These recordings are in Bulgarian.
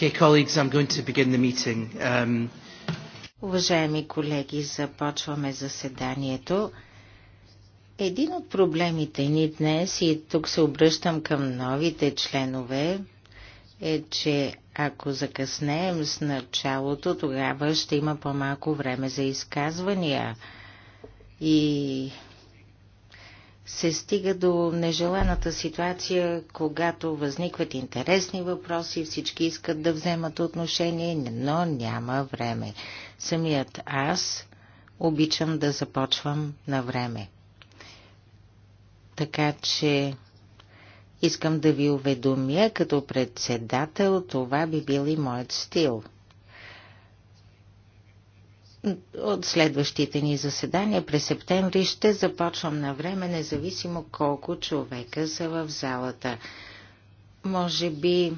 Okay, colleagues, I'm going to begin the meeting. Um... Уважаеми колеги, започваме заседанието. Един от проблемите ни днес, и тук се обръщам към новите членове, е, че ако закъснеем с началото, тогава ще има по-малко време за изказвания. И се стига до нежеланата ситуация, когато възникват интересни въпроси, всички искат да вземат отношение, но няма време. Самият аз обичам да започвам на време. Така че искам да ви уведомя като председател, това би бил и моят стил – от следващите ни заседания през септември ще започвам на време, независимо колко човека са в залата. Може би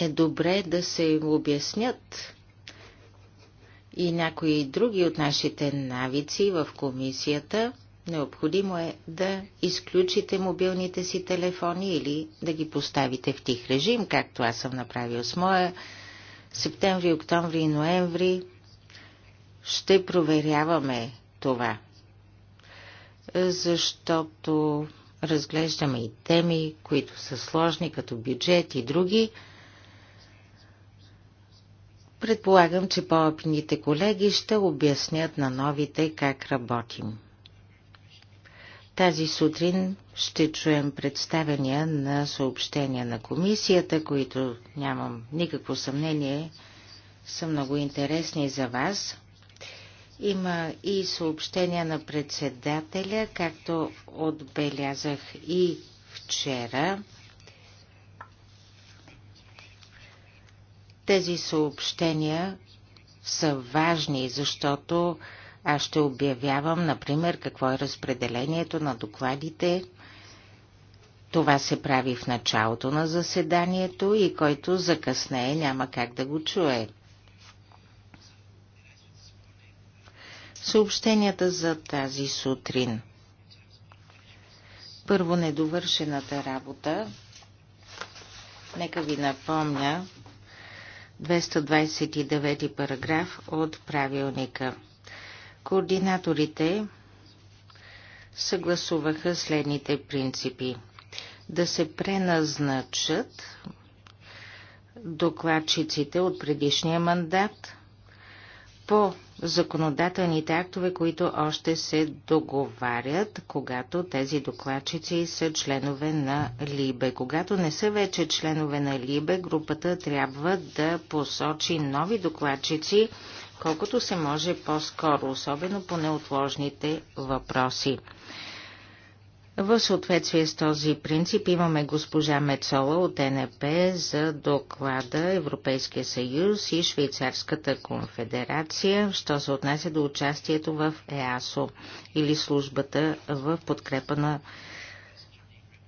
е добре да се обяснят и някои други от нашите навици в комисията. Необходимо е да изключите мобилните си телефони или да ги поставите в тих режим, както аз съм направил с моя. Септември, октомври и ноември ще проверяваме това, защото разглеждаме и теми, които са сложни, като бюджет и други. Предполагам, че по-опитните колеги ще обяснят на новите как работим. Тази сутрин ще чуем представения на съобщения на комисията, които нямам никакво съмнение са много интересни за вас. Има и съобщения на председателя, както отбелязах и вчера. Тези съобщения са важни, защото аз ще обявявам, например, какво е разпределението на докладите. Това се прави в началото на заседанието и който закъснее няма как да го чуе. съобщенията за тази сутрин. Първо недовършената работа. Нека ви напомня 229 параграф от правилника. Координаторите съгласуваха следните принципи. Да се преназначат докладчиците от предишния мандат – по законодателните актове, които още се договарят, когато тези докладчици са членове на Либе. Когато не са вече членове на Либе, групата трябва да посочи нови докладчици, колкото се може по-скоро, особено по неотложните въпроси. В съответствие с този принцип имаме госпожа Мецола от НП за доклада Европейския съюз и Швейцарската конфедерация, що се отнася до участието в ЕАСО или службата в подкрепа на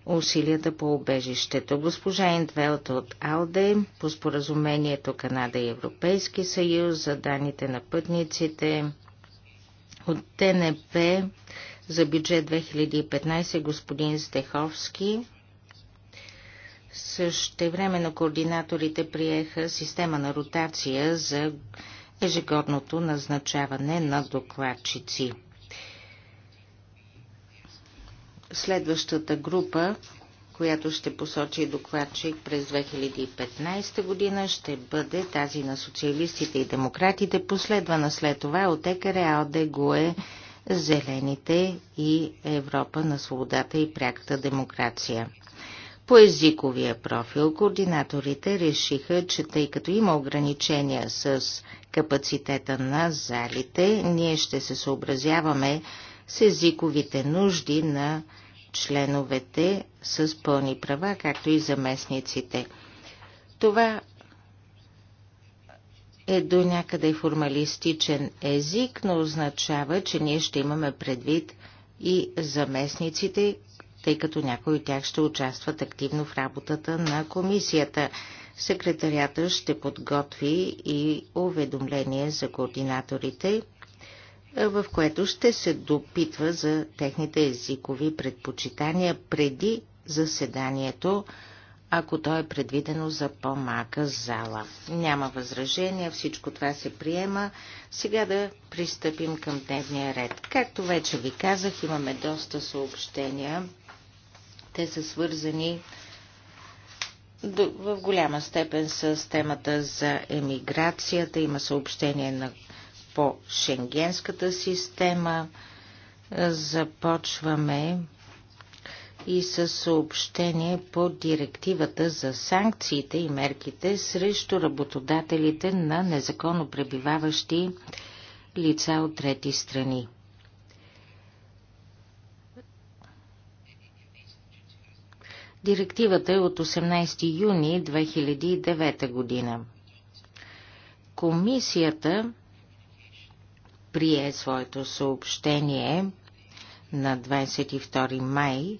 усилията по убежището. Госпожа Индвелт от Алде по споразумението Канада и Европейски съюз за данните на пътниците от ТНП за бюджет 2015 господин Стеховски. също на координаторите приеха система на ротация за ежегодното назначаване на докладчици. Следващата група, която ще посочи докладчик през 2015 година, ще бъде тази на социалистите и демократите, последвана след това от ЕКР, АОД, Зелените и Европа на свободата и пряката демокрация. По езиковия профил координаторите решиха, че тъй като има ограничения с капацитета на залите, ние ще се съобразяваме с езиковите нужди на членовете с пълни права, както и заместниците. Това е до някъде формалистичен език, но означава, че ние ще имаме предвид и заместниците, тъй като някои от тях ще участват активно в работата на комисията. Секретарията ще подготви и уведомление за координаторите, в което ще се допитва за техните езикови предпочитания преди заседанието, ако то е предвидено за по-мака зала. Няма възражения, всичко това се приема. Сега да пристъпим към дневния ред. Както вече ви казах, имаме доста съобщения. Те са свързани в голяма степен с темата за емиграцията. Има съобщение на, по шенгенската система. Започваме и със съобщение по директивата за санкциите и мерките срещу работодателите на незаконно пребиваващи лица от трети страни. Директивата е от 18 юни 2009 година. Комисията прие своето съобщение на 22 май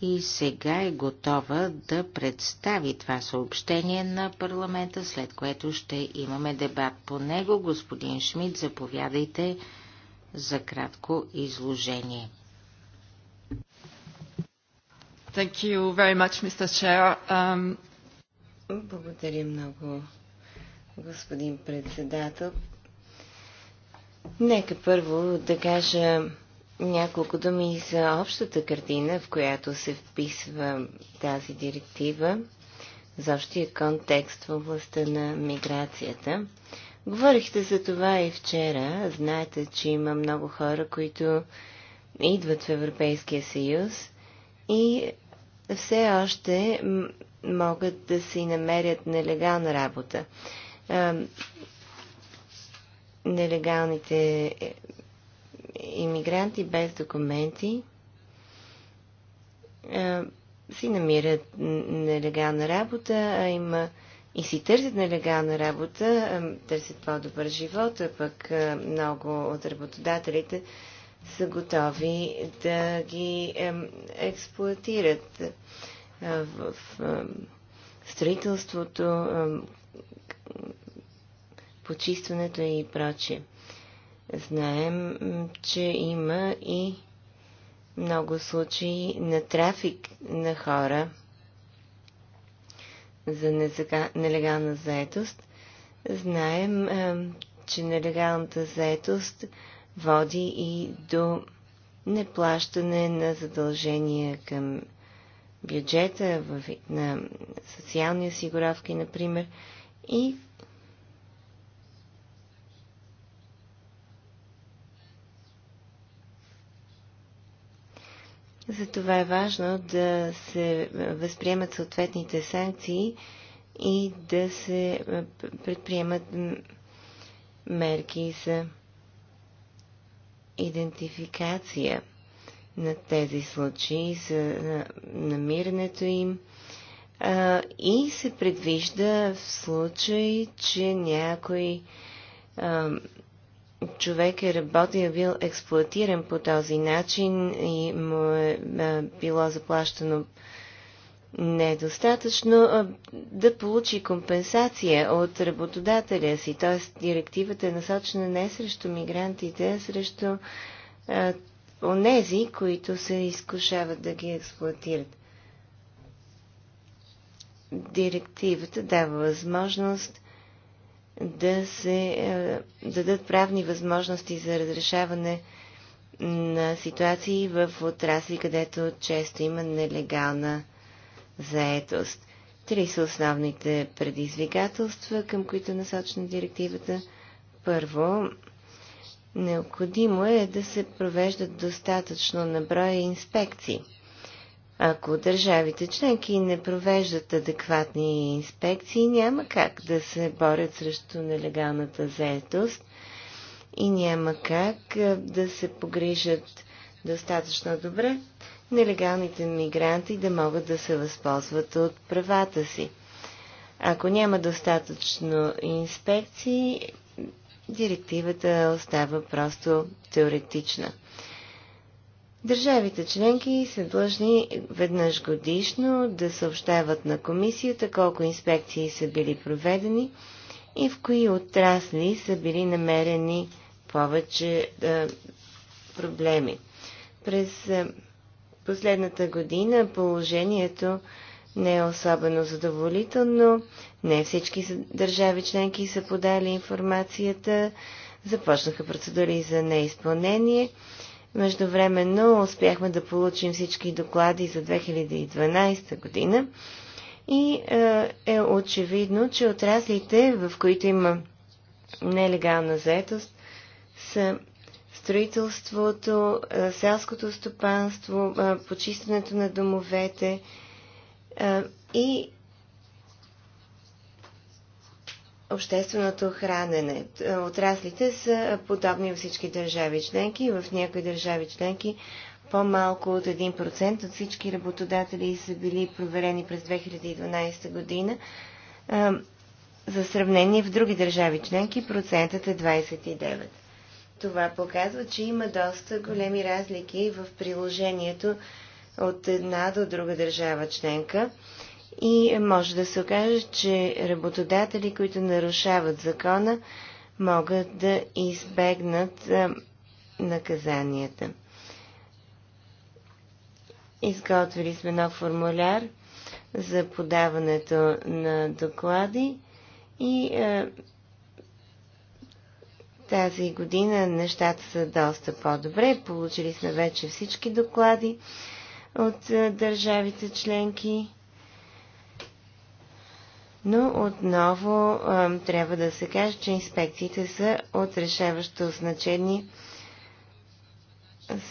и сега е готова да представи това съобщение на парламента, след което ще имаме дебат по него. Господин Шмидт, заповядайте за кратко изложение. Thank you very much, Mr. Chair. Um... Благодаря много, господин председател. Нека първо да кажа няколко думи за общата картина, в която се вписва тази директива, за общия контекст в областта на миграцията. Говорихте за това и вчера. Знаете, че има много хора, които идват в Европейския съюз и все още могат да си намерят нелегална работа. Нелегалните иммигранти без документи си намират нелегална работа, а има и си търсят нелегална работа, търсят по-добър живот, а пък много от работодателите са готови да ги експлуатират в строителството, почистването и прочее знаем, че има и много случаи на трафик на хора за нелегална заетост. Знаем, че нелегалната заетост води и до неплащане на задължения към бюджета, на социални осигуровки, например, и Затова е важно да се възприемат съответните санкции и да се предприемат мерки за идентификация на тези случаи, за намирането им. И се предвижда в случай, че някой човек е работил, е бил експлуатиран по този начин и му е било заплащано недостатъчно да получи компенсация от работодателя си. Т.е. директивата е насочена не срещу мигрантите, а срещу онези, които се изкушават да ги експлуатират. Директивата дава възможност да се е, дадат правни възможности за разрешаване на ситуации в отрасли, където често има нелегална заетост. Три са основните предизвикателства, към които насочна директивата. Първо, необходимо е да се провеждат достатъчно наброя инспекции – ако държавите членки не провеждат адекватни инспекции, няма как да се борят срещу нелегалната заетост и няма как да се погрижат достатъчно добре нелегалните мигранти да могат да се възползват от правата си. Ако няма достатъчно инспекции, директивата остава просто теоретична. Държавите членки са длъжни веднъж годишно да съобщават на комисията колко инспекции са били проведени и в кои отрасли са били намерени повече е, проблеми. През е, последната година положението не е особено задоволително. Не всички държави членки са подали информацията. Започнаха процедури за неизпълнение. Междувременно успяхме да получим всички доклади за 2012 година и е, е очевидно, че отраслите, в които има нелегална заетост, са строителството, е, селското стопанство, е, почистването на домовете и общественото хранене. Отраслите са подобни във всички държави членки. В някои държави членки по-малко от 1% от всички работодатели са били проверени през 2012 година. За сравнение в други държави членки процентът е 29. Това показва, че има доста големи разлики в приложението от една до друга държава членка и може да се окаже, че работодатели, които нарушават закона, могат да избегнат наказанията. Изготвили сме нов формуляр за подаването на доклади и е, тази година нещата са доста по-добре. Получили сме вече всички доклади от е, държавите членки. Но отново трябва да се каже, че инспекциите са от решаващо значение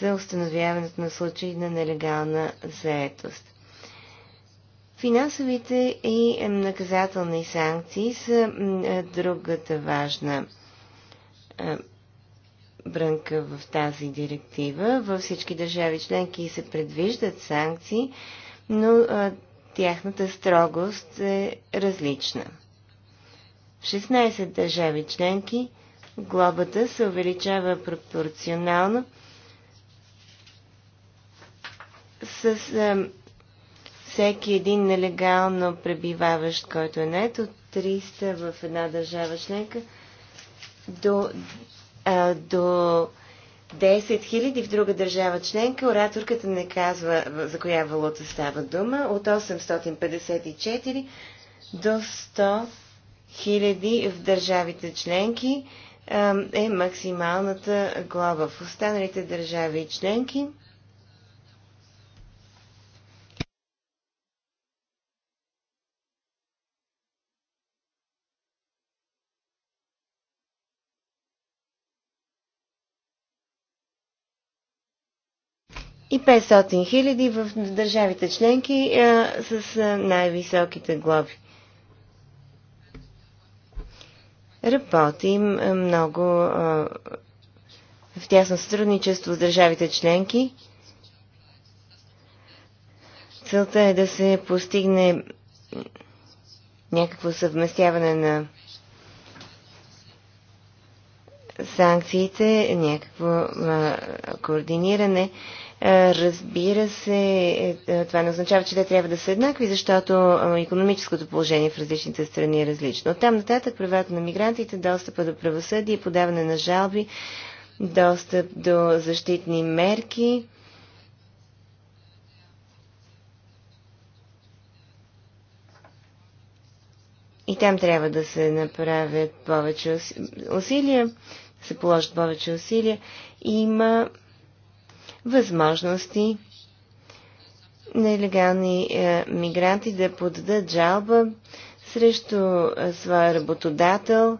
за установяването на случаи на нелегална заетост. Финансовите и наказателни санкции са другата важна брънка в тази директива. Във всички държави членки се предвиждат санкции, но тяхната строгост е различна. В 16 държави членки глобата се увеличава пропорционално с а, всеки един нелегално пребиваващ, който е нет от 300 в една държава членка до, а, до 10 000 в друга държава членка, ораторката не казва за коя валута става дума, от 854 до 100 000 в държавите членки е максималната глоба. В останалите държави членки и 500 хиляди в държавите членки а, с най-високите глоби. Работим много а, в тясно сътрудничество с държавите членки. Целта е да се постигне някакво съвместяване на санкциите, някакво а, координиране. Е, разбира се, е, е, това не означава, че те трябва да са еднакви, защото економическото положение в различните страни е различно. От там нататък правата на мигрантите, достъпа до правосъдие, подаване на жалби, достъп до защитни мерки. И там трябва да се направят повече усилия, да се положат повече усилия. Има възможности на нелегални е, мигранти да подадат жалба срещу е, своя работодател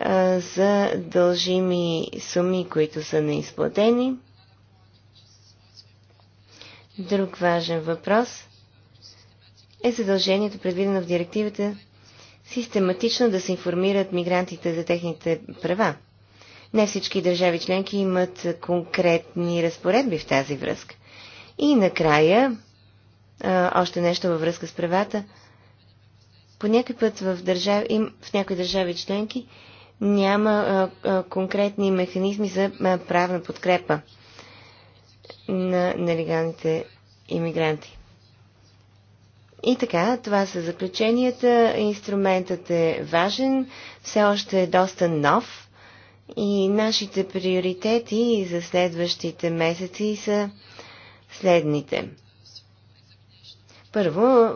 е, за дължими суми, които са неизплатени. Друг важен въпрос е задължението, предвидено в директивата, систематично да се информират мигрантите за техните права. Не всички държави членки имат конкретни разпоредби в тази връзка. И накрая, още нещо във връзка с правата. По някой път в, държав... в някои държави членки няма конкретни механизми за правна подкрепа на нелегалните иммигранти. И така, това са заключенията. Инструментът е важен, все още е доста нов. И нашите приоритети за следващите месеци са следните. Първо,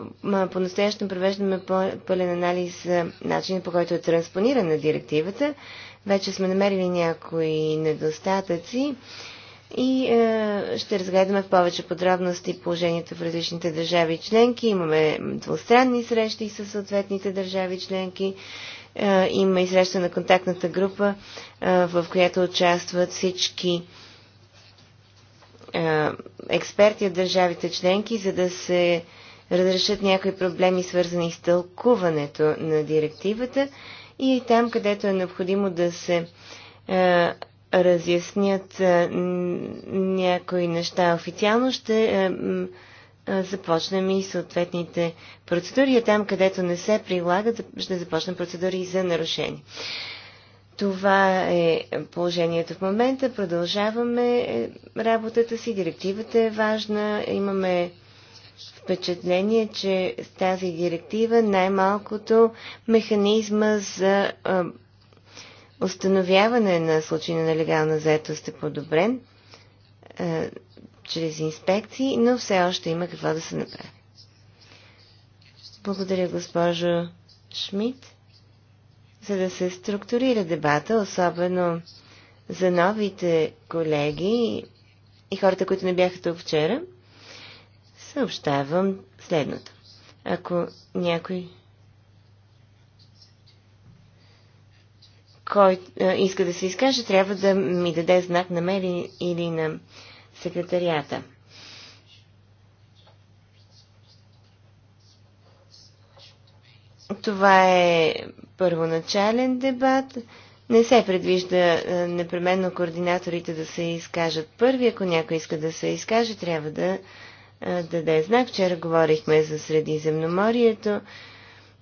по-настоящем провеждаме пълен анализ за начина по който е транспонирана директивата. Вече сме намерили някои недостатъци и е, ще разгледаме в повече подробности положението в различните държави членки. Имаме двустранни срещи с съответните държави членки. Е, има и среща на контактната група, е, в която участват всички е, експерти от държавите членки, за да се разрешат някои проблеми, свързани с тълкуването на директивата и там, където е необходимо да се разяснят някои неща официално, ще започнем и съответните процедури, а там, където не се прилагат, ще започнем процедури за нарушение. Това е положението в момента. Продължаваме е, работата си. Директивата е важна. Имаме впечатление, че с тази директива най-малкото механизма за установяване на случаи на нелегална заетост е подобрен чрез инспекции, но все още има какво да се направи. Благодаря, госпожо Шмидт, за да се структурира дебата, особено за новите колеги и хората, които не бяха тук вчера, съобщавам следното. Ако някой кой а, иска да се изкаже, трябва да ми даде знак на мен или, или на секретарията. Това е първоначален дебат. Не се предвижда е, непременно координаторите да се изкажат първи. Ако някой иска да се изкаже, трябва да е, даде знак. Вчера говорихме за Средиземноморието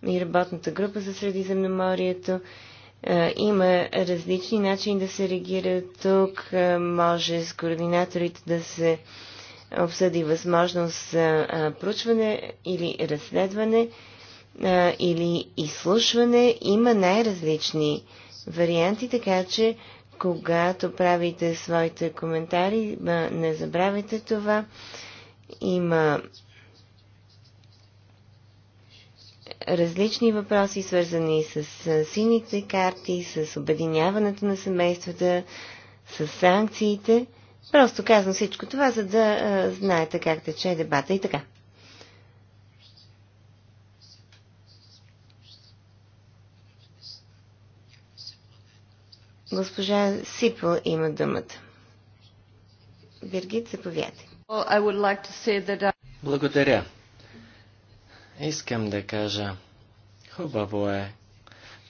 и работната група за Средиземноморието. Е, има различни начини да се реагира тук. Е, може с координаторите да се обсъди възможност за е, проучване или разследване или изслушване. Има най-различни варианти, така че когато правите своите коментари, не забравяйте това. Има различни въпроси, свързани с сините карти, с обединяването на семействата, с санкциите. Просто казвам всичко това, за да а, знаете как тече дебата и така. Госпожа Сипл има думата. Виргит, заповядайте. Благодаря. Искам да кажа, хубаво е,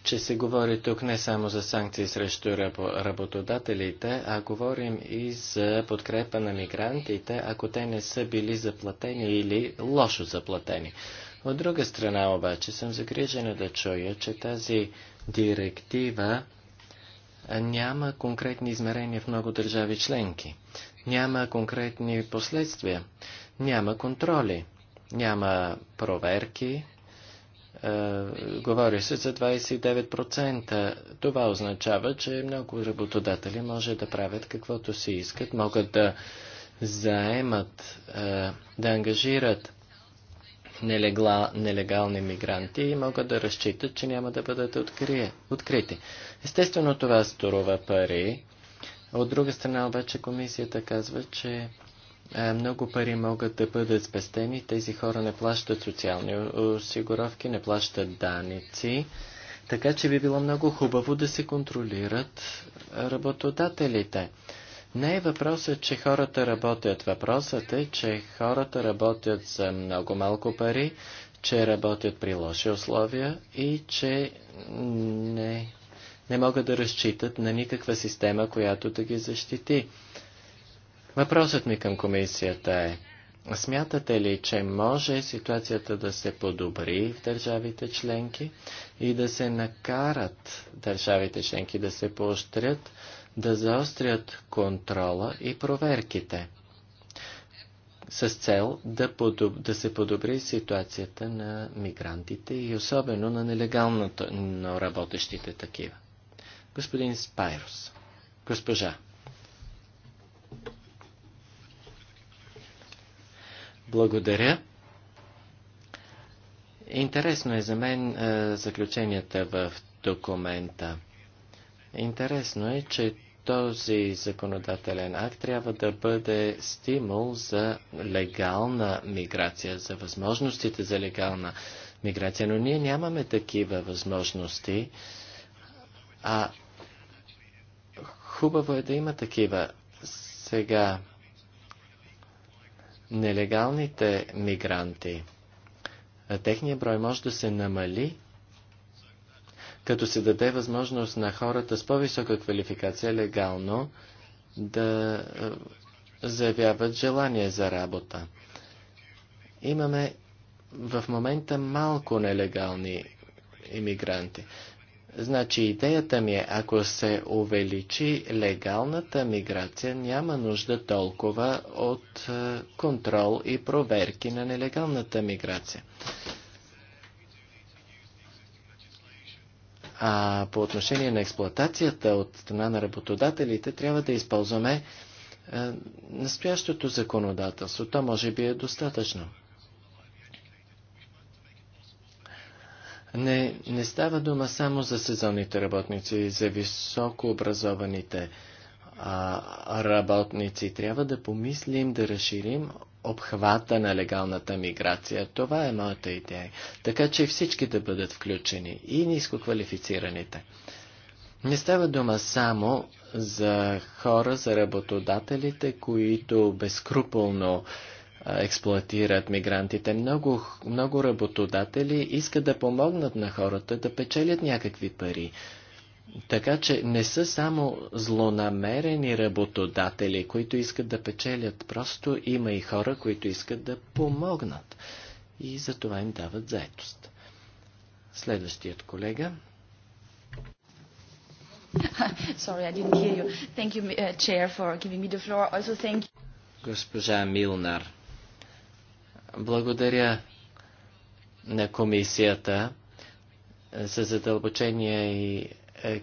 че се говори тук не само за санкции срещу работодателите, а говорим и за подкрепа на мигрантите, ако те не са били заплатени или лошо заплатени. От друга страна обаче съм загрижена да чуя, че тази директива няма конкретни измерения в много държави членки. Няма конкретни последствия. Няма контроли. Няма проверки. Е, говори се за 29%. Това означава, че много работодатели може да правят каквото си искат, могат да заемат, е, да ангажират нелегла, нелегални мигранти и могат да разчитат, че няма да бъдат открие, открити. Естествено това струва пари. От друга страна обаче комисията казва, че е, много пари могат да бъдат спестени. Тези хора не плащат социални осигуровки, не плащат даници. Така че би било много хубаво да се контролират работодателите. Не е въпросът, че хората работят. Въпросът е, че хората работят за много малко пари, че работят при лоши условия и че не, не могат да разчитат на никаква система, която да ги защити. Въпросът ми към комисията е, смятате ли, че може ситуацията да се подобри в държавите членки и да се накарат държавите членки да се поощрят, да заострят контрола и проверките? с цел да, подоб... да се подобри ситуацията на мигрантите и особено на нелегално работещите такива. Господин Спайрус. Госпожа. Благодаря. Интересно е за мен е, заключенията в документа. Интересно е, че този законодателен акт трябва да бъде стимул за легална миграция, за възможностите за легална миграция, но ние нямаме такива възможности, а хубаво е да има такива. Сега нелегалните мигранти. Техният брой може да се намали, като се даде възможност на хората с по-висока квалификация легално да заявяват желание за работа. Имаме в момента малко нелегални иммигранти. Значи идеята ми е, ако се увеличи легалната миграция, няма нужда толкова от е, контрол и проверки на нелегалната миграция. А по отношение на експлоатацията от страна на работодателите, трябва да използваме е, настоящото законодателство. То може би е достатъчно. Не, не става дума само за сезонните работници, за високообразованите а, работници. Трябва да помислим да разширим обхвата на легалната миграция. Това е моята идея. Така че всички да бъдат включени и ниско квалифицираните. Не става дума само за хора, за работодателите, които безкруполно експлоатират мигрантите. Много, много работодатели искат да помогнат на хората да печелят някакви пари. Така че не са само злонамерени работодатели, които искат да печелят, просто има и хора, които искат да помогнат. И за това им дават заетост. Следващият колега. Sorry, I didn't hear you. Thank you, uh, Chair, for giving me the floor. Also, thank you. Госпожа Милнар. Благодаря на комисията за задълбочения и е,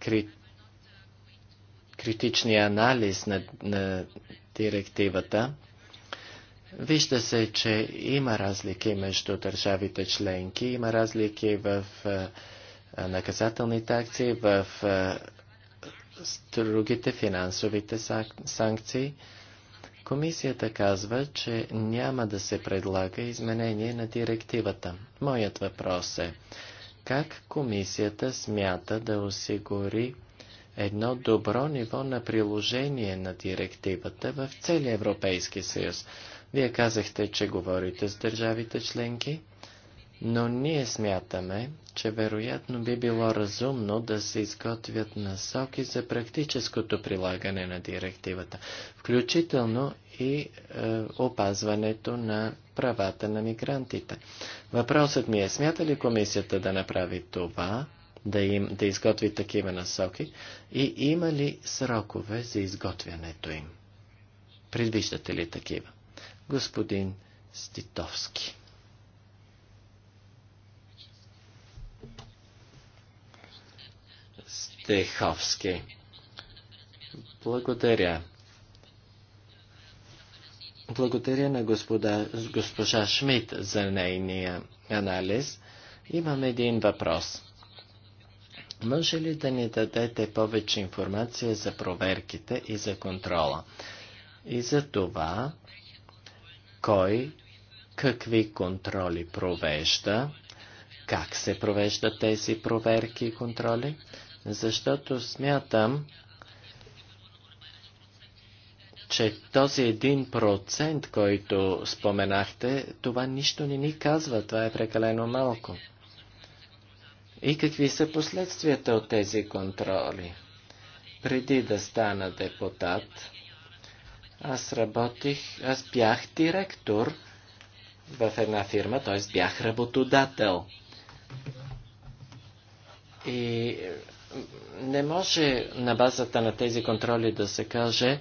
кри, критичния анализ на, на директивата. Вижда се, че има разлики между държавите членки, има разлики в е, наказателните акции, в е, другите финансовите санкции. Комисията казва, че няма да се предлага изменение на директивата. Моят въпрос е, как комисията смята да осигури едно добро ниво на приложение на директивата в целия Европейски съюз? Вие казахте, че говорите с държавите членки. Но ние смятаме, че вероятно би било разумно да се изготвят насоки за практическото прилагане на директивата, включително и е, опазването на правата на мигрантите. Въпросът ми е, смята ли комисията да направи това, да, им, да изготви такива насоки и има ли срокове за изготвянето им? Предвиждате ли такива? Господин Ститовски. Войчеховски. Благодаря. Благодаря на господа, госпожа Шмидт за нейния анализ. Имам един въпрос. Може ли да ни дадете повече информация за проверките и за контрола? И за това, кой какви контроли провежда, как се провеждат тези проверки и контроли? защото смятам, че този един процент, който споменахте, това нищо не ни казва, това е прекалено малко. И какви са последствията от тези контроли? Преди да стана депутат, аз работих, аз бях директор в една фирма, т.е. бях работодател. И не може на базата на тези контроли да се каже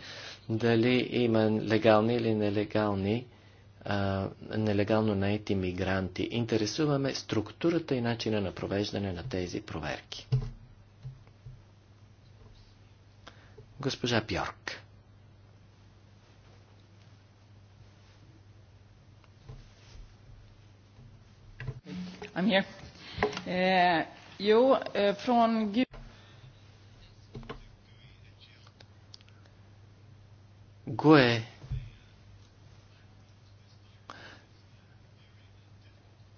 дали има легални или нелегални, а, нелегално наети мигранти. Интересуваме структурата и начина на провеждане на тези проверки. Госпожа Бьорк. I'm here. Eh, jo, eh, från Гое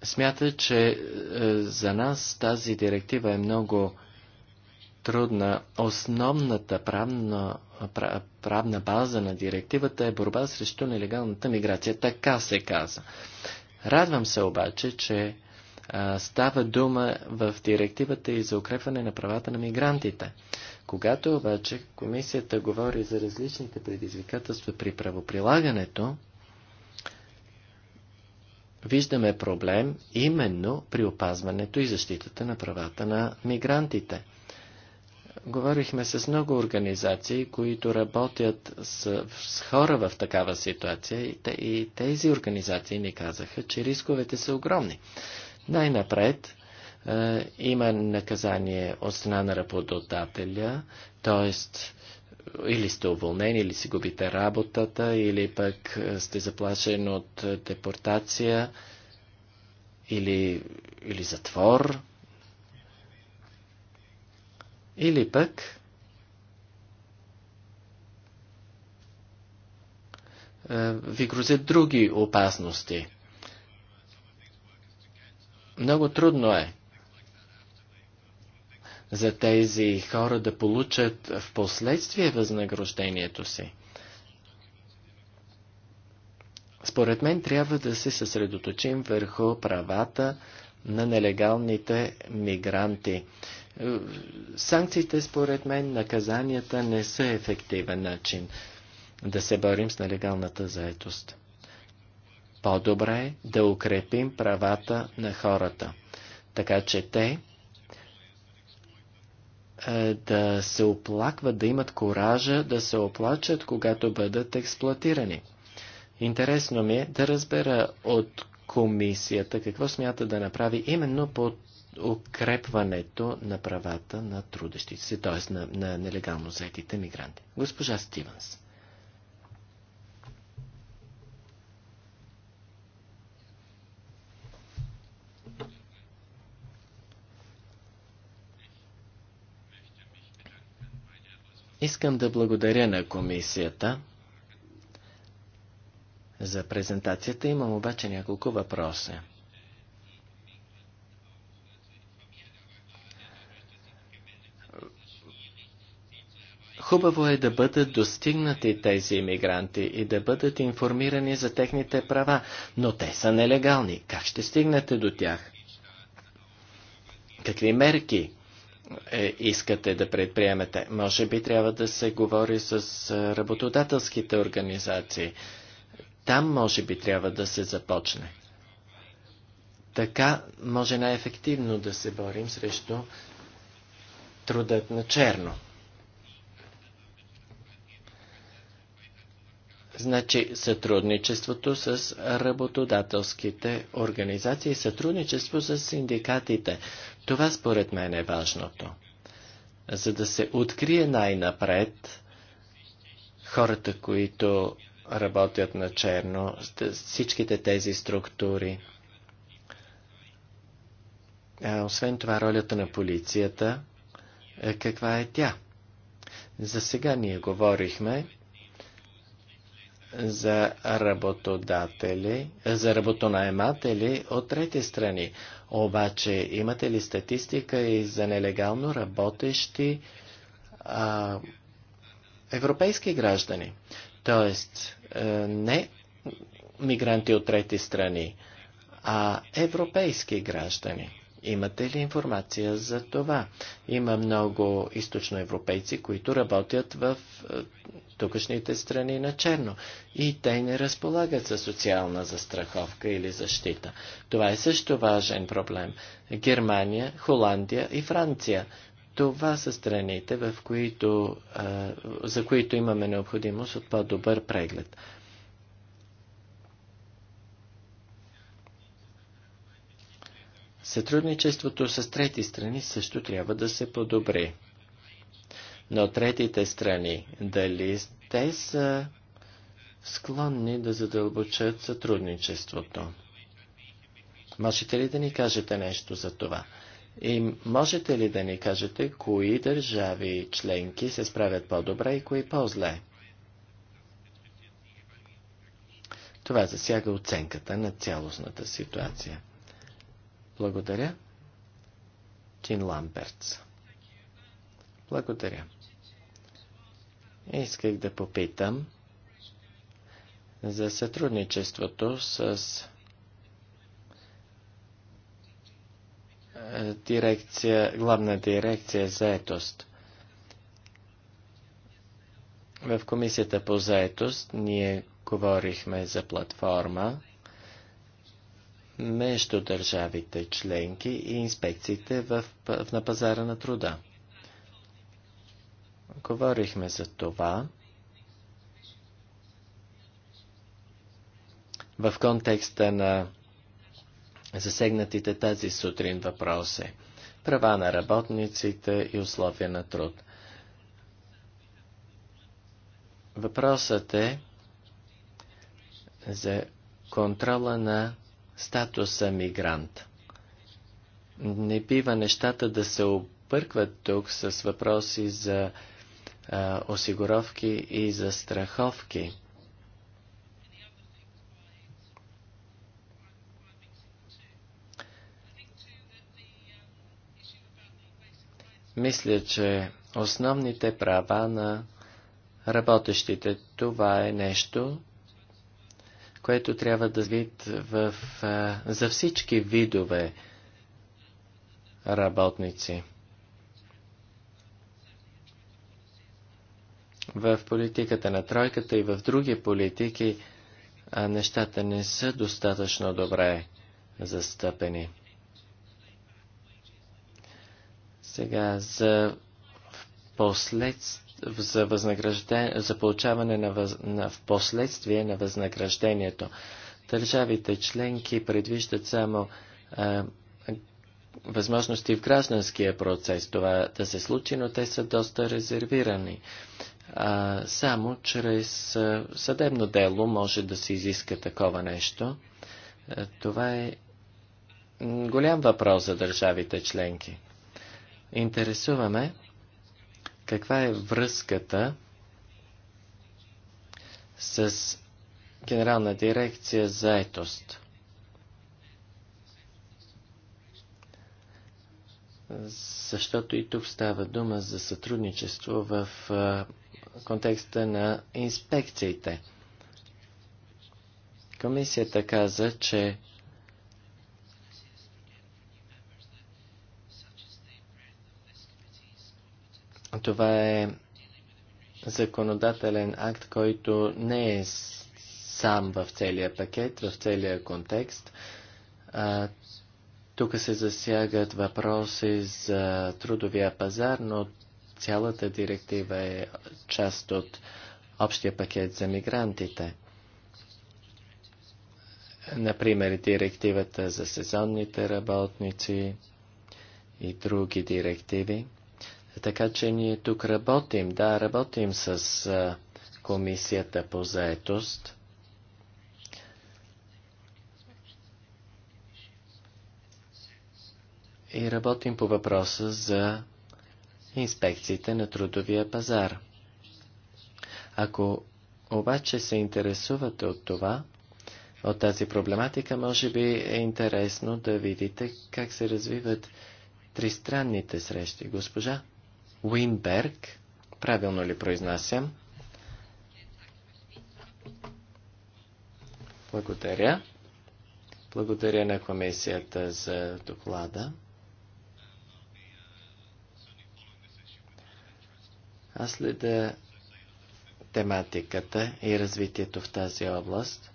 смята, че е, за нас тази директива е много трудна. Основната правна, правна база на директивата е борба срещу нелегалната миграция. Така се каза. Радвам се обаче, че Става дума в директивата и за укрепване на правата на мигрантите. Когато обаче комисията говори за различните предизвикателства при правоприлагането, виждаме проблем именно при опазването и защитата на правата на мигрантите. Говорихме с много организации, които работят с, с хора в такава ситуация и, те, и тези организации ни казаха, че рисковете са огромни. Най-напред е, има наказание от страна на работодателя, т.е. или сте уволнени, или си губите работата, или пък е, сте заплашен от е, депортация, или, или затвор, или пък е, ви грозят други опасности – много трудно е за тези хора да получат в последствие възнаграждението си. Според мен трябва да се съсредоточим върху правата на нелегалните мигранти. Санкциите, според мен, наказанията не са ефективен начин да се борим с нелегалната заетост. По-добре е да укрепим правата на хората, така че те е, да се оплакват, да имат коража да се оплачат, когато бъдат експлуатирани. Интересно ми е да разбера от комисията какво смята да направи именно по укрепването на правата на трудещите се, т.е. На, на нелегално заетите мигранти. Госпожа Стивенс. Искам да благодаря на комисията за презентацията. Имам обаче няколко въпроса. Хубаво е да бъдат достигнати тези иммигранти и да бъдат информирани за техните права, но те са нелегални. Как ще стигнете до тях? Какви мерки е, искате да предприемете. Може би трябва да се говори с работодателските организации. Там може би трябва да се започне. Така може най-ефективно да се борим срещу трудът на черно. Значи сътрудничеството с работодателските организации, сътрудничество с синдикатите. Това според мен е важното. За да се открие най-напред хората, които работят на черно, всичките тези структури. Освен това, ролята на полицията, е, каква е тя? За сега ние говорихме за работодатели, за работонаематели от трети страни. Обаче, имате ли статистика и за нелегално работещи а, европейски граждани? Тоест, е, не мигранти от трети страни, а европейски граждани. Имате ли информация за това? Има много източноевропейци, които работят в е, тукашните страни на черно и те не разполагат за социална застраховка или защита. Това е също важен проблем. Германия, Холандия и Франция. Това са страните, в които, е, за които имаме необходимост от по-добър преглед. Сътрудничеството с трети страни също трябва да се подобри. Но третите страни, дали те са склонни да задълбочат сътрудничеството? Можете ли да ни кажете нещо за това? И можете ли да ни кажете, кои държави членки се справят по-добре и кои по-зле? Това засяга оценката на цялостната ситуация. Благодаря. Джин Ламбертс. Благодаря. Исках да попитам за сътрудничеството с е, дирекция, главна дирекция заетост. В комисията по заетост ние говорихме за платформа, между държавите членки и инспекциите в, в, на пазара на труда. Говорихме за това в контекста на засегнатите тази сутрин въпроси права на работниците и условия на труд. Въпросът е за контрола на статуса мигрант. Не бива нещата да се объркват тук с въпроси за а, осигуровки и за страховки. Мисля, че основните права на работещите това е нещо, което трябва да вид в, а, за всички видове работници. В политиката на тройката и в други политики а, нещата не са достатъчно добре застъпени. Сега за последствие за, възнаграждение за получаване на, въз... на в последствие на възнаграждението. Държавите членки предвиждат само а, възможности в гражданския процес това да се случи, но те са доста резервирани. А, само чрез а, съдебно дело може да се изиска такова нещо. А, това е голям въпрос за държавите членки. Интересуваме каква е връзката с Генерална дирекция за етост? Защото и тук става дума за сътрудничество в контекста на инспекциите. Комисията каза, че Това е законодателен акт, който не е сам в целия пакет, в целия контекст. А, тук се засягат въпроси за трудовия пазар, но цялата директива е част от общия пакет за мигрантите. Например, директивата за сезонните работници и други директиви – така че ние тук работим, да, работим с комисията по заетост. И работим по въпроса за инспекциите на трудовия пазар. Ако обаче се интересувате от това, от тази проблематика, може би е интересно да видите как се развиват тристранните срещи. Госпожа Уинберг, правилно ли произнасям? Благодаря. Благодаря на комисията за доклада. Аз след тематиката и развитието в тази област.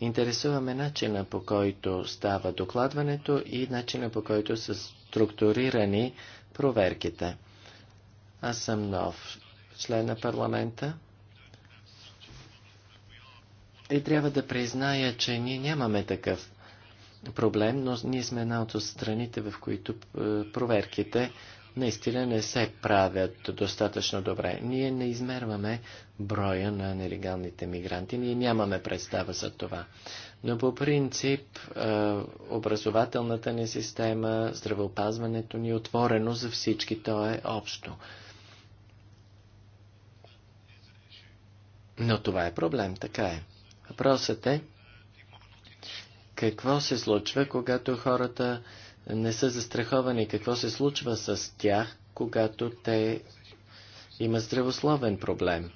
Интересуваме начина по който става докладването и начина по който са структурирани проверките. Аз съм нов член на парламента и трябва да призная, че ние нямаме такъв проблем, но ние сме една от страните, в които е, проверките наистина не се правят достатъчно добре. Ние не измерваме броя на нелегалните мигранти, ние нямаме представа за това. Но по принцип е, образователната ни система, здравеопазването ни е отворено за всички, то е общо. Но това е проблем, така е. Въпросът е, какво се случва, когато хората не са застраховани, какво се случва с тях, когато те имат здравословен проблем.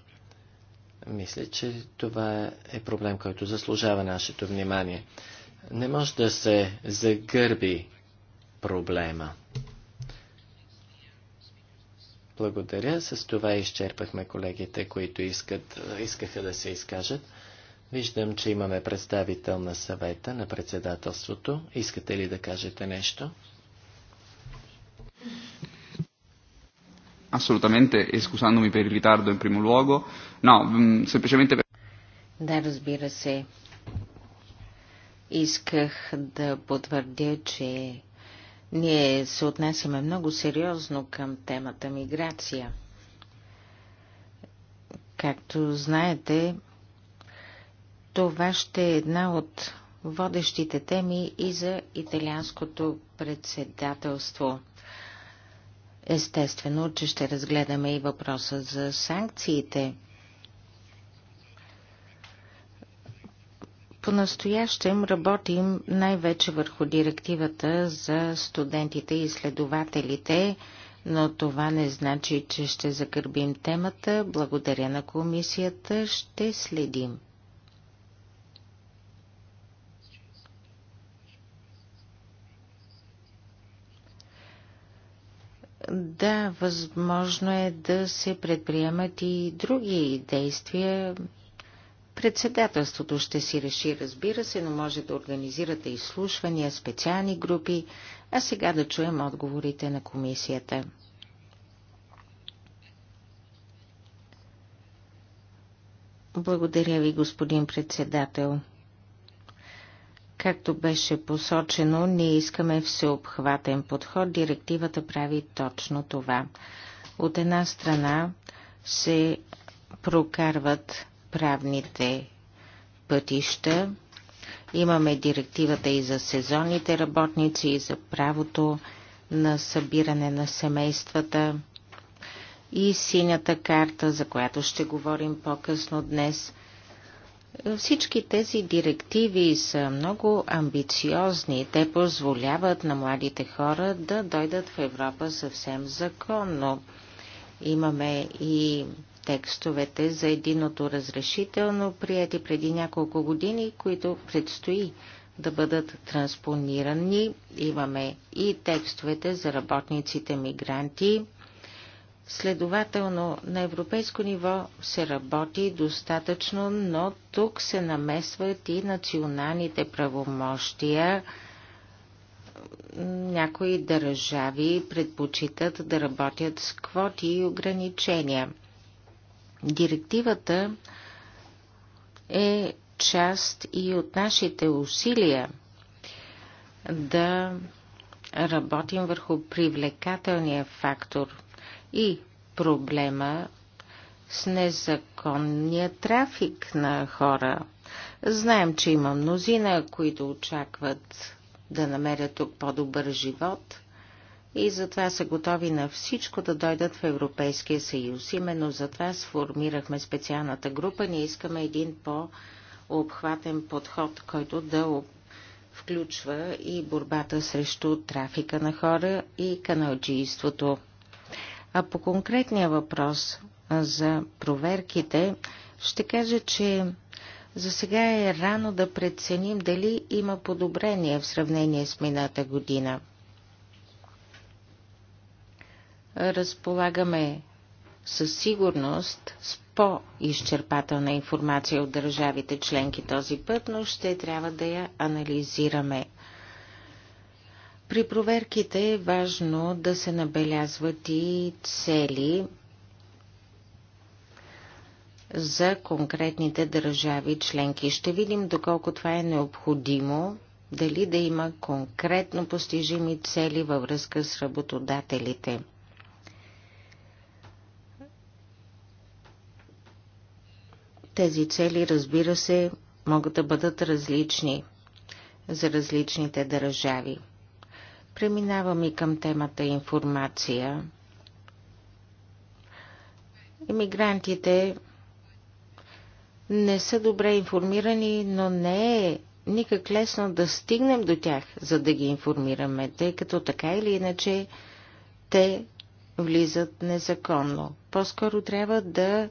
Мисля, че това е проблем, който заслужава нашето внимание. Не може да се загърби проблема. Благодаря. С това изчерпахме колегите, които искат, искаха да се изкажат. Виждам, че имаме представител на съвета, на председателството. Искате ли да кажете нещо? Assolutamente, e scusandomi per il ritardo in primo luogo. No, mm, semplicemente per... Да, разбира се. Исках да потвърдя, че ние се отнасяме много сериозно към темата миграция. Както знаете, това ще е една от водещите теми и за италианското председателство – Естествено, че ще разгледаме и въпроса за санкциите. По-настоящем работим най-вече върху директивата за студентите и изследователите, но това не значи, че ще загърбим темата. Благодаря на комисията, ще следим. Да, възможно е да се предприемат и други действия. Председателството ще си реши, разбира се, но може да организирате изслушвания, специални групи, а сега да чуем отговорите на комисията. Благодаря ви, господин председател. Както беше посочено, ние искаме всеобхватен подход. Директивата прави точно това. От една страна се прокарват правните пътища. Имаме директивата и за сезонните работници, и за правото на събиране на семействата, и синята карта, за която ще говорим по-късно днес – всички тези директиви са много амбициозни. Те позволяват на младите хора да дойдат в Европа съвсем законно. Имаме и текстовете за единото разрешително, прияти преди няколко години, които предстои да бъдат транспонирани. Имаме и текстовете за работниците мигранти. Следователно, на европейско ниво се работи достатъчно, но тук се намесват и националните правомощия. Някои държави предпочитат да работят с квоти и ограничения. Директивата е част и от нашите усилия да работим върху привлекателния фактор – и проблема с незаконния трафик на хора. Знаем, че има мнозина, които очакват да намерят тук по-добър живот и затова са готови на всичко да дойдат в Европейския съюз. Именно затова сформирахме специалната група. Ние искаме един по-обхватен подход, който да включва и борбата срещу трафика на хора и каналджийството. А по конкретния въпрос за проверките, ще кажа, че за сега е рано да преценим дали има подобрение в сравнение с мината година. Разполагаме със сигурност с по-изчерпателна информация от държавите членки този път, но ще трябва да я анализираме – при проверките е важно да се набелязват и цели за конкретните държави членки. Ще видим доколко това е необходимо, дали да има конкретно постижими цели във връзка с работодателите. Тези цели, разбира се, могат да бъдат различни за различните държави. Преминавам и към темата информация. Имигрантите не са добре информирани, но не е никак лесно да стигнем до тях, за да ги информираме, тъй като така или иначе те влизат незаконно. По-скоро трябва да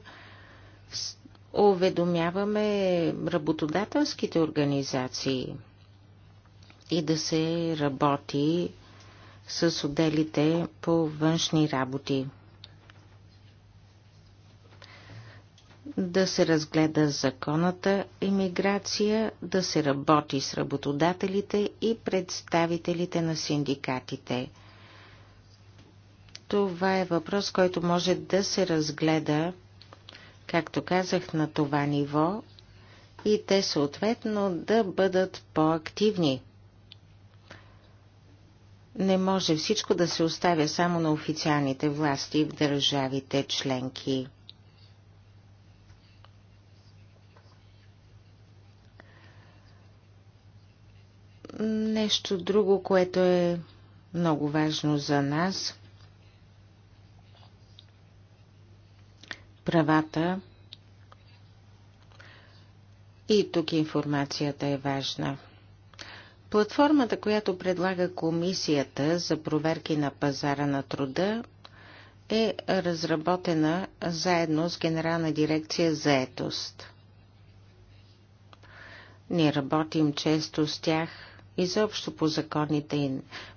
уведомяваме работодателските организации – и да се работи с отделите по външни работи. Да се разгледа законната иммиграция, да се работи с работодателите и представителите на синдикатите. Това е въпрос, който може да се разгледа, както казах, на това ниво и те съответно да бъдат по-активни не може всичко да се оставя само на официалните власти в държавите членки. Нещо друго, което е много важно за нас правата и тук информацията е важна. Платформата, която предлага комисията за проверки на пазара на труда, е разработена заедно с Генерална дирекция заетост. Ние работим често с тях изобщо по законите,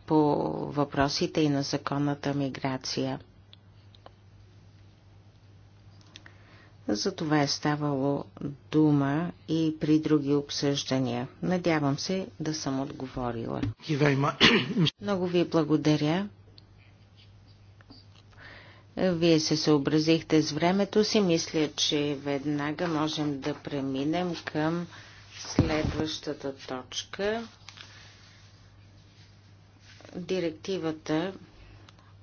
по въпросите и на законната миграция – За това е ставало дума и при други обсъждания. Надявам се да съм отговорила. Много ви благодаря. Вие се съобразихте с времето си. Мисля, че веднага можем да преминем към следващата точка. Директивата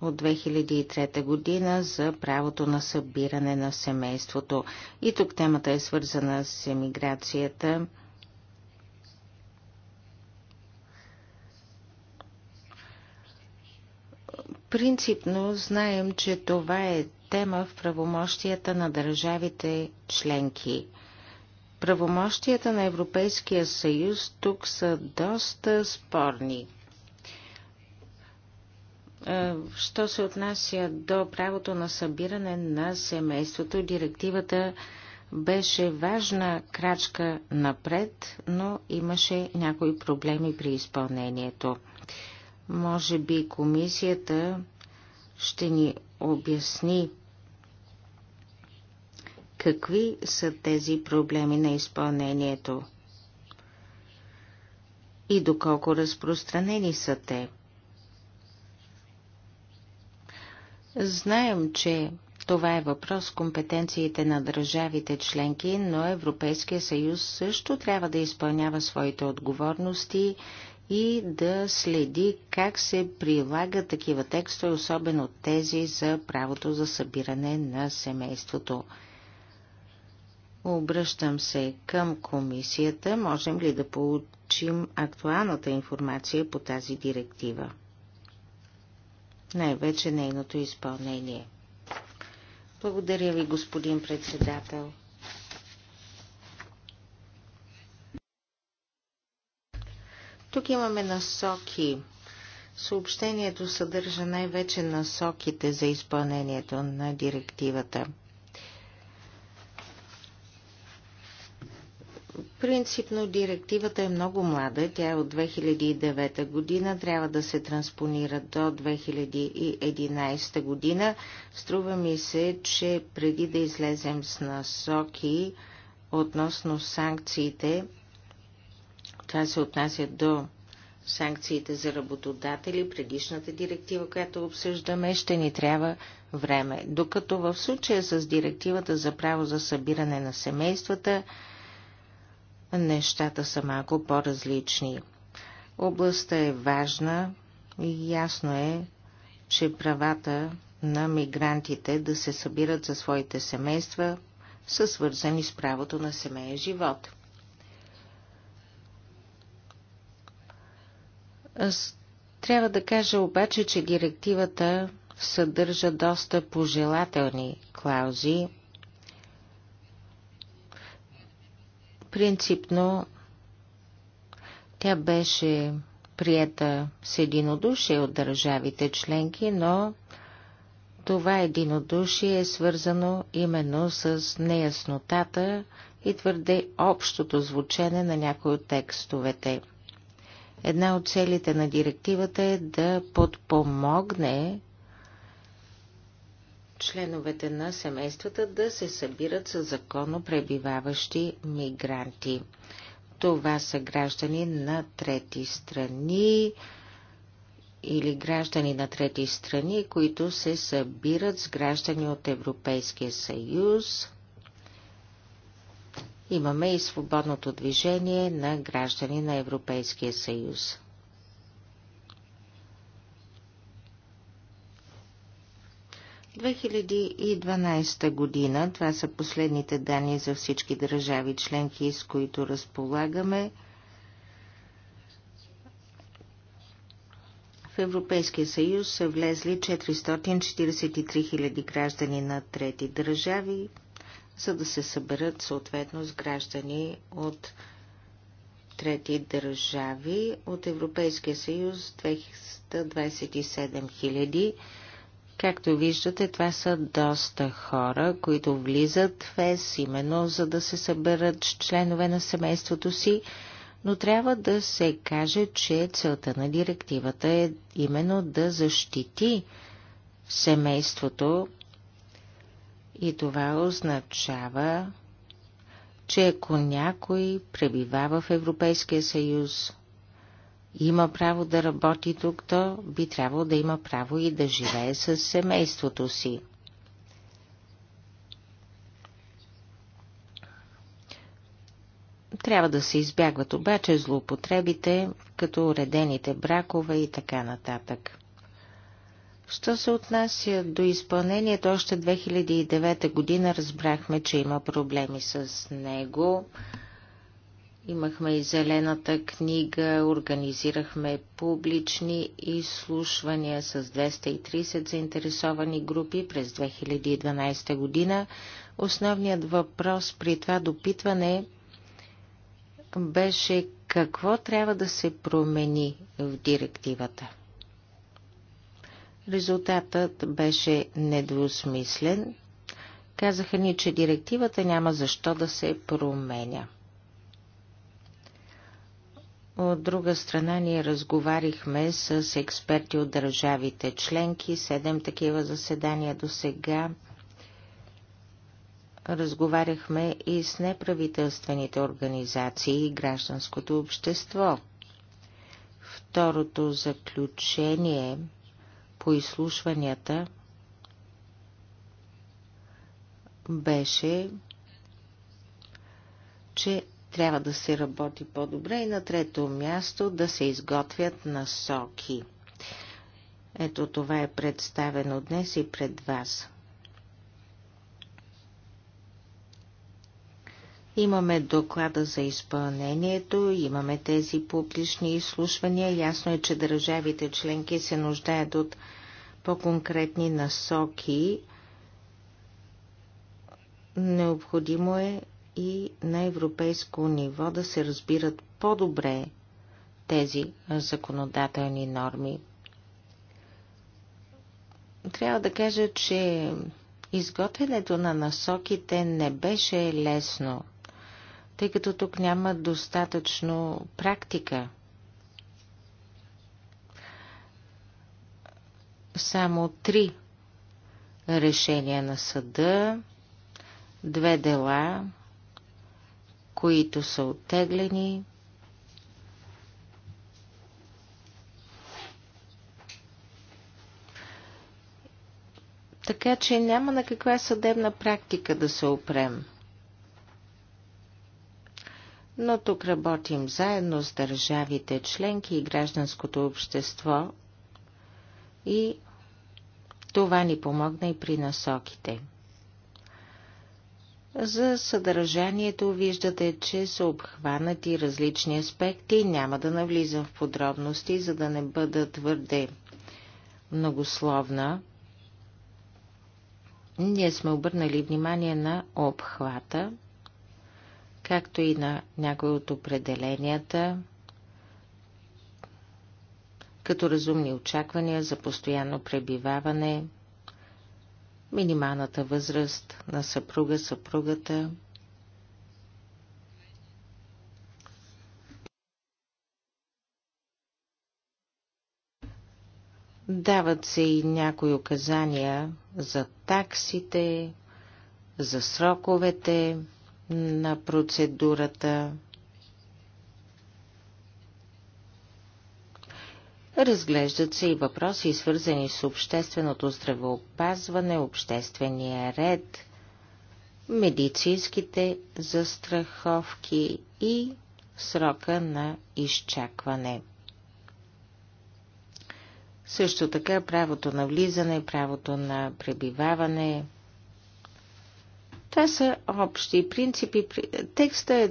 от 2003 година за правото на събиране на семейството. И тук темата е свързана с емиграцията. Принципно знаем, че това е тема в правомощията на държавите членки. Правомощията на Европейския съюз тук са доста спорни – е, що се отнася до правото на събиране на семейството, директивата беше важна крачка напред, но имаше някои проблеми при изпълнението. Може би комисията ще ни обясни какви са тези проблеми на изпълнението и доколко разпространени са те. Знаем, че това е въпрос компетенциите на държавите членки, но Европейския съюз също трябва да изпълнява своите отговорности и да следи как се прилагат такива текстове, особено тези за правото за събиране на семейството. Обръщам се към комисията. Можем ли да получим актуалната информация по тази директива? най-вече нейното изпълнение. Благодаря ви, господин председател. Тук имаме насоки. Съобщението съдържа най-вече насоките за изпълнението на директивата – Принципно директивата е много млада, тя е от 2009 година, трябва да се транспонира до 2011 година. Струва ми се, че преди да излезем с насоки относно санкциите, това се отнася до санкциите за работодатели, предишната директива, която обсъждаме, ще ни трябва време. Докато в случая с директивата за право за събиране на семействата, нещата са малко по-различни. Областта е важна и ясно е, че правата на мигрантите да се събират за своите семейства са свързани с правото на семейен живот. Трябва да кажа обаче, че директивата съдържа доста пожелателни клаузи, Принципно тя беше прията с единодушие от държавите членки, но това единодушие е свързано именно с неяснотата и твърде общото звучене на някои от текстовете. Една от целите на директивата е да подпомогне членовете на семействата да се събират с законно пребиваващи мигранти. Това са граждани на трети страни или граждани на трети страни, които се събират с граждани от Европейския съюз. Имаме и свободното движение на граждани на Европейския съюз. 2012 година, това са последните данни за всички държави членки, с които разполагаме, в Европейския съюз са влезли 443 000 граждани на трети държави, за да се съберат съответно с граждани от трети държави. От Европейския съюз 227 000 Както виждате, това са доста хора, които влизат в ЕС именно за да се съберат членове на семейството си, но трябва да се каже, че целта на директивата е именно да защити семейството и това означава, че ако някой пребива в Европейския съюз, има право да работи тук, то би трябвало да има право и да живее с семейството си. Трябва да се избягват обаче злоупотребите, като уредените бракове и така нататък. Що се отнася до изпълнението, още 2009 година разбрахме, че има проблеми с него. Имахме и зелената книга, организирахме публични изслушвания с 230 заинтересовани групи през 2012 година. Основният въпрос при това допитване беше какво трябва да се промени в директивата. Резултатът беше недвусмислен. Казаха ни, че директивата няма защо да се променя. От друга страна, ние разговарихме с експерти от държавите членки, седем такива заседания до сега. Разговаряхме и с неправителствените организации и гражданското общество. Второто заключение по изслушванията беше, че трябва да се работи по-добре и на трето място да се изготвят насоки. Ето това е представено днес и пред вас. Имаме доклада за изпълнението, имаме тези публични изслушвания. Ясно е, че държавите членки се нуждаят от по-конкретни насоки. Необходимо е и на европейско ниво да се разбират по-добре тези законодателни норми. Трябва да кажа, че изготвянето на насоките не беше лесно, тъй като тук няма достатъчно практика. Само три решения на съда, две дела които са оттеглени. Така че няма на каква съдебна практика да се опрем. Но тук работим заедно с държавите, членки и гражданското общество и това ни помогна и при насоките. За съдържанието виждате, че са обхванати различни аспекти. Няма да навлизам в подробности, за да не бъда твърде многословна. Ние сме обърнали внимание на обхвата, както и на някои от определенията, като разумни очаквания за постоянно пребиваване, минималната възраст на съпруга, съпругата. Дават се и някои указания за таксите, за сроковете на процедурата. Разглеждат се и въпроси, свързани с общественото здравеопазване, обществения ред, медицинските застраховки и срока на изчакване. Също така правото на влизане, правото на пребиваване. Това са общи принципи. Текстът е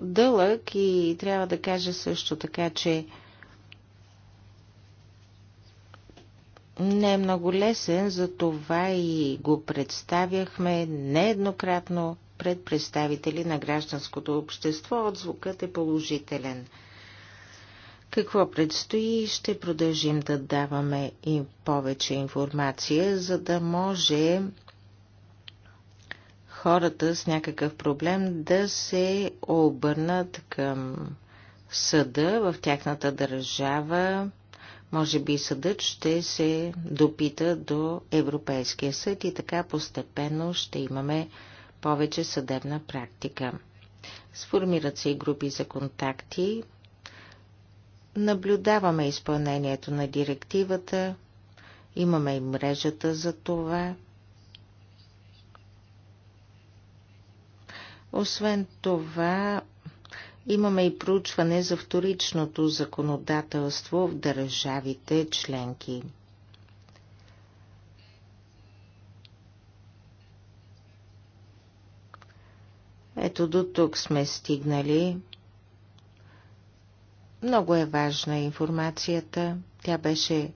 дълъг и трябва да кажа също така, че не е много лесен, за това и го представяхме нееднократно пред представители на гражданското общество. Отзвукът е положителен. Какво предстои? Ще продължим да даваме и повече информация, за да може хората с някакъв проблем да се обърнат към съда в тяхната държава, може би съдът ще се допита до Европейския съд и така постепенно ще имаме повече съдебна практика. Сформират се и групи за контакти. Наблюдаваме изпълнението на директивата. Имаме и мрежата за това. Освен това, Имаме и проучване за вторичното законодателство в държавите членки. Ето до тук сме стигнали. Много е важна информацията. Тя беше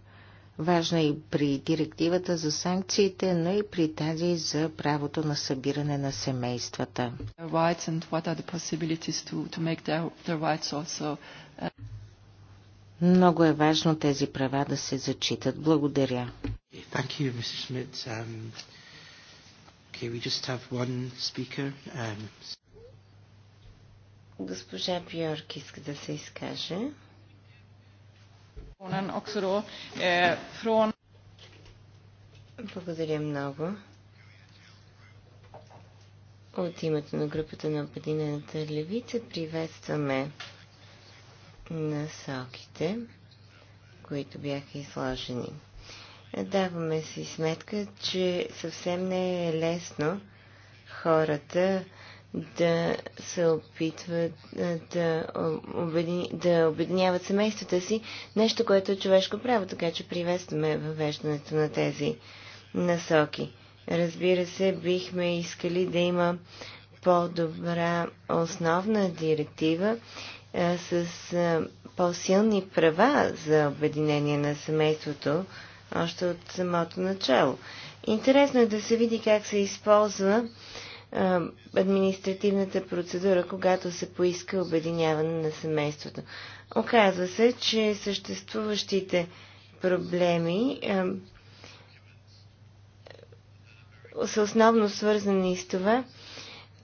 Важна е и при директивата за санкциите, но и при тази за правото на събиране на семействата. Uh, Много е важно тези права да се зачитат. Благодаря. Thank you, Mr. Schmidt. Um, okay, we just have one speaker. Um... Госпожа Бьорк иска да се изкаже. Eh, Благодаря много. От името на групата на Обединената левица приветстваме насоките, които бяха изложени. Даваме си сметка, че съвсем не е лесно хората да се опитват да, обедини, да обединяват семействата си, нещо, което е човешко право, така че приветстваме въвеждането на тези насоки. Разбира се, бихме искали да има по-добра основна директива а, с а, по-силни права за обединение на семейството още от самото начало. Интересно е да се види как се използва административната процедура, когато се поиска обединяване на семейството. Оказва се, че съществуващите проблеми са основно свързани с това,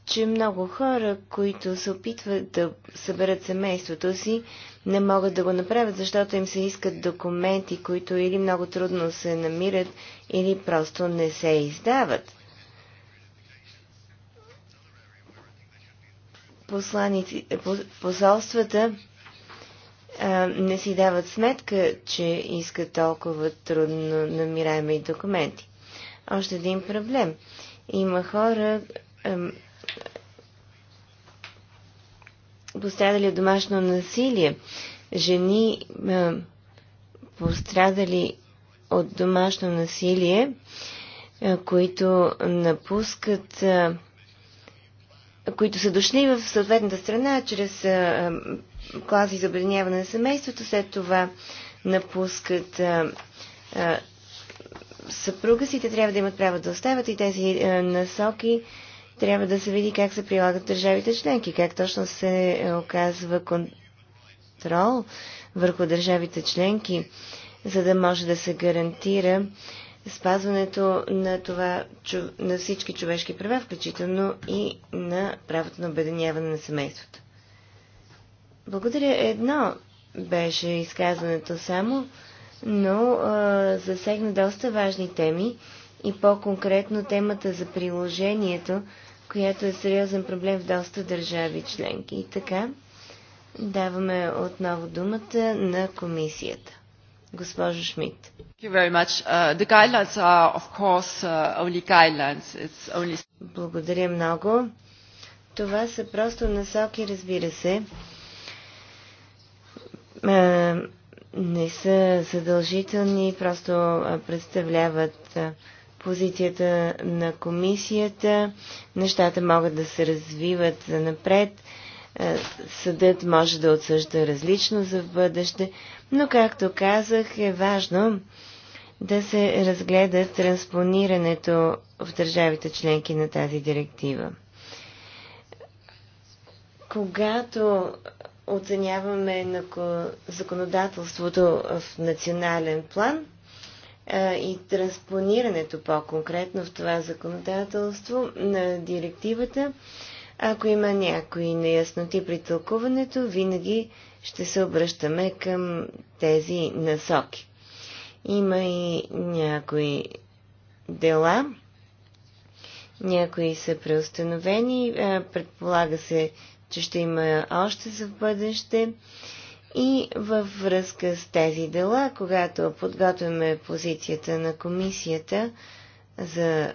че много хора, които се опитват да съберат семейството си, не могат да го направят, защото им се искат документи, които или много трудно се намират, или просто не се издават. посланици, посолствата а, не си дават сметка, че искат толкова трудно намираеми документи. Още един проблем. Има хора, а, пострадали от домашно насилие, жени, а, пострадали от домашно насилие, които напускат а, които са дошли в съответната страна чрез клази за обединяване на семейството, след това напускат съпруга си, те трябва да имат право да остават и тези насоки трябва да се види как се прилагат държавите членки, как точно се е, оказва контрол върху държавите членки, за да може да се гарантира спазването на, това, на всички човешки права, включително и на правото на обединяване на семейството. Благодаря. Едно беше изказването само, но а, засегна доста важни теми и по-конкретно темата за приложението, която е сериозен проблем в доста държави членки. И така, даваме отново думата на комисията. Госпожо Шмидт. Uh, uh, Благодаря много. Това са просто насоки, разбира се. Е, не са задължителни, просто представляват позицията на комисията. Нещата могат да се развиват напред. Е, съдът може да отсъжда различно за бъдеще но както казах е важно да се разгледа транспонирането в държавите членки на тази директива. Когато оценяваме на законодателството в национален план и транспонирането по-конкретно в това законодателство на директивата, ако има някои неясноти при тълкуването, винаги ще се обръщаме към тези насоки. Има и някои дела, някои са преустановени, предполага се, че ще има още за бъдеще. И във връзка с тези дела, когато подготвяме позицията на комисията за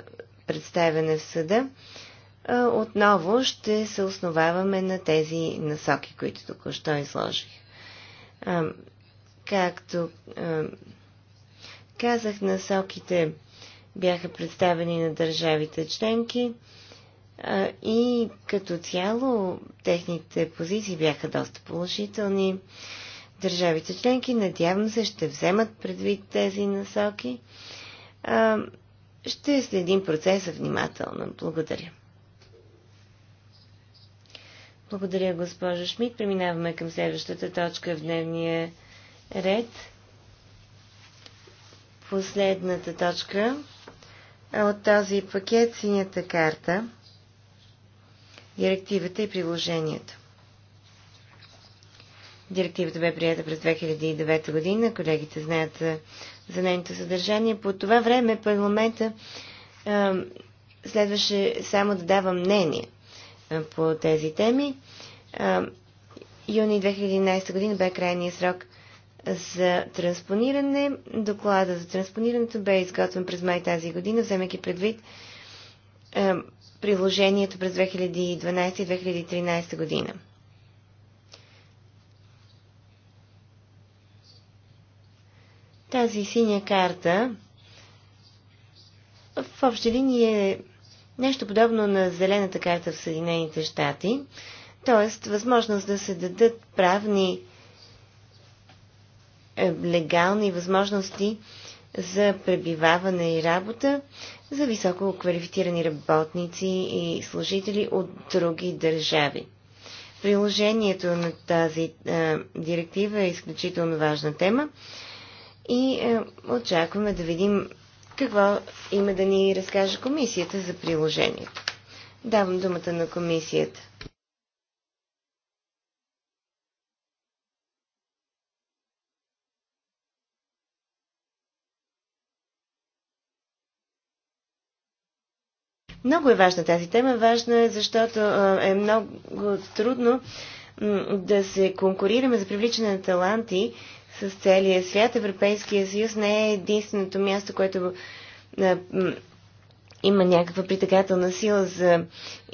представяне в съда, отново ще се основаваме на тези насоки, които току-що изложих. Както казах, насоките бяха представени на държавите членки и като цяло техните позиции бяха доста положителни. Държавите членки, надявам се, ще вземат предвид тези насоки. Ще следим процеса внимателно. Благодаря. Благодаря, госпожа Шмидт. Преминаваме към следващата точка в дневния ред. Последната точка от този пакет синята карта, директивата и приложението. Директивата бе прията през 2009 година. Колегите знаят за нейното съдържание. По това време парламента следваше само да дава мнение по тези теми. Юни 2011 година бе крайния срок за транспониране. Доклада за транспонирането бе изготвен през май тази година, вземайки предвид приложението през 2012 и 2013 година. Тази синя карта в общи линии е Нещо подобно на зелената карта в Съединените щати, т.е. възможност да се дадат правни е, легални възможности за пребиваване и работа за високо квалифицирани работници и служители от други държави. Приложението на тази е, директива е изключително важна тема и е, очакваме да видим какво има да ни разкаже комисията за приложението. Давам думата на комисията. Много е важна тази тема. Важна е, защото е много трудно да се конкурираме за привличане на таланти с целия свят. Европейския съюз не е единственото място, което има някаква притегателна сила за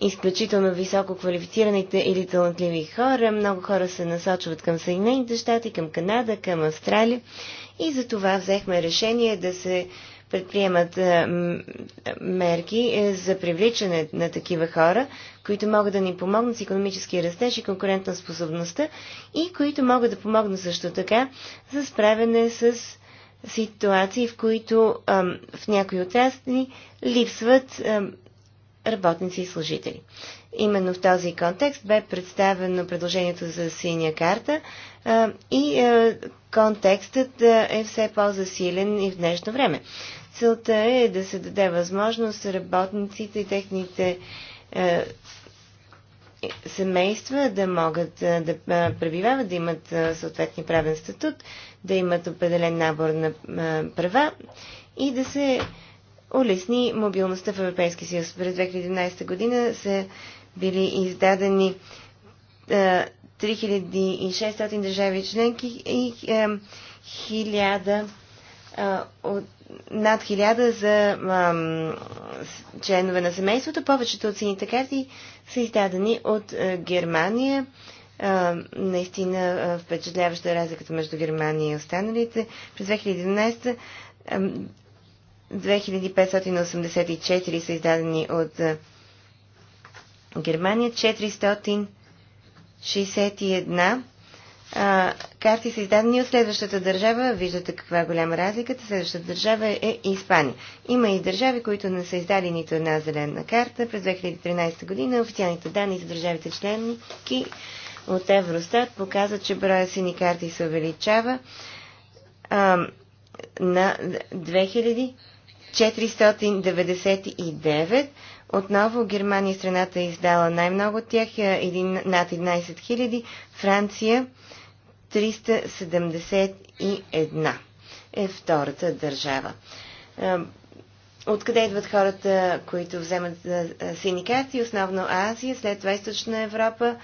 изключително високо квалифицираните или талантливи хора. Много хора се насочват към Съединените щати, към Канада, към Австралия. И за това взехме решение да се предприемат е, мерки е, за привличане на такива хора, които могат да ни помогнат с економически растеж и конкурентна способността и които могат да помогнат също така за справяне с ситуации, в които в някои отрасли липсват работници и служители. Именно в този контекст бе представено предложението за синя карта и е, контекстът е все по-засилен и в днешно време. Целта е да се даде възможност работниците и техните е, семейства да могат е, да е, пребивават, да имат е, съответния правен статут, да имат определен набор на права и да се улесни мобилността в Европейския съюз. През 2011 година са били издадени 3600 държави членки и 1000 от над 1000 за ам, членове на семейството. Повечето от сините карти са издадени от а, е, Германия. А, наистина а, впечатляваща разликата между Германия и останалите. През 2011 2584 са издадени от а, Германия, 461 а, карти са издадени от следващата държава. Виждате каква е голяма разликата. Следващата държава е Испания. Има и държави, които не са издали нито една зелена карта. През 2013 година официалните данни за държавите членки от Евростат показват, че броя сини карти се увеличава а, на 2499. Отново Германия е страната е издала най-много от тях, е един, над 11 000, Франция 371 е втората държава. Откъде идват хората, които вземат сини карти? Основно Азия, след това Източна Европа,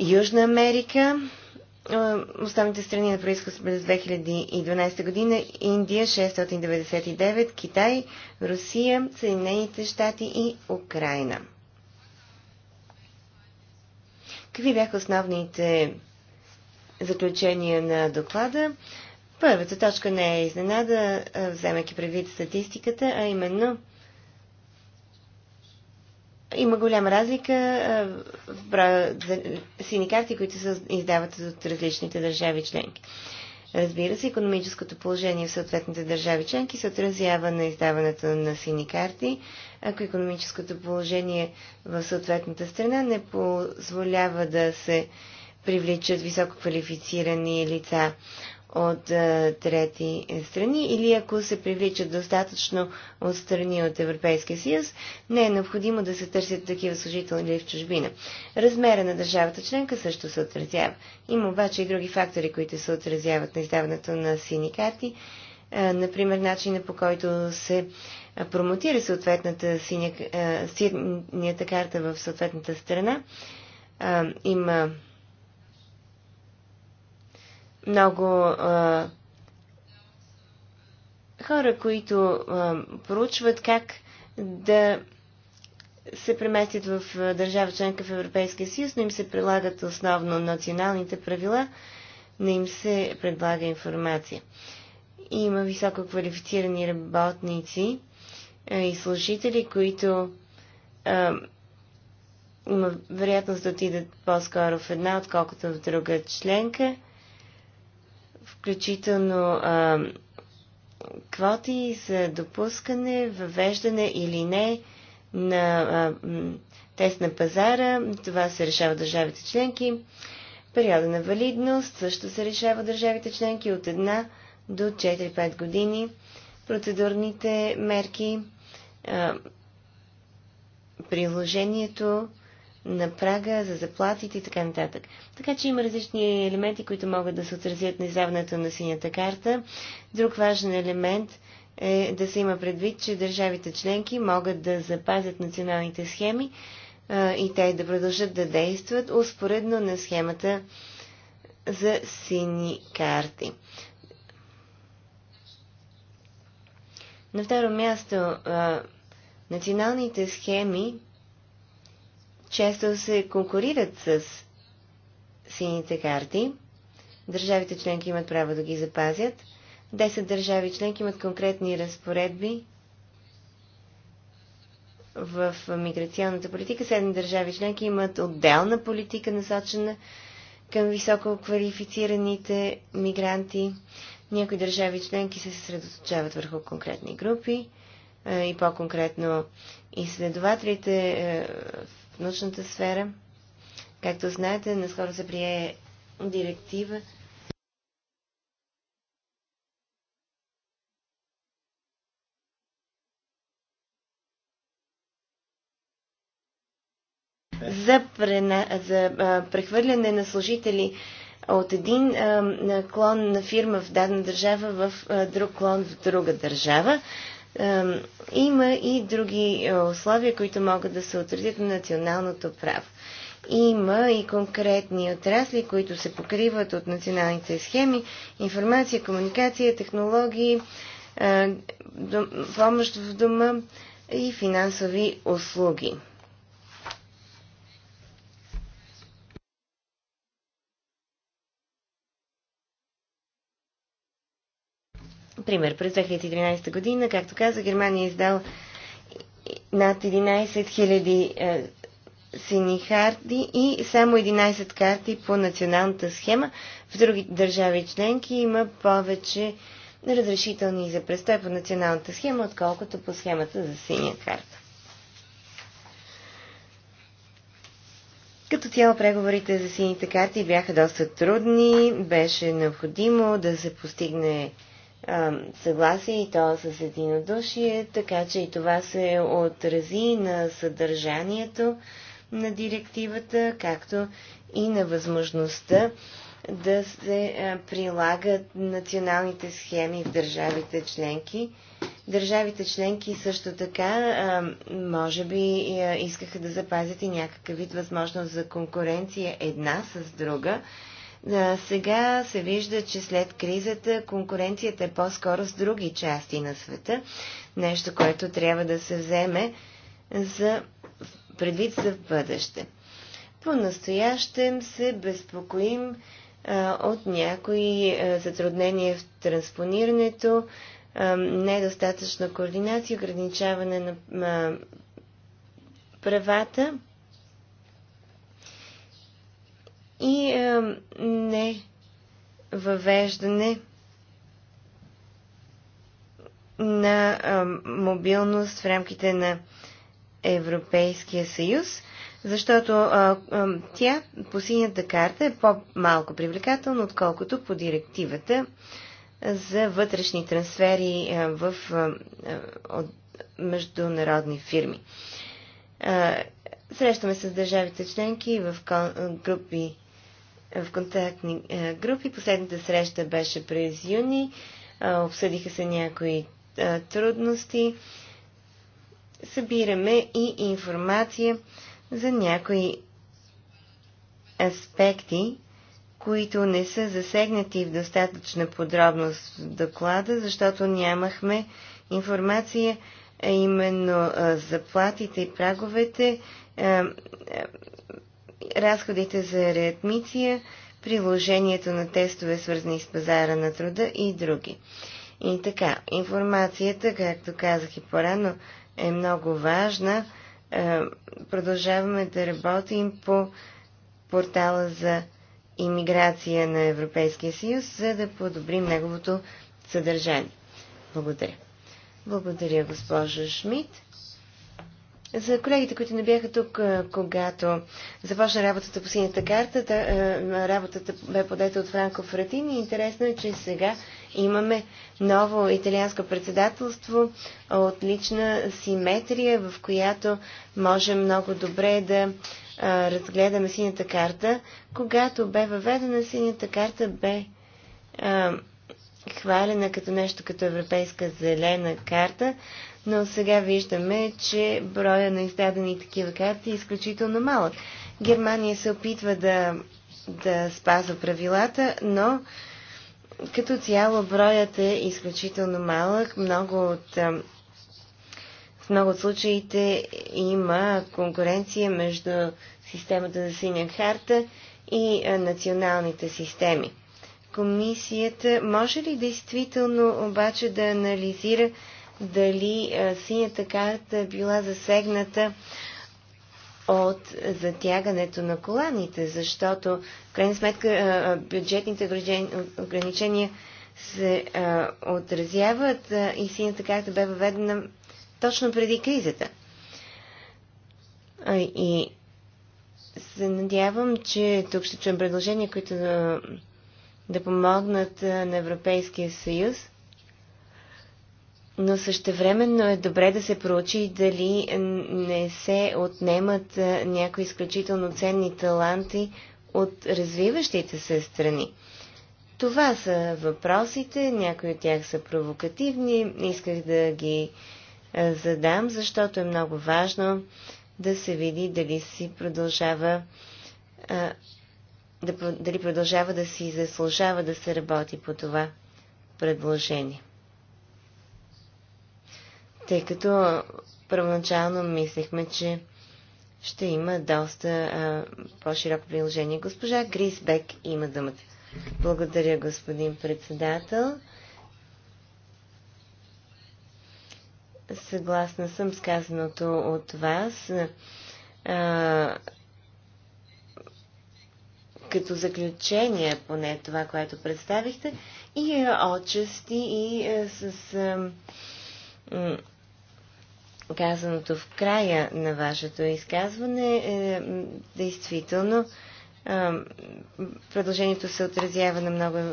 Южна Америка, основните страни на происход през 2012 година Индия 699, Китай, Русия, Съединените щати и Украина. Какви бяха основните заключения на доклада. Първата точка не е изненада, вземайки предвид статистиката, а именно има голяма разлика в броя сини карти, които се издават от различните държави членки. Разбира се, економическото положение в съответните държави членки се отразява на издаването на сини карти. Ако економическото положение в съответната страна не позволява да се привличат високо квалифицирани лица от а, трети страни или ако се привличат достатъчно от страни от Европейския съюз, не е необходимо да се търсят такива служители в чужбина. Размера на държавата членка също се отразява. Има обаче и други фактори, които се отразяват на издаването на сини карти. А, например, начина по който се промотира съответната синя, а, синята карта в съответната страна. Има много а, хора, които а, проучват как да се преместят в държава членка в Европейския съюз, но им се прилагат основно националните правила, не им се предлага информация. Има високо квалифицирани работници а, и служители, които а, има вероятност да отидат по-скоро в една, отколкото в друга членка – включително а, квоти за допускане, въвеждане или не на а, тест на пазара. Това се решава държавите членки. Периода на валидност също се решава държавите членки от една до 4-5 години. Процедурните мерки, а, приложението на прага, за заплатите и така нататък. Така че има различни елементи, които могат да се отразят на издаването на синята карта. Друг важен елемент е да се има предвид, че държавите членки могат да запазят националните схеми а, и те да продължат да действат успоредно на схемата за сини карти. На второ място, а, националните схеми често се конкурират с сините карти. Държавите членки имат право да ги запазят. Десет държави членки имат конкретни разпоредби в миграционната политика. Седем държави членки имат отделна политика, насочена към високо квалифицираните мигранти. Някои държави членки се съсредоточават върху конкретни групи и по-конкретно изследователите, в е, научната сфера. Както знаете, наскоро се прие директива за, прена, за а, прехвърляне на служители от един а, клон на фирма в дадена държава в а, друг клон в друга държава. Има и други е, условия, които могат да се отразят на националното право. Има и конкретни отрасли, които се покриват от националните схеми информация, комуникация, технологии, е, помощ в дома и финансови услуги. Пример, през 2013 година, както каза, Германия е издала над 11 000 е, сини харти и само 11 карти по националната схема. В други държави членки има повече разрешителни за престой по националната схема, отколкото по схемата за синя карта. Като цяло преговорите за сините карти бяха доста трудни, беше необходимо да се постигне съгласие и то с единодушие, така че и това се отрази на съдържанието на директивата, както и на възможността да се прилагат националните схеми в държавите членки. Държавите членки също така може би искаха да запазят и някакъв вид възможност за конкуренция една с друга, а, сега се вижда, че след кризата конкуренцията е по-скоро с други части на света. Нещо, което трябва да се вземе за предвид за бъдеще. По-настоящем се безпокоим а, от някои а, затруднения в транспонирането, а, недостатъчна координация, ограничаване на а, правата и е, не въвеждане на е, мобилност в рамките на Европейския съюз, защото е, е, тя по синята карта е по-малко привлекателна, отколкото по директивата за вътрешни трансфери е, в, е, е, от международни фирми. Срещаме срещаме с държавите членки в групи в контактни е, групи. Последната среща беше през юни. Е, обсъдиха се някои е, трудности. Събираме и информация за някои аспекти, които не са засегнати в достатъчна подробност в доклада, защото нямахме информация, а именно заплатите и праговете, разходите за реадмиция, приложението на тестове, свързани с пазара на труда и други. И така, информацията, както казах и по-рано, е много важна. Е, продължаваме да работим по портала за иммиграция на Европейския съюз, за да подобрим неговото съдържание. Благодаря. Благодаря, госпожа Шмидт. За колегите, които не бяха тук, когато започна работата по синята карта, работата бе подета от Франко Фратини. Интересно е, че сега имаме ново италианско председателство, от лична симетрия, в която може много добре да разгледаме синята карта. Когато бе въведена синята карта, бе хвалена като нещо като европейска зелена карта, но сега виждаме, че броя на издадени такива карти е изключително малък. Германия се опитва да, да спазва правилата, но като цяло броят е изключително малък. Много от, в много от случаите има конкуренция между системата за синя харта и националните системи. Комисията може ли действително обаче да анализира дали синята карта е била засегната от затягането на коланите, защото в крайна сметка бюджетните ограничения се отразяват и синята карта бе въведена точно преди кризата. И се надявам, че тук ще чуем предложения, които да, да помогнат на Европейския съюз но същевременно е добре да се проучи дали не се отнемат е, някои изключително ценни таланти от развиващите се страни. Това са въпросите, някои от тях са провокативни, исках да ги е, задам, защото е много важно да се види дали си продължава е, дали продължава да си заслужава да се работи по това предложение тъй като първоначално мислехме, че ще има доста по-широко приложение. Госпожа Грисбек има думата. Благодаря, господин председател. Съгласна съм с казаното от вас. А, като заключение, поне това, което представихте, и е, отчасти, и а, е, с а, казаното в края на вашето изказване. Е, действително, е, предложението се отразява на много е,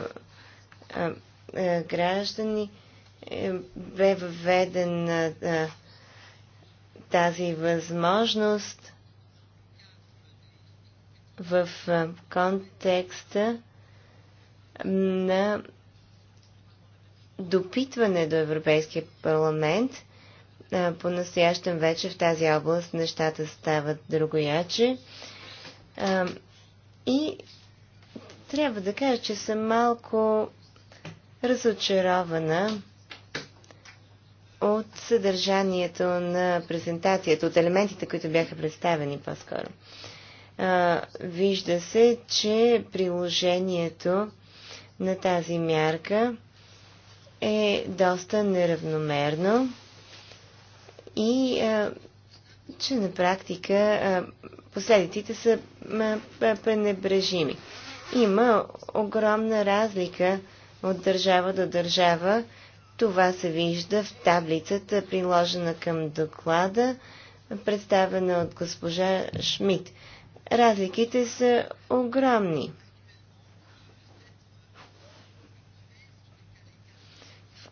е, граждани. Е, бе въведен е, тази възможност в е, контекста на допитване до Европейския парламент – по настоящен вече в тази област нещата стават другояче. И трябва да кажа, че съм малко разочарована от съдържанието на презентацията, от елементите, които бяха представени по-скоро. Вижда се, че приложението на тази мярка е доста неравномерно и а, е, че на практика а, е, последиците са а, е, пренебрежими. Има огромна разлика от държава до държава. Това се вижда в таблицата, приложена към доклада, представена от госпожа Шмидт. Разликите са огромни.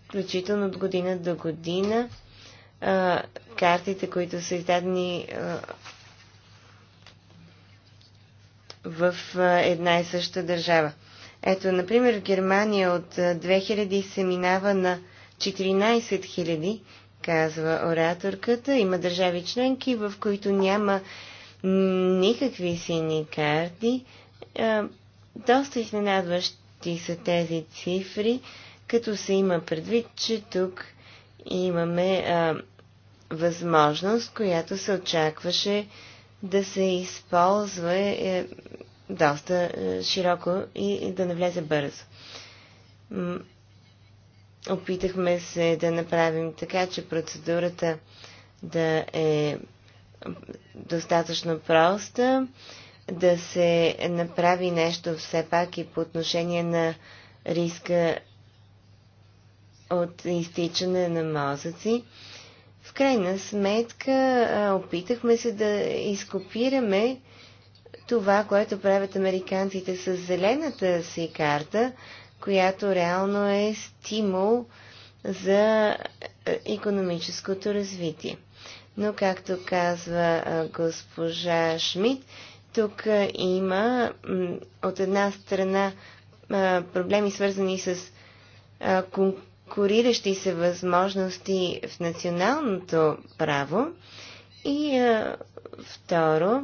Включително от година до година картите, които са издадени в една и съща държава. Ето, например, Германия от 2000 се минава на 14 000, казва ораторката. Има държави членки, в които няма никакви сини карти. Доста изненадващи са тези цифри, като се има предвид, че тук имаме възможност, която се очакваше да се използва е, е, доста е, широко и, и да не влезе бързо. М опитахме се да направим така, че процедурата да е достатъчно проста, да се направи нещо все пак и по отношение на риска от изтичане на мозъци крайна сметка опитахме се да изкопираме това, което правят американците с зелената си карта, която реално е стимул за економическото развитие. Но, както казва госпожа Шмидт, тук има от една страна проблеми свързани с конкуренцията, кориращи се възможности в националното право и а, второ,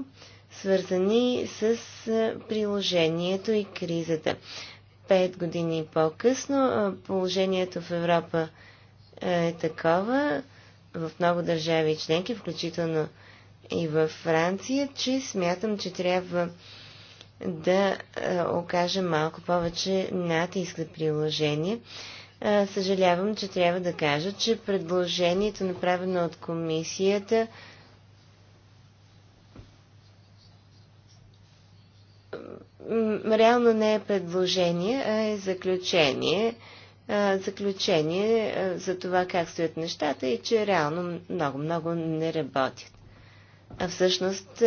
свързани с а, приложението и кризата. Пет години по-късно положението в Европа е такова в много държави и членки, включително и във Франция, че смятам, че трябва да окажем малко повече натиск за приложение съжалявам, че трябва да кажа, че предложението, направено от комисията, реално не е предложение, а е заключение. Заключение за това как стоят нещата и че реално много-много не работят. А всъщност,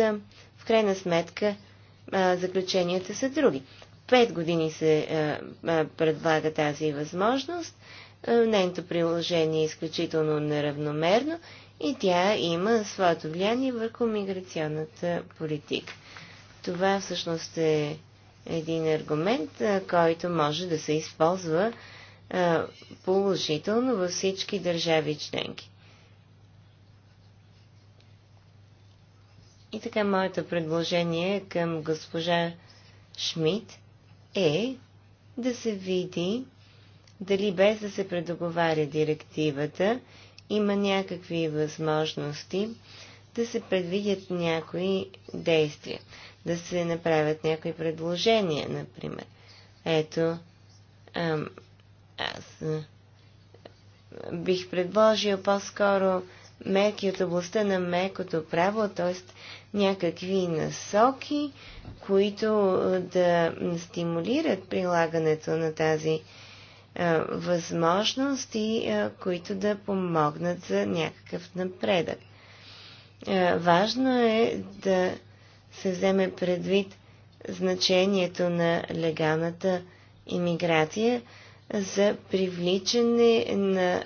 в крайна сметка, заключенията са други. Пет години се е, е, предлага тази възможност. Е, нейното приложение е изключително неравномерно и тя има своето влияние върху миграционната политика. Това всъщност е един аргумент, който може да се използва положително във всички държави членки. И така моето предложение към госпожа Шмидт е да се види дали без да се предоговаря директивата има някакви възможности да се предвидят някои действия, да се направят някои предложения, например. Ето, ам, аз бих предложил по-скоро мерки от областта на мекото право, т.е някакви насоки, които да стимулират прилагането на тази възможност и които да помогнат за някакъв напредък. Важно е да се вземе предвид значението на легалната иммиграция за привличане на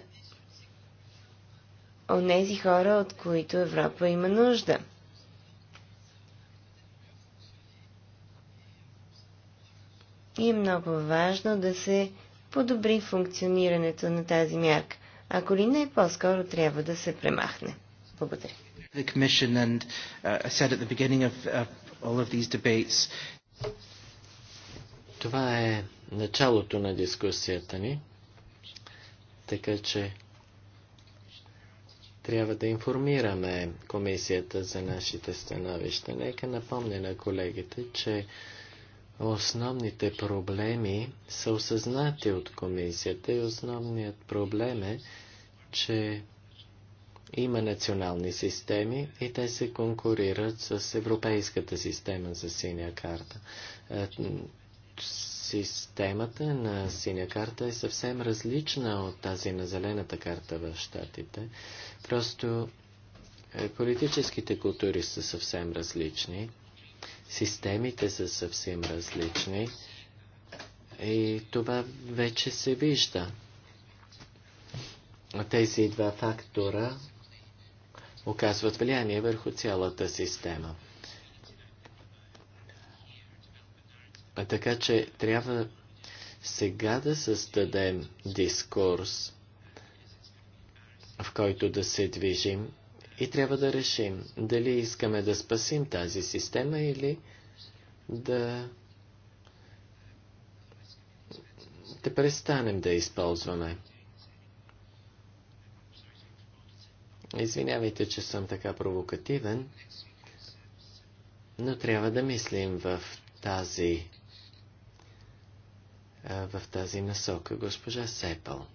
онези хора, от които Европа има нужда. и е много важно да се подобри функционирането на тази мярка. Ако ли не, по-скоро трябва да се премахне. Благодаря. And, uh, of, of Това е началото на дискусията ни, така че трябва да информираме комисията за нашите становища. Нека напомня на колегите, че Основните проблеми са осъзнати от комисията и основният проблем е, че има национални системи и те се конкурират с европейската система за синя карта. Е, системата на синя карта е съвсем различна от тази на зелената карта в Штатите. Просто е, политическите култури са съвсем различни. Системите са съвсем различни и това вече се вижда. Тези два фактора оказват влияние върху цялата система. А така че трябва сега да създадем дискурс, в който да се движим и трябва да решим дали искаме да спасим тази система или да да престанем да използваме. Извинявайте, че съм така провокативен, но трябва да мислим в тази в тази насока, госпожа Сепъл.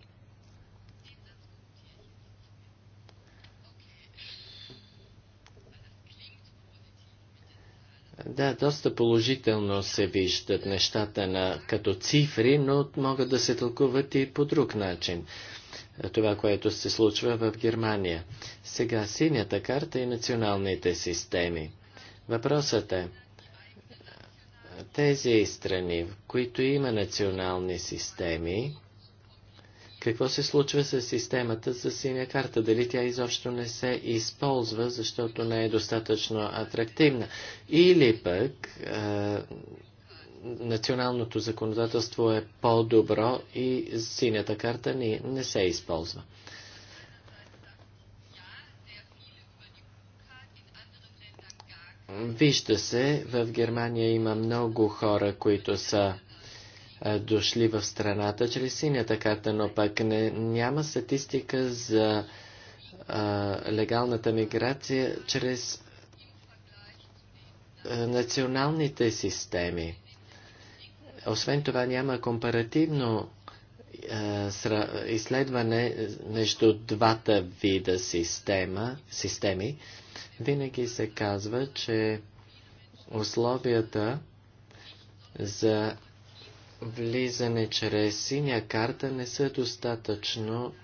Да, доста положително се виждат нещата на, като цифри, но могат да се тълкуват и по друг начин. Това, което се случва в Германия. Сега синята карта и националните системи. Въпросът е, тези страни, в които има национални системи, какво се случва с системата за синя карта? Дали тя изобщо не се използва, защото не е достатъчно атрактивна? Или пък е, националното законодателство е по-добро и синята карта ни не се използва? Вижда се, в Германия има много хора, които са е, дошли в страната чрез синята карта, но пък не, няма статистика за а, е, легалната миграция чрез а, е, националните системи. Освен това няма компаративно а, изследване между двата вида система, системи. Винаги се казва, че условията за влизане чрез синя карта не са достатъчно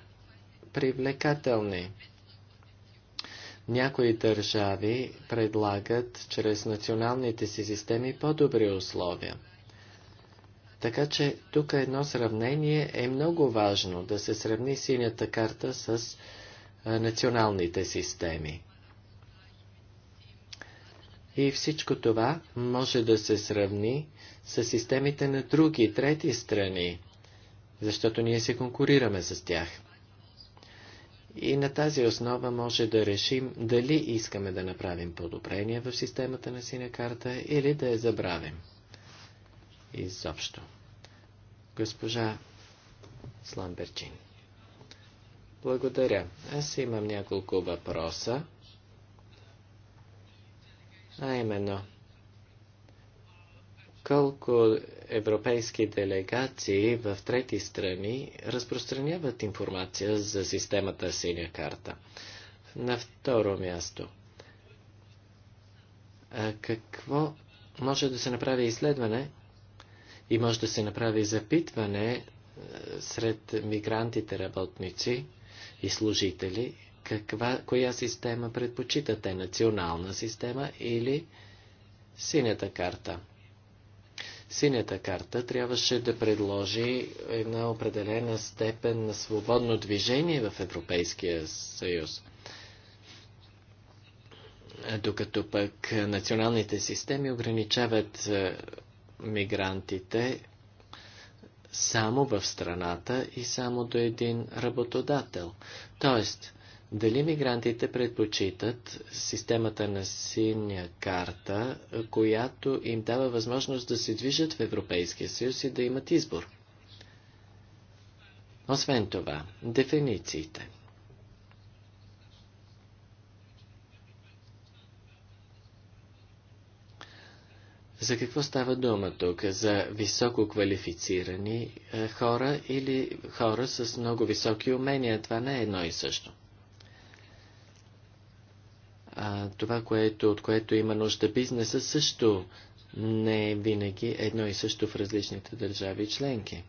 привлекателни. Някои държави предлагат чрез националните си системи по-добри условия. Така че тук едно сравнение е много важно да се сравни синята карта с а, националните системи. И всичко това може да се сравни с системите на други, трети страни, защото ние се конкурираме с тях. И на тази основа може да решим дали искаме да направим подобрение в системата на синя карта или да я забравим. Изобщо. Госпожа Сламберчин. Благодаря. Аз имам няколко въпроса. А именно, колко европейски делегации в трети страни разпространяват информация за системата синя карта. На второ място. А какво може да се направи изследване и може да се направи запитване сред мигрантите работници и служители, каква, коя система предпочитате, национална система или синята карта? Синята карта трябваше да предложи една определена степен на свободно движение в Европейския съюз. Докато пък националните системи ограничават е, мигрантите само в страната и само до един работодател. Тоест, дали мигрантите предпочитат системата на синя карта, която им дава възможност да се движат в Европейския съюз и да имат избор? Освен това, дефинициите. За какво става дума тук? За високо квалифицирани хора или хора с много високи умения? Това не е едно и също а, това, което, от което има нужда бизнеса, също не е винаги едно и също в различните държави членки.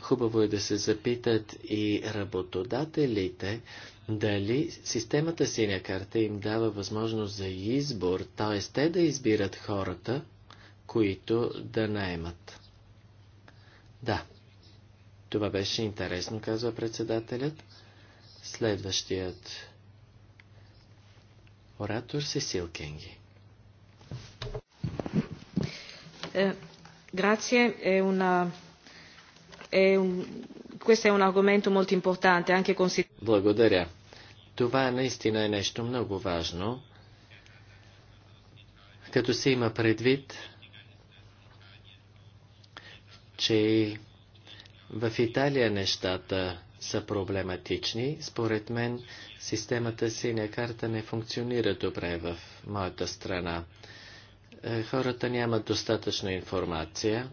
Хубаво е да се запитат и работодателите дали системата синя карта им дава възможност за избор, т.е. те да избират хората, които да наемат. Да, това беше интересно, казва председателят. Следващият оратор е Сесил Кенги. Grazie, è una, è un, questo è un argomento molto importante, anche considerato. Благодаря. Това наистина е нещо много важно, като се има предвид, че в Италия нещата са проблематични. Според мен системата синя карта не функционира добре в моята страна. Е, хората нямат достатъчно информация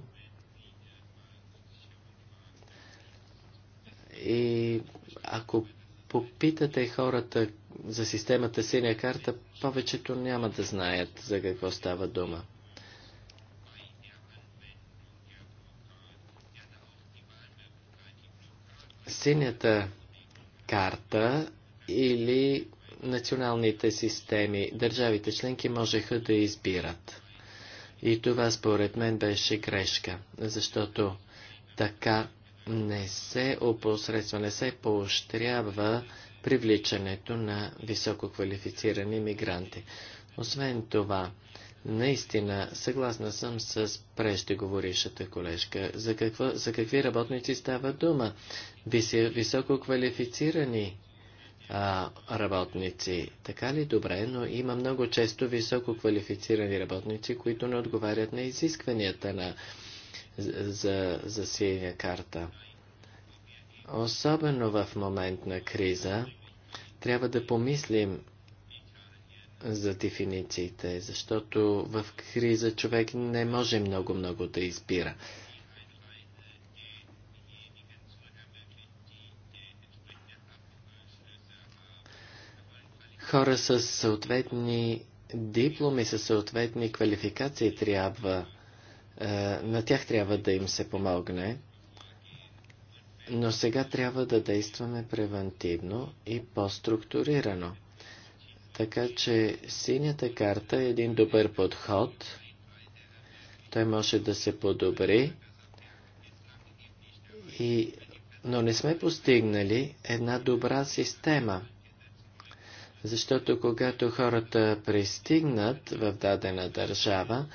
и ако попитате хората за системата синя карта, повечето няма да знаят за какво става дума. синята карта или националните системи, държавите членки можеха да избират. И това според мен беше грешка, защото така не се опосредства, не се поощрява привличането на висококвалифицирани мигранти. Освен това, Наистина, съгласна съм с преждеговорившата колежка. За, какво, за какви работници става дума? Виси, високо квалифицирани а, работници. Така ли добре, но има много често високо квалифицирани работници, които не отговарят на изискванията на, за, за синя карта. Особено в момент на криза, трябва да помислим за дефинициите, защото в криза човек не може много-много да избира. Хора с съответни дипломи, с съответни квалификации трябва, е, на тях трябва да им се помогне. Но сега трябва да действаме превентивно и по-структурирано. Така че синята карта е един добър подход. Той може да се подобри. И, но не сме постигнали една добра система. Защото когато хората пристигнат в дадена държава,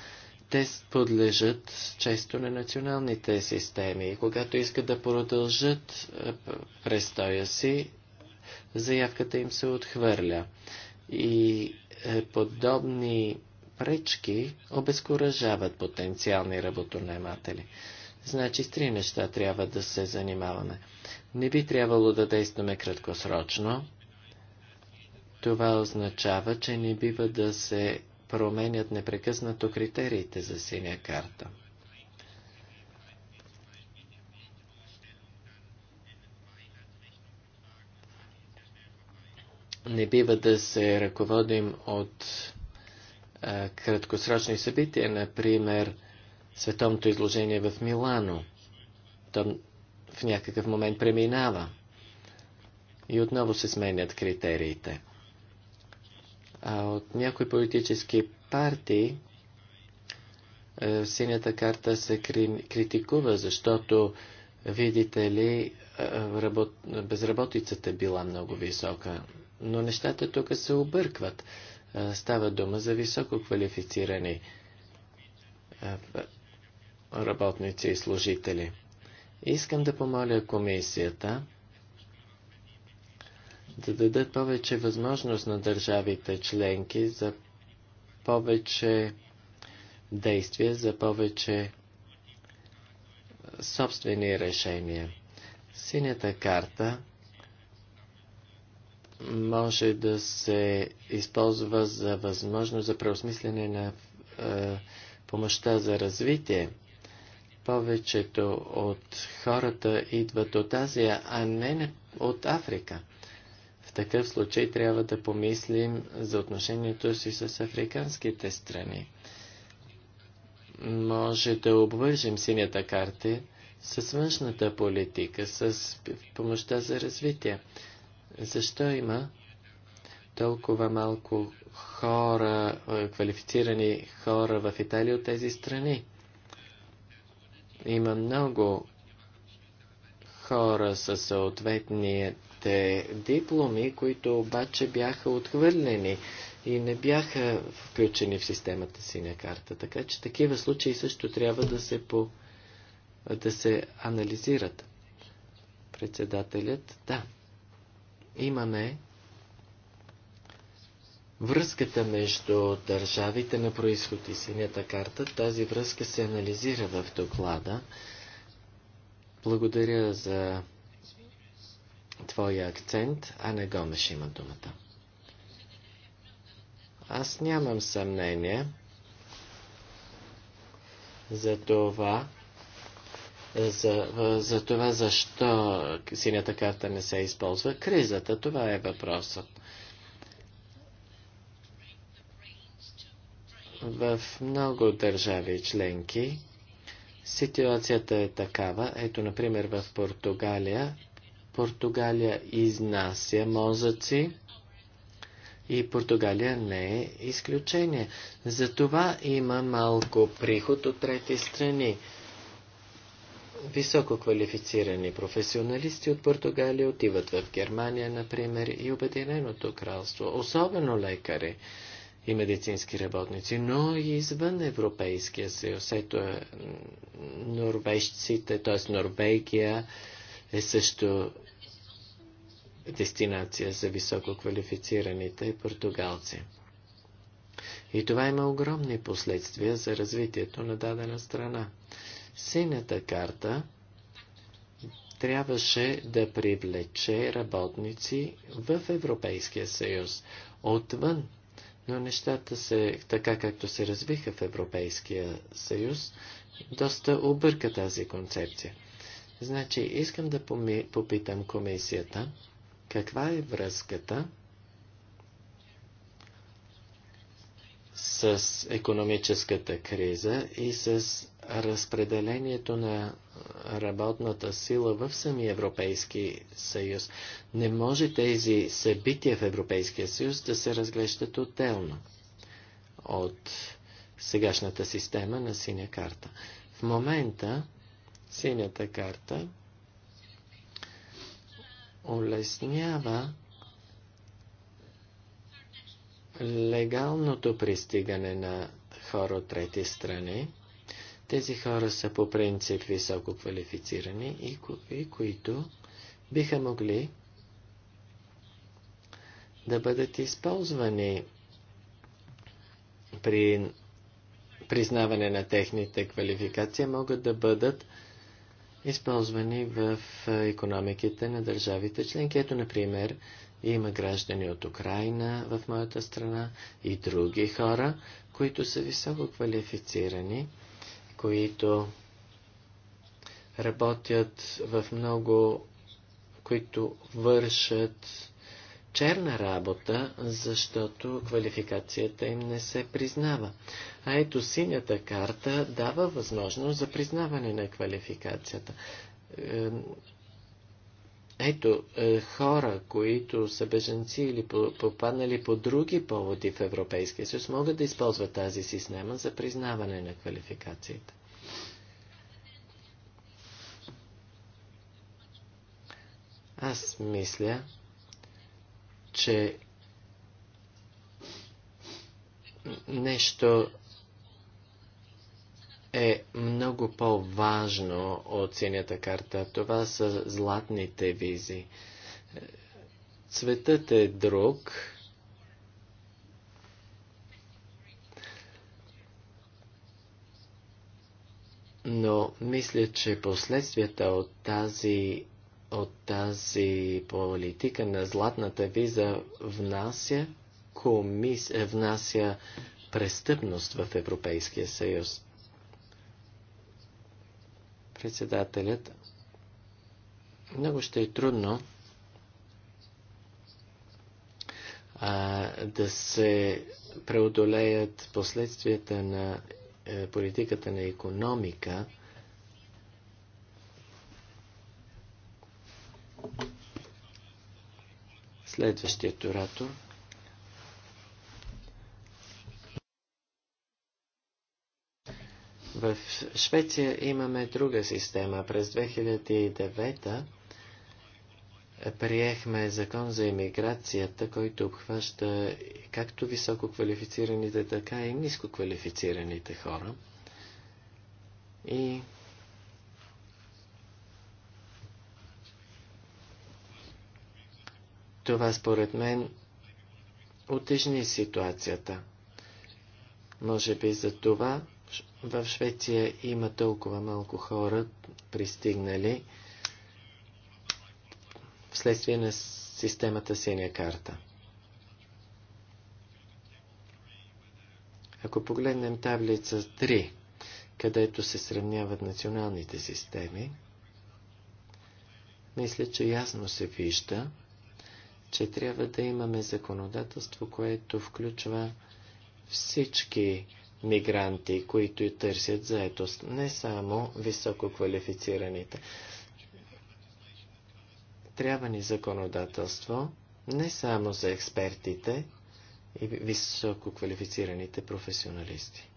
те подлежат често на националните системи. И когато искат да продължат престоя си, заявката им се отхвърля и е, подобни пречки обезкуражават потенциални работонаематели. Значи с три неща трябва да се занимаваме. Не би трябвало да действаме краткосрочно. Това означава, че не бива да се променят непрекъснато критериите за синя карта. не бива да се ръководим от а, краткосрочни събития, например световното изложение в Милано. то в някакъв момент преминава и отново се сменят критериите. А от някои политически партии е, синята карта се кри, критикува, защото, видите ли, е, е работ, безработицата била много висока. Но нещата тук се объркват. Става дума за високо квалифицирани работници и служители. Искам да помоля комисията да дадат повече възможност на държавите членки за повече действия, за повече собствени решения. Синята карта може да се използва за възможност за преосмислене на е, помощта за развитие. Повечето от хората идват от Азия, а не от Африка. В такъв случай трябва да помислим за отношението си с африканските страни. Може да обвържем синята карта с външната политика, с помощта за развитие. Защо има толкова малко хора, е, квалифицирани хора в Италия от тези страни? Има много хора със съответните дипломи, които обаче бяха отхвърлени и не бяха включени в системата си на карта. Така че такива случаи също трябва да се, по, да се анализират. Председателят, да, имаме връзката между държавите на происход и синята карта. Тази връзка се анализира в доклада. Благодаря за твоя акцент. Ана Гомеш има думата. Аз нямам съмнение за това, за, за това защо синята карта не се използва. Кризата, това е въпросът. В много държави членки ситуацията е такава. Ето, например, в Португалия. Португалия изнася мозъци и Португалия не е изключение. Затова има малко приход от трети страни високо квалифицирани професионалисти от Португалия отиват в Германия, например, и Обединеното кралство, особено лекари и медицински работници, но и извън Европейския съюз. Ето е, норвежците, т.е. Норвегия е също дестинация за високо квалифицираните португалци. И това има огромни последствия за развитието на дадена страна. Синята карта трябваше да привлече работници в Европейския съюз отвън. Но нещата се, така както се развиха в Европейския съюз, доста обърка тази концепция. Значи, искам да поми, попитам комисията, каква е връзката с економическата криза и с разпределението на работната сила в самия Европейски съюз. Не може тези събития в Европейския съюз да се разглеждат отделно от сегашната система на синя карта. В момента синята карта улеснява легалното пристигане на хора от трети страни, тези хора са по принцип високо квалифицирани и, ко и които биха могли да бъдат използвани при признаване на техните квалификации, могат да бъдат използвани в економиките на държавите членки. Ето, например, има граждани от Украина в моята страна и други хора, които са високо квалифицирани които работят в много, които вършат черна работа, защото квалификацията им не се признава. А ето синята карта дава възможност за признаване на квалификацията. Ето, е, хора, които са беженци или попаднали по други поводи в Европейския съюз, могат да използват тази система за признаване на квалификациите. Аз мисля, че нещо е много по-важно от синята карта. Това са златните визи. Цветът е друг. Но мисля, че последствията от тази, от тази политика на златната виза внася, комис, внася престъпност в Европейския съюз. Председателят. Много ще е трудно а, да се преодолеят последствията на е, политиката на економика. Следващият оратор. В Швеция имаме друга система. През 2009 приехме закон за иммиграцията, който обхваща както високо квалифицираните, така и ниско квалифицираните хора. И това според мен утежни ситуацията. Може би за това в Швеция има толкова малко хора пристигнали вследствие на системата синя карта. Ако погледнем таблица 3, където се сравняват националните системи, мисля, че ясно се вижда, че трябва да имаме законодателство, което включва всички мигранти, които и търсят заетост, не само високо квалифицираните. Трябва ни законодателство не само за експертите и високо квалифицираните професионалисти.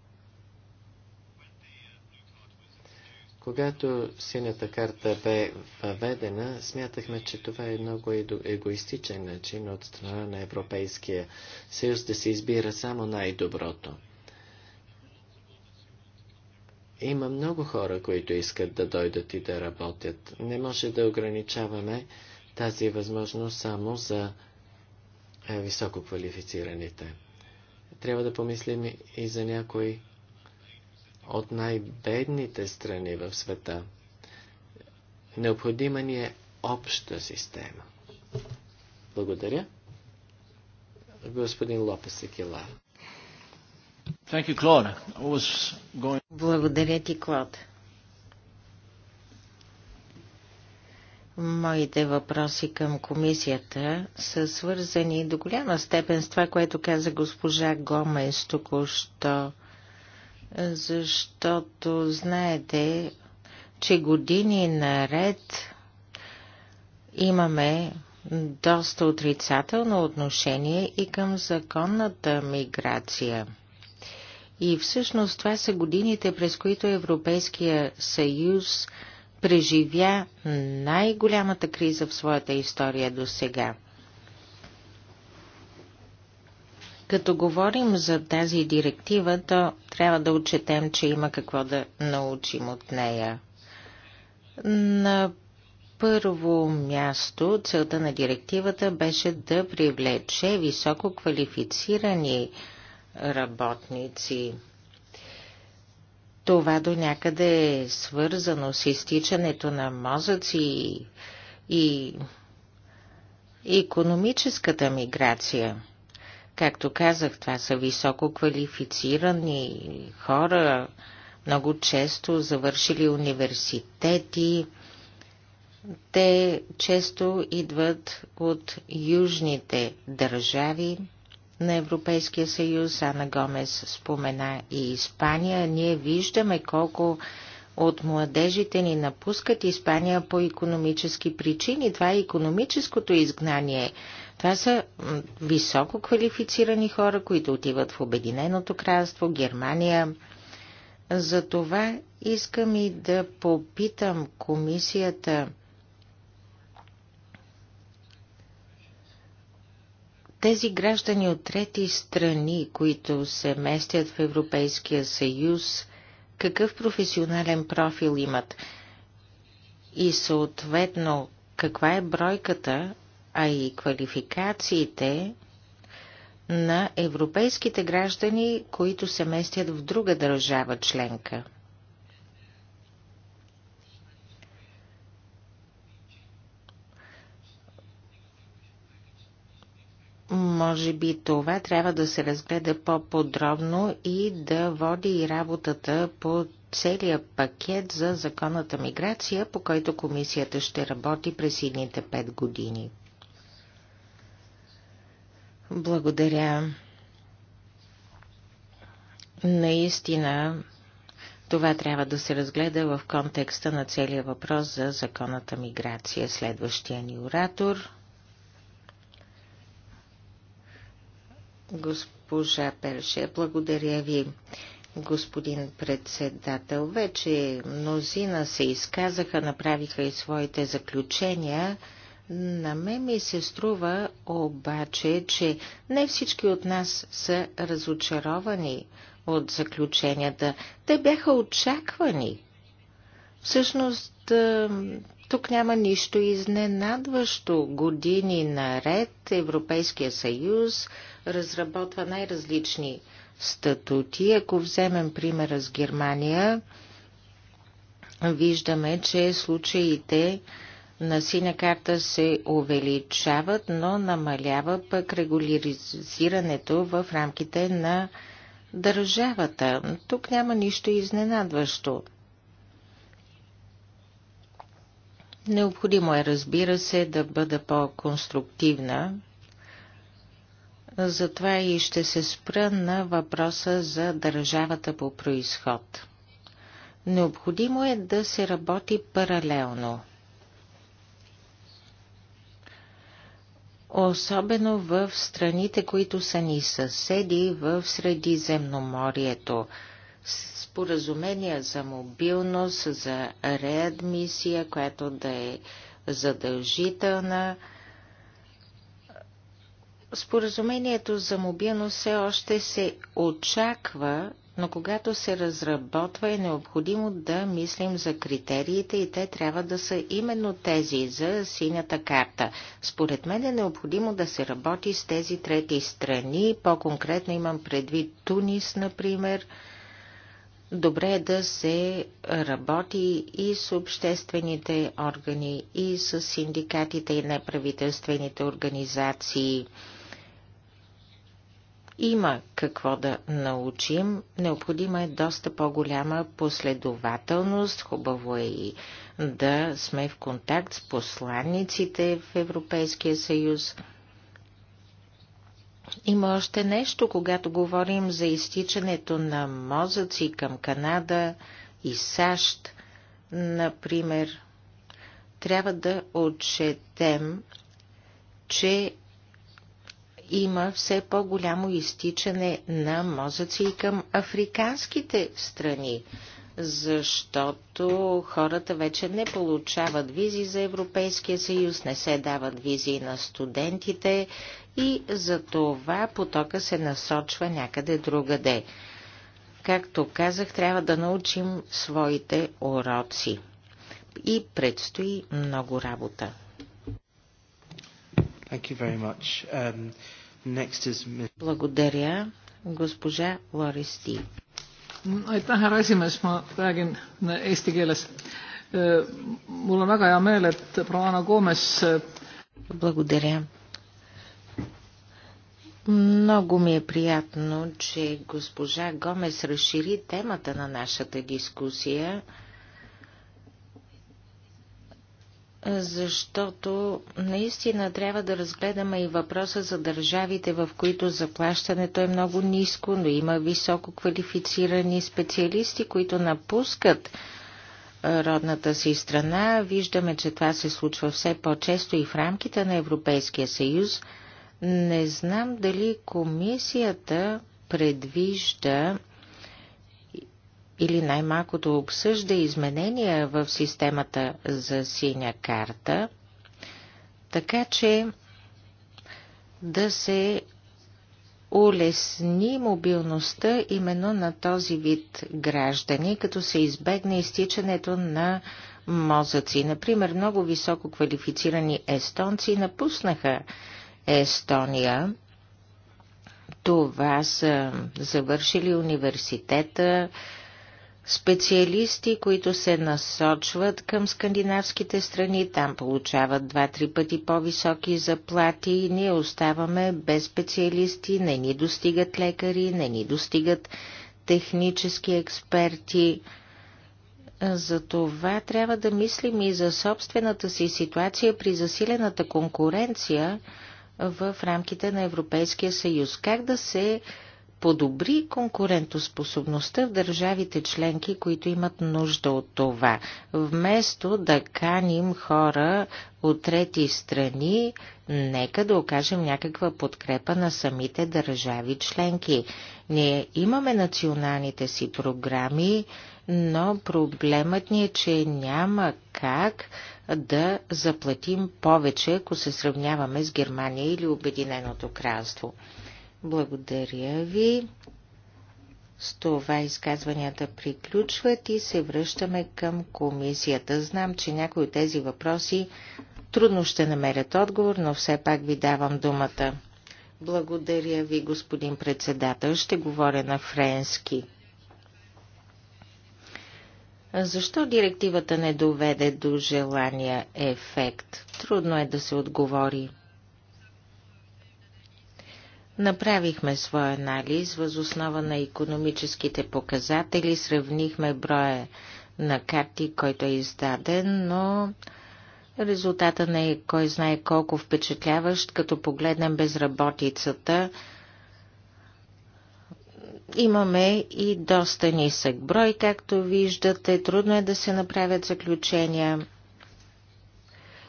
Когато синята карта бе въведена, смятахме, че това е много егоистичен начин от страна на Европейския съюз да се избира само най-доброто. Има много хора, които искат да дойдат и да работят. Не може да ограничаваме тази възможност само за е, високо квалифицираните. Трябва да помислим и за някои от най-бедните страни в света. Необходима ни е обща система. Благодаря. Господин Лопес Екилар. You, going... Благодаря ти, Клод. Моите въпроси към комисията са свързани до голяма степен с това, което каза госпожа Гомес току-що, защото знаете, че години наред имаме доста отрицателно отношение и към законната миграция – и всъщност това са годините, през които Европейския съюз преживя най-голямата криза в своята история до сега. Като говорим за тази директива, то трябва да отчетем, че има какво да научим от нея. На първо място целта на директивата беше да привлече високо квалифицирани работници. Това до някъде е свързано с изтичането на мозъци и економическата миграция. Както казах, това са високо квалифицирани хора, много често завършили университети. Те често идват от южните държави, на Европейския съюз. Ана Гомес спомена и Испания. Ние виждаме колко от младежите ни напускат Испания по економически причини. Това е економическото изгнание. Това са високо квалифицирани хора, които отиват в Обединеното кралство, Германия. Затова искам и да попитам комисията Тези граждани от трети страни, които се местят в Европейския съюз, какъв професионален профил имат и съответно каква е бройката, а и квалификациите на европейските граждани, които се местят в друга държава членка. Може би това трябва да се разгледа по-подробно и да води и работата по целия пакет за законната миграция, по който комисията ще работи през едните пет години. Благодаря. Наистина, това трябва да се разгледа в контекста на целия въпрос за законната миграция. Следващия ни оратор Госпожа Перше, благодаря ви, господин председател. Вече мнозина се изказаха, направиха и своите заключения. На мен ми се струва обаче, че не всички от нас са разочаровани от заключенията. Те бяха очаквани. Всъщност, тук няма нищо изненадващо. Години наред Европейския съюз разработва най-различни статути. Ако вземем примера с Германия, виждаме, че случаите на синя карта се увеличават, но намалява пък регуляризирането в рамките на държавата. Тук няма нищо изненадващо. Необходимо е, разбира се, да бъда по-конструктивна затова и ще се спра на въпроса за държавата по происход. Необходимо е да се работи паралелно. Особено в страните, които са ни съседи в Средиземноморието. Споразумения за мобилност, за реадмисия, която да е задължителна – Споразумението за мобилност все още се очаква, но когато се разработва е необходимо да мислим за критериите и те трябва да са именно тези за синята карта. Според мен е необходимо да се работи с тези трети страни, по-конкретно имам предвид Тунис, например. Добре е да се работи и с обществените органи, и с синдикатите и неправителствените организации. Има какво да научим. Необходима е доста по-голяма последователност. Хубаво е и да сме в контакт с посланниците в Европейския съюз. Има още нещо, когато говорим за изтичането на мозъци към Канада и САЩ, например. Трябва да отчетем, че има все по-голямо изтичане на мозъци и към африканските страни, защото хората вече не получават визи за Европейския съюз, не се дават визи на студентите и за това потока се насочва някъде другаде. Както казах, трябва да научим своите уроци. И предстои много работа. Thank you very much. Um, Is... Благодаря, госпожа Лористи. Aitäh, härra esimees, ma räägin äh, eesti keeles. Äh, mul on väga hea meel, et äh, Благодаря. Много ми е приятно, че госпожа Гомес разшири темата на нашата дискусия. защото наистина трябва да разгледаме и въпроса за държавите, в които заплащането е много ниско, но има високо квалифицирани специалисти, които напускат родната си страна. Виждаме, че това се случва все по-често и в рамките на Европейския съюз. Не знам дали комисията предвижда или най-малкото обсъжда изменения в системата за синя карта, така че да се улесни мобилността именно на този вид граждани, като се избегне изтичането на мозъци. Например, много високо квалифицирани естонци напуснаха Естония. Това са завършили университета, специалисти, които се насочват към скандинавските страни, там получават два-три пъти по-високи заплати и ние оставаме без специалисти, не ни достигат лекари, не ни достигат технически експерти. За това трябва да мислим и за собствената си ситуация при засилената конкуренция в рамките на Европейския съюз. Как да се подобри конкурентоспособността в държавите членки, които имат нужда от това, вместо да каним хора от трети страни, нека да окажем някаква подкрепа на самите държави членки. Ние имаме националните си програми, но проблемът ни е, че няма как да заплатим повече, ако се сравняваме с Германия или Обединеното кралство. Благодаря ви. С това изказванията приключват и се връщаме към комисията. Знам, че някои от тези въпроси трудно ще намерят отговор, но все пак ви давам думата. Благодаря ви, господин председател. Ще говоря на френски. Защо директивата не доведе до желания ефект? Трудно е да се отговори. Направихме своя анализ възоснова на економическите показатели, сравнихме броя на карти, който е издаден, но резултата не е кой знае колко впечатляващ, като погледнем безработицата. Имаме и доста нисък брой, както виждате. Трудно е да се направят заключения.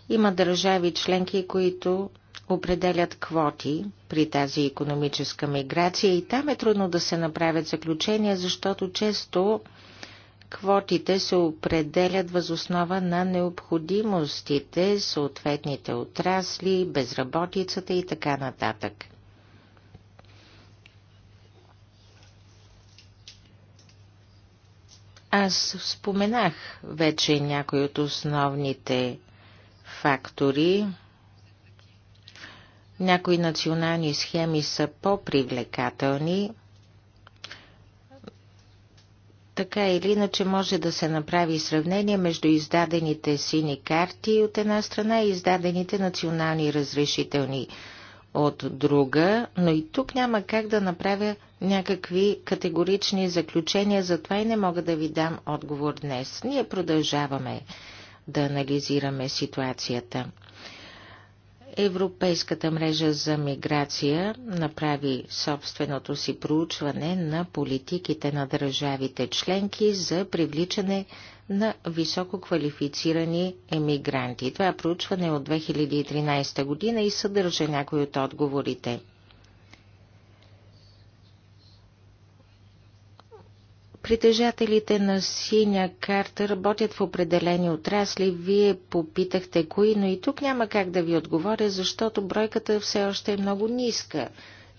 Има държави членки, които определят квоти при тази економическа миграция и там е трудно да се направят заключения, защото често квотите се определят възоснова на необходимостите, съответните отрасли, безработицата и така нататък. Аз споменах вече някои от основните фактори, някои национални схеми са по-привлекателни, така или иначе може да се направи сравнение между издадените сини карти от една страна и издадените национални разрешителни от друга, но и тук няма как да направя някакви категорични заключения, затова и не мога да ви дам отговор днес. Ние продължаваме да анализираме ситуацията. Европейската мрежа за миграция направи собственото си проучване на политиките на държавите членки за привличане на високо квалифицирани емигранти. Това проучване е от 2013 година и съдържа някои от отговорите – Притежателите на синя карта работят в определени отрасли. Вие попитахте кои, но и тук няма как да ви отговоря, защото бройката все още е много ниска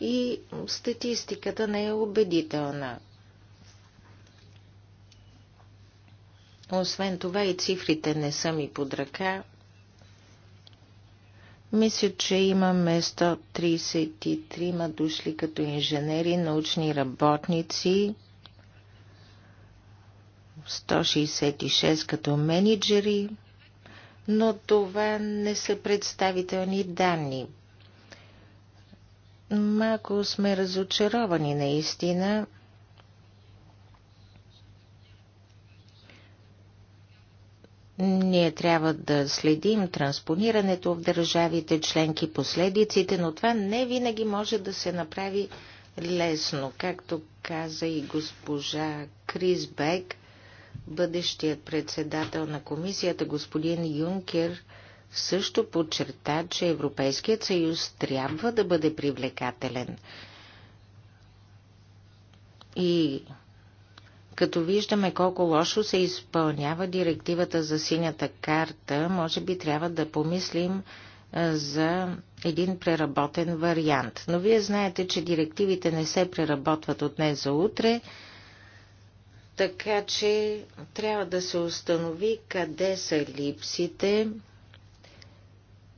и статистиката не е убедителна. Освен това и цифрите не са ми под ръка. Мисля, че имаме 133 душли като инженери, научни работници, 166 като менеджери, но това не са представителни данни. Малко сме разочаровани наистина. Ние трябва да следим транспонирането в държавите членки, последиците, но това не винаги може да се направи лесно. Както каза и госпожа Кризбек, Бъдещият председател на комисията, господин Юнкер, също подчерта, че Европейският съюз трябва да бъде привлекателен. И като виждаме колко лошо се изпълнява директивата за синята карта, може би трябва да помислим за един преработен вариант. Но вие знаете, че директивите не се преработват от днес за утре, така че трябва да се установи къде са липсите,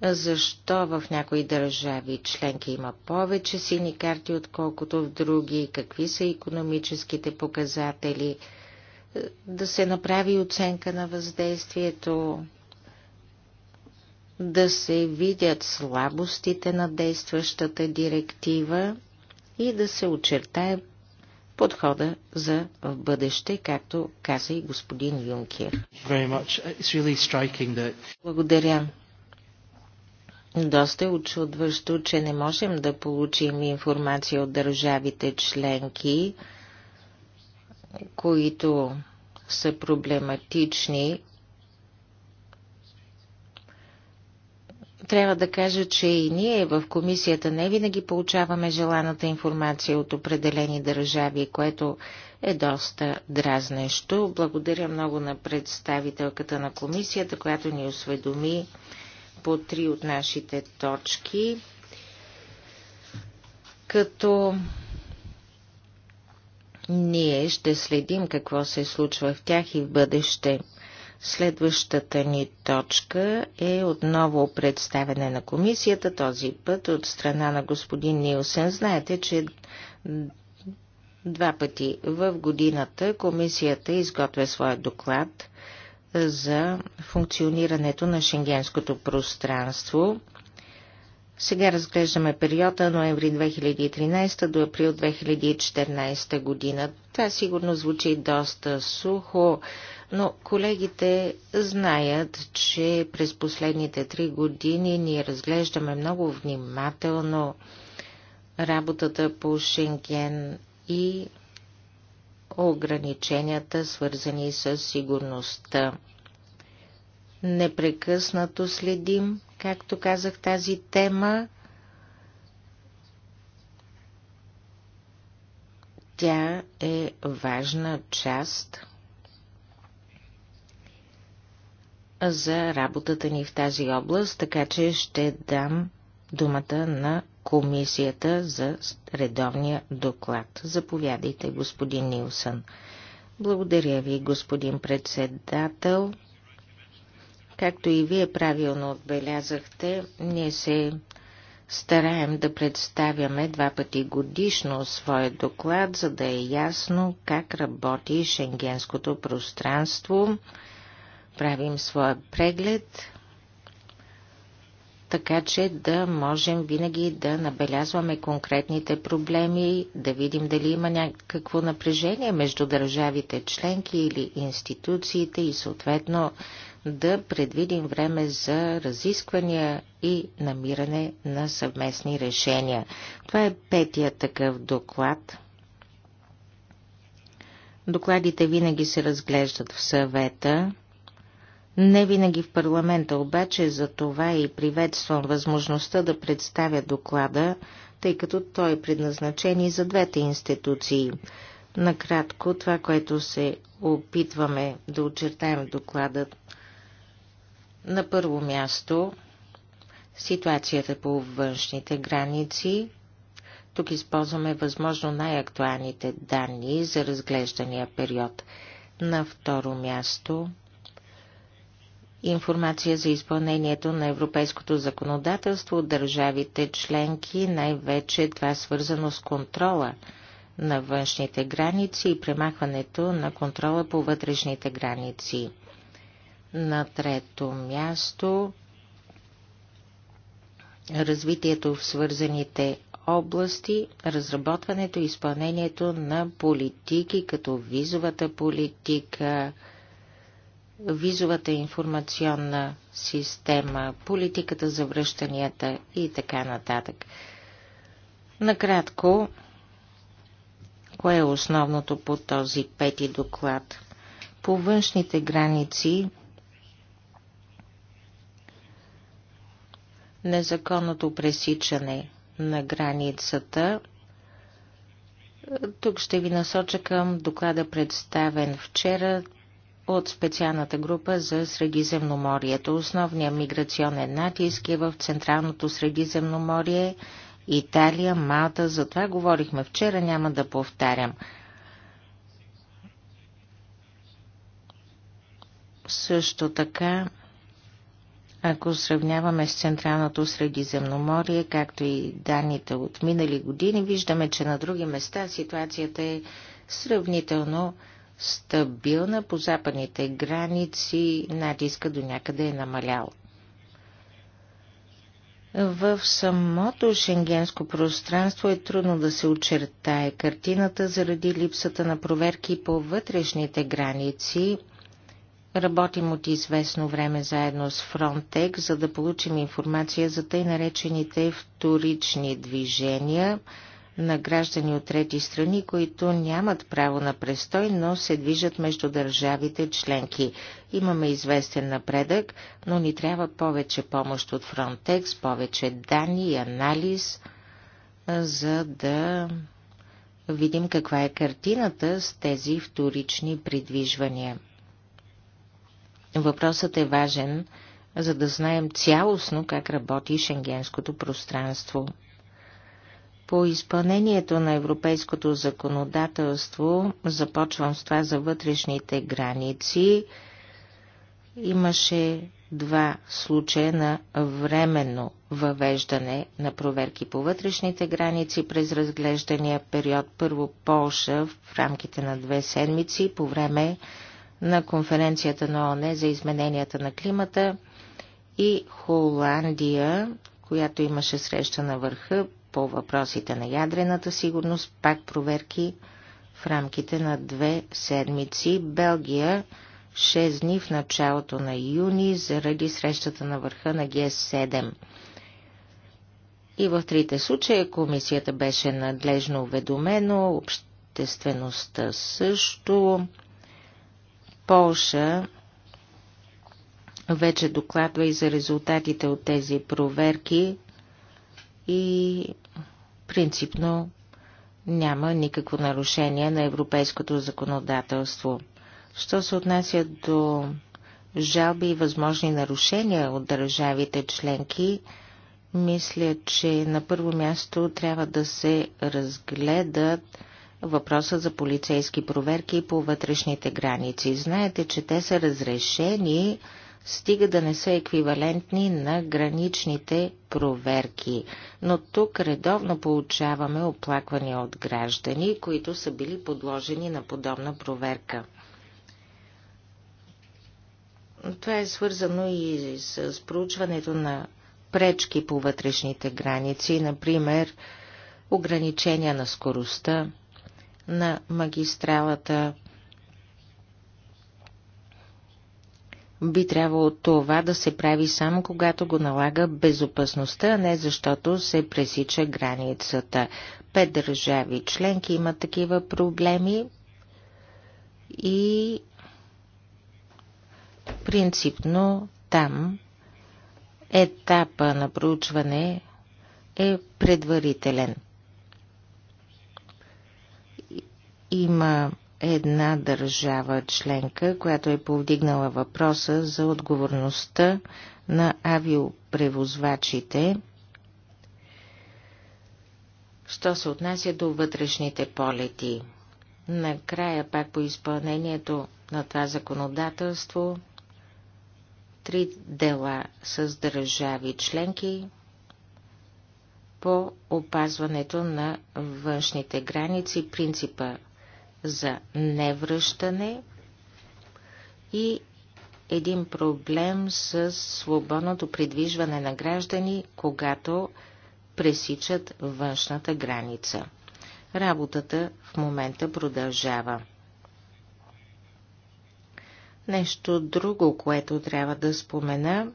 защо в някои държави членки има повече сини карти, отколкото в други, какви са економическите показатели, да се направи оценка на въздействието, да се видят слабостите на действащата директива и да се очертае подхода за в бъдеще, както каза и господин Юнкер. Благодаря. Доста е очудващо, че не можем да получим информация от държавите членки, които са проблематични Трябва да кажа, че и ние в комисията не винаги получаваме желаната информация от определени държави, което е доста дразнещо. Благодаря много на представителката на комисията, която ни осведоми по три от нашите точки. Като ние ще следим какво се случва в тях и в бъдеще. Следващата ни точка е отново представене на комисията, този път от страна на господин Нилсен. Знаете, че два пъти в годината комисията изготвя своя доклад за функционирането на шенгенското пространство. Сега разглеждаме периода ноември 2013 до април 2014 година. Това сигурно звучи доста сухо, но колегите знаят, че през последните три години ние разглеждаме много внимателно работата по Шенген и ограниченията, свързани с сигурността. Непрекъснато следим, както казах, тази тема. Тя е важна част за работата ни в тази област, така че ще дам думата на комисията за редовния доклад. Заповядайте, господин Нилсън. Благодаря ви, господин председател. Както и вие правилно отбелязахте, ние се стараем да представяме два пъти годишно своя доклад, за да е ясно как работи шенгенското пространство – правим своя преглед, така че да можем винаги да набелязваме конкретните проблеми, да видим дали има някакво напрежение между държавите членки или институциите и съответно да предвидим време за разисквания и намиране на съвместни решения. Това е петия такъв доклад. Докладите винаги се разглеждат в съвета не винаги в парламента обаче за това и приветствам възможността да представя доклада, тъй като той е предназначен и за двете институции. Накратко, това, което се опитваме да очертаем в доклада, на първо място ситуацията по външните граници. Тук използваме възможно най-актуалните данни за разглеждания период. На второ място – информация за изпълнението на европейското законодателство от държавите членки, най-вече това е свързано с контрола на външните граници и премахването на контрола по вътрешните граници. На трето място развитието в свързаните области, разработването и изпълнението на политики, като визовата политика, визовата информационна система, политиката за връщанията и така нататък. Накратко, кое е основното по този пети доклад? По външните граници незаконното пресичане на границата. Тук ще ви насоча към доклада представен вчера от специалната група за Средиземноморието. Основният миграционен натиск е в Централното Средиземноморие, Италия, Малта. За това говорихме вчера, няма да повтарям. Също така, ако сравняваме с Централното Средиземноморие, както и данните от минали години, виждаме, че на други места ситуацията е сравнително стабилна по западните граници, натиска до някъде е намалял. В самото шенгенско пространство е трудно да се очертае картината заради липсата на проверки по вътрешните граници. Работим от известно време заедно с Frontex, за да получим информация за тъй наречените вторични движения – на граждани от трети страни, които нямат право на престой, но се движат между държавите членки. Имаме известен напредък, но ни трябва повече помощ от Frontex, повече данни и анализ, за да видим каква е картината с тези вторични придвижвания. Въпросът е важен, за да знаем цялостно как работи шенгенското пространство. По изпълнението на европейското законодателство, започвам с това за вътрешните граници, имаше два случая на временно въвеждане на проверки по вътрешните граници през разглеждания период. Първо Полша в рамките на две седмици по време на конференцията на ОНЕ за измененията на климата и Холандия, която имаше среща на върха по въпросите на ядрената сигурност, пак проверки в рамките на две седмици. Белгия 6 дни в началото на юни заради срещата на върха на Г7. И в трите случая комисията беше надлежно уведомено, обществеността също. Полша вече докладва и за резултатите от тези проверки и принципно няма никакво нарушение на европейското законодателство. Що се отнася до жалби и възможни нарушения от държавите членки, мисля, че на първо място трябва да се разгледат въпроса за полицейски проверки по вътрешните граници. Знаете, че те са разрешени стига да не са еквивалентни на граничните проверки. Но тук редовно получаваме оплаквания от граждани, които са били подложени на подобна проверка. Това е свързано и с проучването на пречки по вътрешните граници, например ограничения на скоростта на магистралата, Би трябвало това да се прави само когато го налага безопасността, а не защото се пресича границата. Пет държави членки имат такива проблеми и принципно там етапа на проучване е предварителен. Има една държава членка, която е повдигнала въпроса за отговорността на авиопревозвачите, що се отнася до вътрешните полети. Накрая, пак по изпълнението на това законодателство, три дела с държави членки по опазването на външните граници, принципа за невръщане и един проблем с свободното придвижване на граждани, когато пресичат външната граница. Работата в момента продължава. Нещо друго, което трябва да спомена,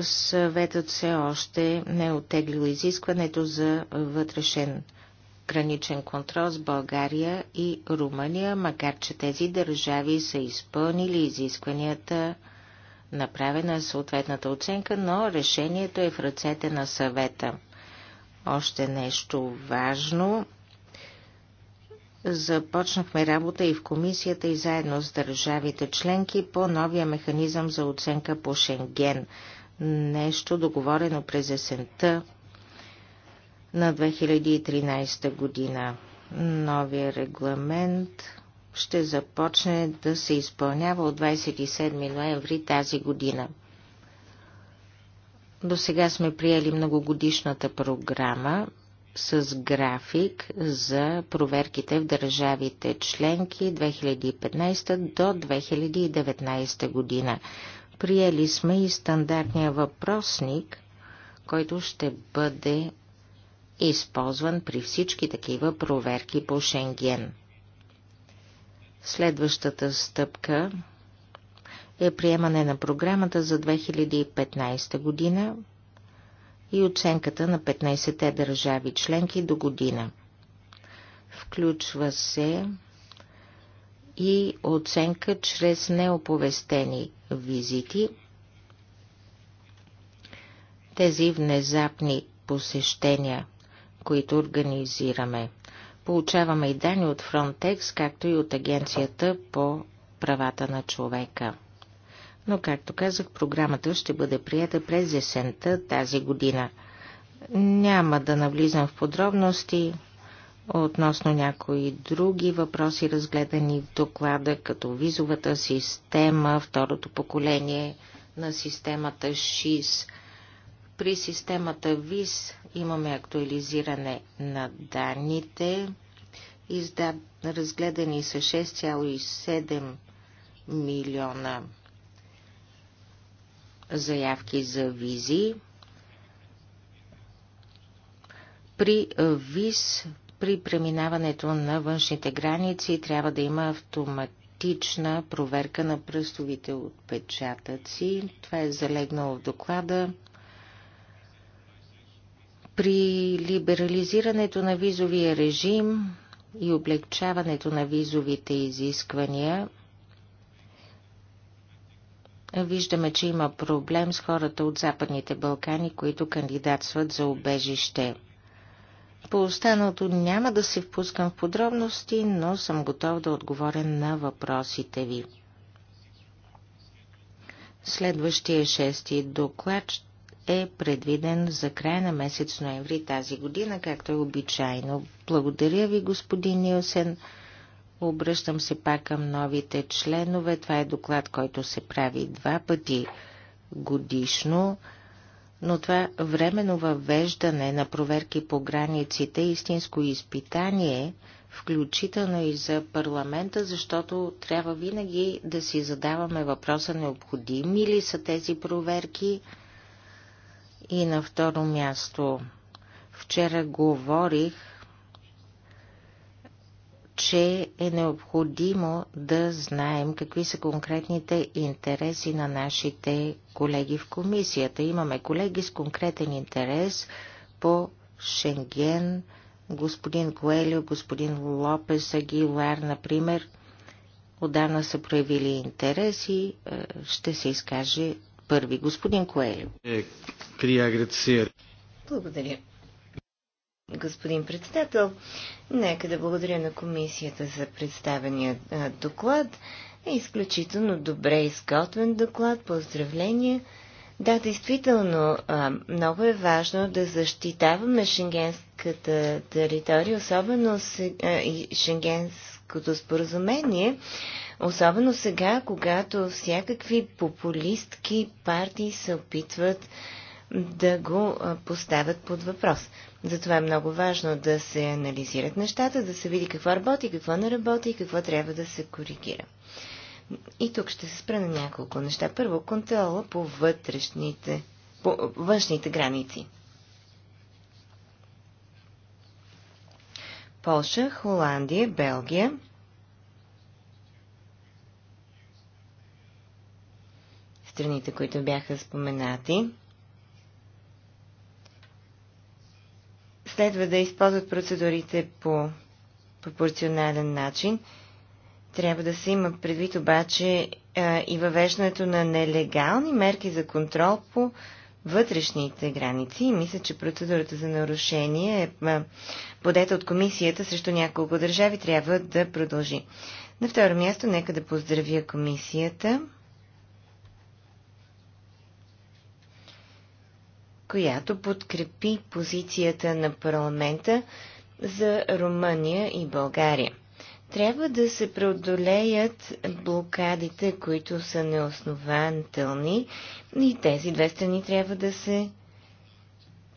съветът все още не е отеглил изискването за вътрешен граничен контрол с България и Румъния, макар че тези държави са изпълнили изискванията, направена е съответната оценка, но решението е в ръцете на съвета. Още нещо важно. Започнахме работа и в комисията и заедно с държавите членки по новия механизъм за оценка по Шенген. Нещо договорено през есента на 2013 година. Новия регламент ще започне да се изпълнява от 27 ноември тази година. До сега сме приели многогодишната програма с график за проверките в държавите членки 2015 до 2019 година. Приели сме и стандартния въпросник, който ще бъде използван при всички такива проверки по Шенген. Следващата стъпка е приемане на програмата за 2015 година и оценката на 15-те държави членки до година. Включва се и оценка чрез неоповестени визити. Тези внезапни посещения които организираме. Получаваме и данни от Frontex, както и от Агенцията по правата на човека. Но, както казах, програмата ще бъде прията през есента тази година. Няма да навлизам в подробности относно някои други въпроси, разгледани в доклада, като визовата система, второто поколение на системата ШИС – при системата ВИС имаме актуализиране на данните. Изда... Разгледани са 6,7 милиона заявки за визи. При ВИС, при преминаването на външните граници, трябва да има автоматична проверка на пръстовите отпечатъци. Това е залегнало в доклада. При либерализирането на визовия режим и облегчаването на визовите изисквания виждаме, че има проблем с хората от Западните Балкани, които кандидатстват за обежище. По останалото няма да се впускам в подробности, но съм готов да отговоря на въпросите ви. Следващия шести доклад е предвиден за края на месец ноември тази година, както е обичайно. Благодаря ви, господин Нилсен. Обръщам се пак към новите членове. Това е доклад, който се прави два пъти годишно, но това временно въвеждане на проверки по границите е истинско изпитание, включително и за парламента, защото трябва винаги да си задаваме въпроса необходими ли са тези проверки – и на второ място, вчера говорих, че е необходимо да знаем какви са конкретните интереси на нашите колеги в комисията. Имаме колеги с конкретен интерес по Шенген, господин Коелио, господин Лопес Агилар, например, отдавна са проявили интерес и е, ще се изкаже първи. Господин Коелио. Е, благодаря. Господин председател, нека да благодаря на комисията за представения доклад. Е изключително добре изготвен доклад. Поздравления. Да, действително, много е важно да защитаваме шенгенската територия, особено шенгенското споразумение, особено сега, когато всякакви популистки партии се опитват да го поставят под въпрос. Затова е много важно да се анализират нещата, да се види какво работи, какво не работи и какво трябва да се коригира. И тук ще се спра на няколко неща. Първо, контрола по вътрешните, по външните граници. Полша, Холандия, Белгия страните, които бяха споменати, следва да използват процедурите по пропорционален начин. Трябва да се има предвид обаче а, и въвеждането на нелегални мерки за контрол по вътрешните граници. И мисля, че процедурата за нарушение, е подета от комисията срещу няколко държави, трябва да продължи. На второ място, нека да поздравя комисията която подкрепи позицията на парламента за Румъния и България. Трябва да се преодолеят блокадите, които са неоснователни и тези две страни трябва да се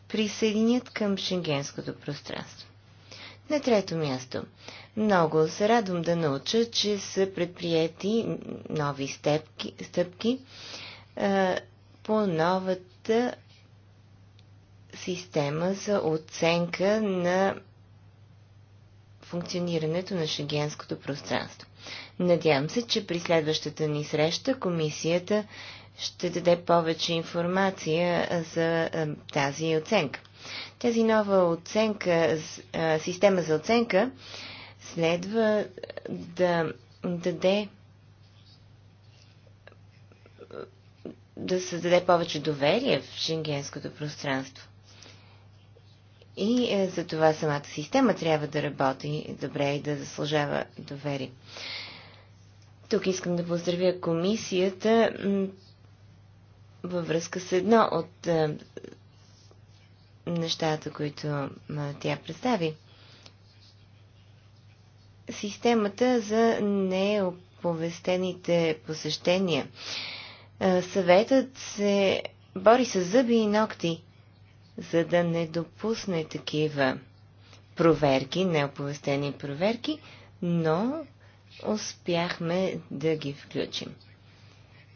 присъединят към шенгенското пространство. На трето място. Много се радвам да науча, че са предприяти нови стъпки, стъпки а, по новата система за оценка на функционирането на шенгенското пространство. Надявам се, че при следващата ни среща комисията ще даде повече информация за тази оценка. Тази нова оценка, система за оценка следва да даде да създаде повече доверие в шенгенското пространство. И е, за това самата система трябва да работи добре и да заслужава доверие. Тук искам да поздравя комисията във връзка с едно от е, нещата, които е, тя представи. Системата за неоповестените посещения. Е, съветът се бори с зъби и ногти за да не допусне такива проверки, неоповестени проверки, но успяхме да ги включим.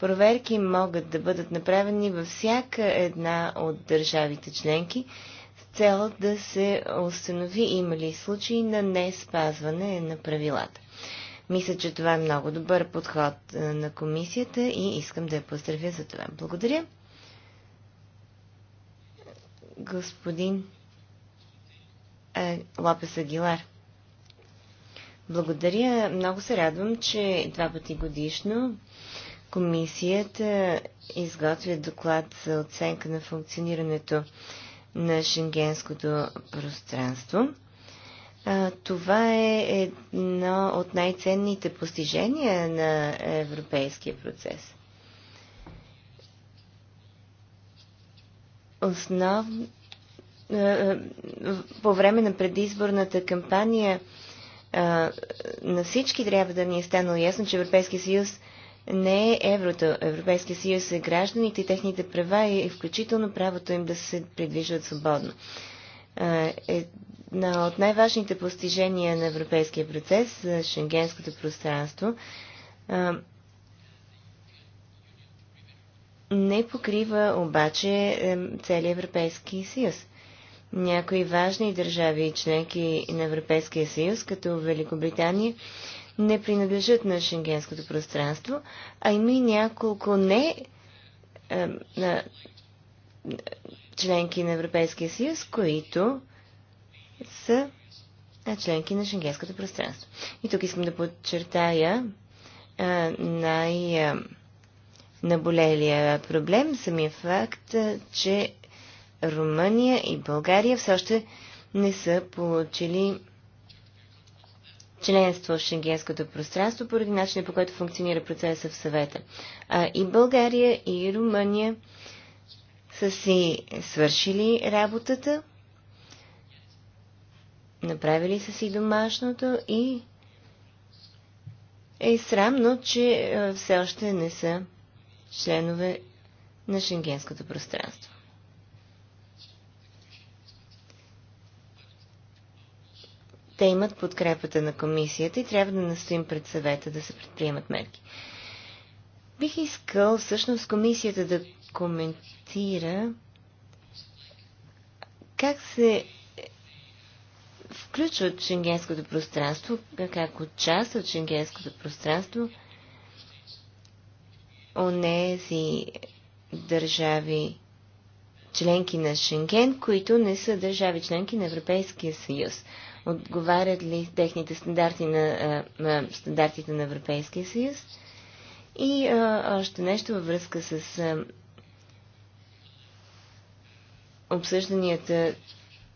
Проверки могат да бъдат направени във всяка една от държавите членки с цел да се установи има ли случаи на не спазване на правилата. Мисля, че това е много добър подход е, на комисията и искам да я поздравя за това. Благодаря господин е, Лопес Агилар. Благодаря. Много се радвам, че два пъти годишно комисията изготвя доклад за оценка на функционирането на шенгенското пространство. Това е едно от най-ценните постижения на европейския процес. основ... Е, е, по време на предизборната кампания е, на всички трябва да ни е станало ясно, че Европейския съюз не е еврото. Европейския съюз е гражданите и техните права и включително правото им да се придвижват свободно. Една от най-важните постижения на европейския процес, шенгенското пространство, не покрива обаче целият Европейски съюз. Някои важни държави и членки на Европейския съюз, като Великобритания, не принадлежат на шенгенското пространство, а има и няколко не е, на, членки на Европейския съюз, които са членки на шенгенското пространство. И тук искам да подчертая най- наболелия проблем, самия факт, че Румъния и България все още не са получили членство в шенгенското пространство поради начина по който функционира процеса в съвета. А и България, и Румъния са си свършили работата, направили са си домашното и е срамно, че все още не са членове на шенгенското пространство. Те имат подкрепата на комисията и трябва да настоим пред съвета да се предприемат мерки. Бих искал всъщност комисията да коментира как се включва от шенгенското пространство, как от част от шенгенското пространство – онези държави членки на Шенген, които не са държави членки на Европейския съюз. Отговарят ли техните стандарти на, на стандартите на Европейския съюз? И а, още нещо във връзка с а, обсъжданията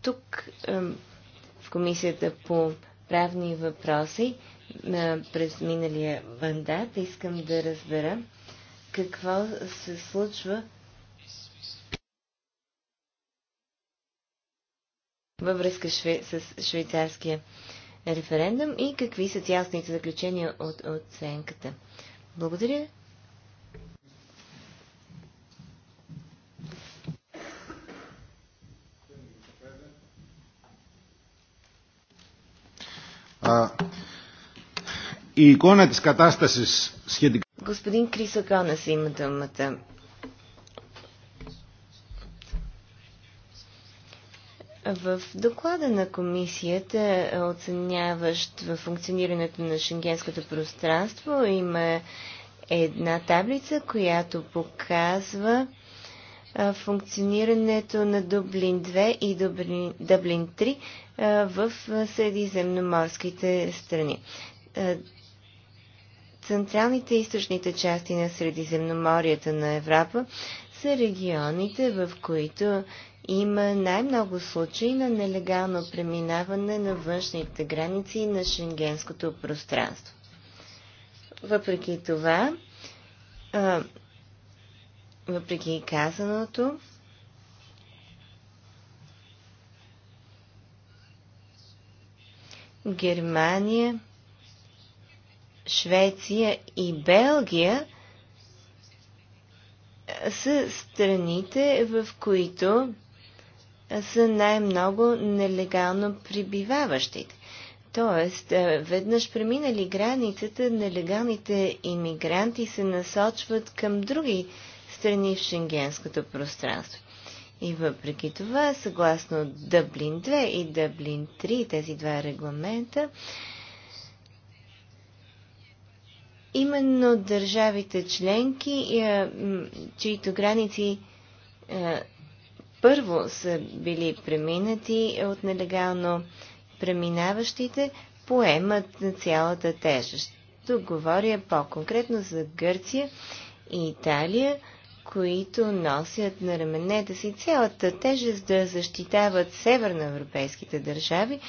тук а, в Комисията по правни въпроси а, през миналия мандат. Искам да разбера какво се случва във връзка шве... с швейцарския референдум и какви са тясните заключения от оценката. Благодаря. Η εικόνα της κατάστασης σχετικά Господин Крис Окона си има думата. В доклада на комисията, оценяващ функционирането на шенгенското пространство, има една таблица, която показва функционирането на Дублин 2 и Дублин 3 в средиземноморските страни централните и източните части на Средиземноморията на Европа са регионите, в които има най-много случаи на нелегално преминаване на външните граници на шенгенското пространство. Въпреки това, въпреки казаното, Германия Швеция и Белгия са страните, в които са най-много нелегално прибиваващите. Тоест, е, веднъж преминали границата, нелегалните иммигранти се насочват към други страни в шенгенското пространство. И въпреки това, съгласно Дъблин 2 и Дъблин 3, тези два регламента, именно държавите членки, е, чието граници е, първо са били преминати от нелегално преминаващите, поемат на цялата тежест. Тук говоря по-конкретно за Гърция и Италия, които носят на раменете си цялата тежест да защитават северноевропейските държави,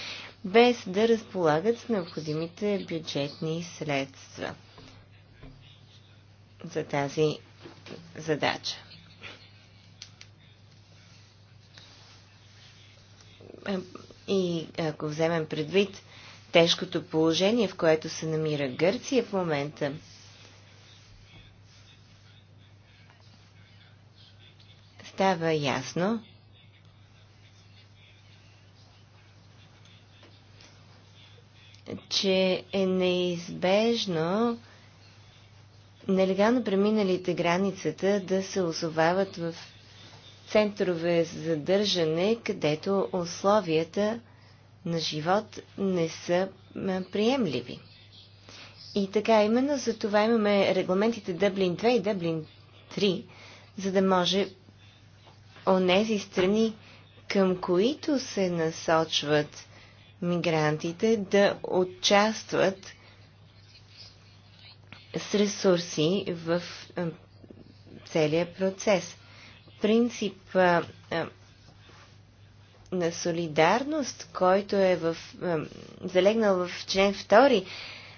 без да разполагат с необходимите бюджетни средства за тази задача. И ако вземем предвид тежкото положение, в което се намира Гърция в момента, става ясно, че е неизбежно нелегално преминалите границата да се озовават в центрове за задържане, където условията на живот не са приемливи. И така, именно за това имаме регламентите Дъблин 2 и Дъблин 3, за да може онези страни, към които се насочват мигрантите, да участват с ресурси в е, целия процес. Принцип е, е, на солидарност, който е в, залегнал в член 2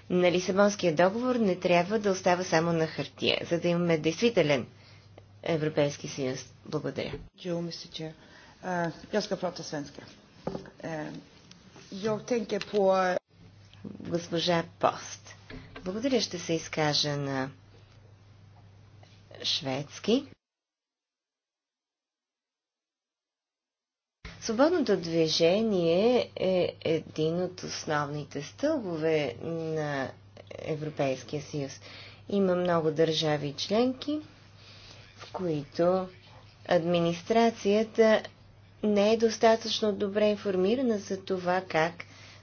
на Лисабонския договор, не трябва да остава само на хартия, за да имаме действителен Европейски съюз. Благодаря. Госпожа Пост. Благодаря, ще се изкажа на шведски. Свободното движение е един от основните стълбове на Европейския съюз. Има много държави членки, в които администрацията не е достатъчно добре информирана за това как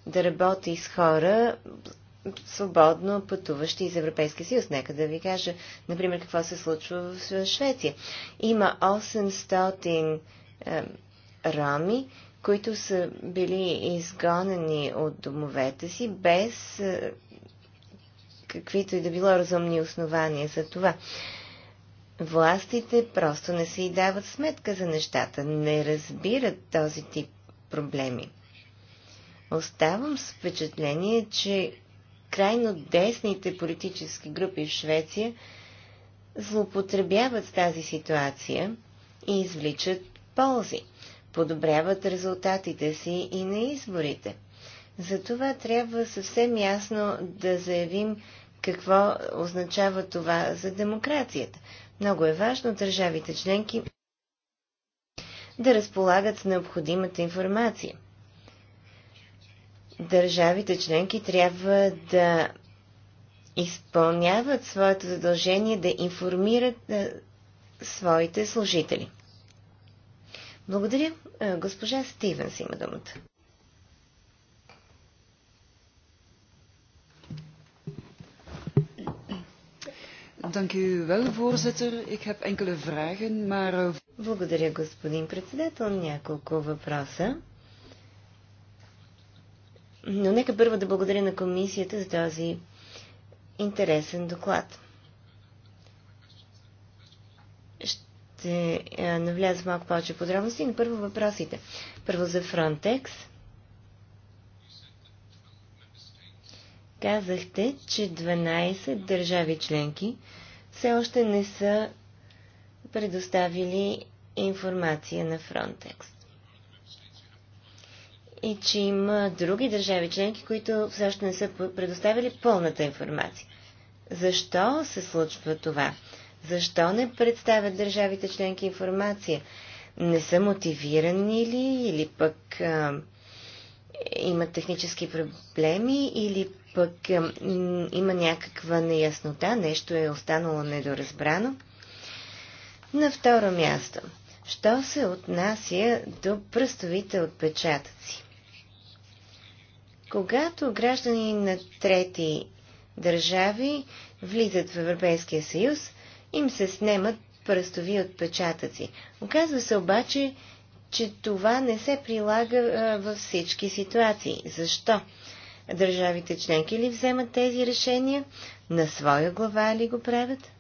да работи с хора, свободно пътуващи из Европейския съюз. Нека да ви кажа, например, какво се случва в Швеция. Има 800 е, роми, които са били изгонени от домовете си без е, каквито и да било разумни основания за това. Властите просто не и дават сметка за нещата, не разбират този тип проблеми. Оставам с впечатление, че крайно десните политически групи в Швеция злоупотребяват с тази ситуация и извличат ползи, подобряват резултатите си и на изборите. Затова трябва съвсем ясно да заявим какво означава това за демокрацията. Много е важно държавите членки да разполагат с необходимата информация държавите членки трябва да изпълняват своето задължение да информират своите служители. Благодаря. Госпожа Стивенс има думата. Dank u wel, voorzitter. Ik heb enkele vragen, maar... Eh, Благодаря, господин председател. Няколко въпроса. Но нека първо да благодаря на комисията за този интересен доклад. Ще е, навляза малко повече подробности на първо въпросите. Първо за Frontex. Казахте, че 12 държави членки все още не са предоставили информация на Frontex и че има други държави членки, които все още не са предоставили пълната информация. Защо се случва това? Защо не представят държавите членки информация? Не са мотивирани ли или пък а, имат технически проблеми или пък а, има някаква неяснота, нещо е останало недоразбрано? На второ място, що се отнася до пръстовите отпечатъци? Когато граждани на трети държави влизат в Европейския съюз, им се снемат пръстови отпечатъци. Оказва се обаче, че това не се прилага във всички ситуации. Защо? Държавите членки ли вземат тези решения? На своя глава ли го правят?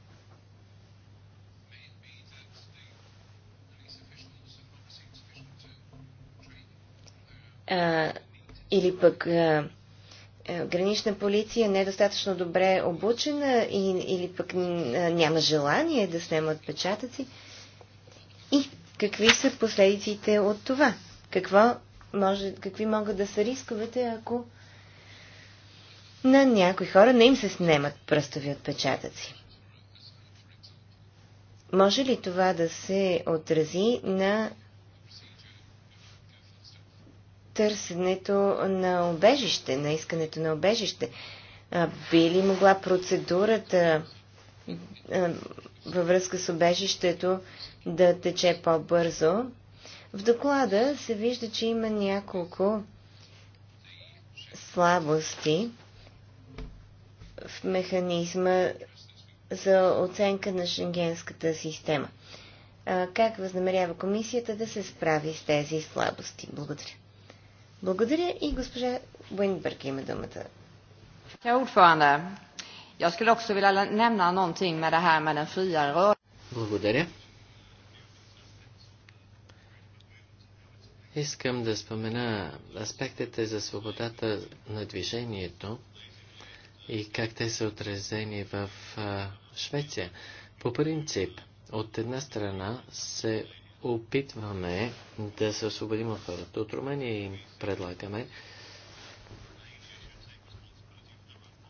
А, или пък гранична полиция не е достатъчно добре обучена и, или пък няма желание да снема отпечатъци. И какви са последиците от това? Какво може, какви могат да са рисковете, ако на някои хора не им се снемат пръстови отпечатъци? Може ли това да се отрази на търсенето на обежище, на искането на обежище. Би ли могла процедурата във връзка с обежището да тече по-бързо? В доклада се вижда, че има няколко слабости в механизма за оценка на шенгенската система. Как възнамерява комисията да се справи с тези слабости? Благодаря. Благодаря и госпожа Уинберг има думата. ordförande, jag skulle också vilja nämna någonting med det här med den fria Благодаря. Искам да спомена аспектите за свободата на движението и как те са отразени в Швеция. По принцип, от една страна се опитваме да се освободим от хората от Румъния и им предлагаме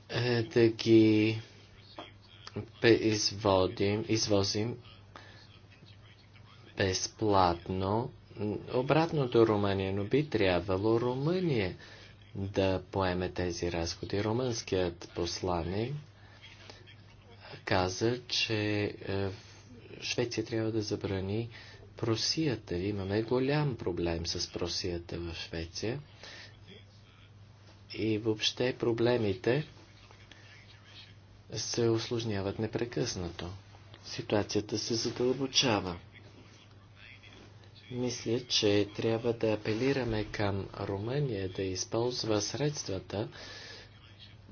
е, да ги изводим, извозим безплатно обратно до Румъния, но би трябвало Румъния да поеме тези разходи. Румънският посланник каза, че е, Швеция трябва да забрани просията. Имаме голям проблем с просията в Швеция. И въобще проблемите се осложняват непрекъснато. Ситуацията се задълбочава. Мисля, че трябва да апелираме към Румъния да използва средствата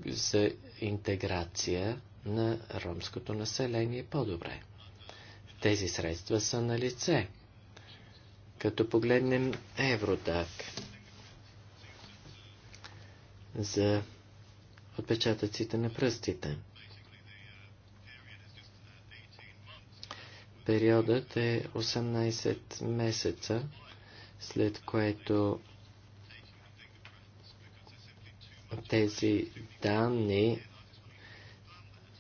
за интеграция на ромското население по-добре. Тези средства са на лице. Като погледнем Евродак за отпечатъците на пръстите. Периодът е 18 месеца, след което тези данни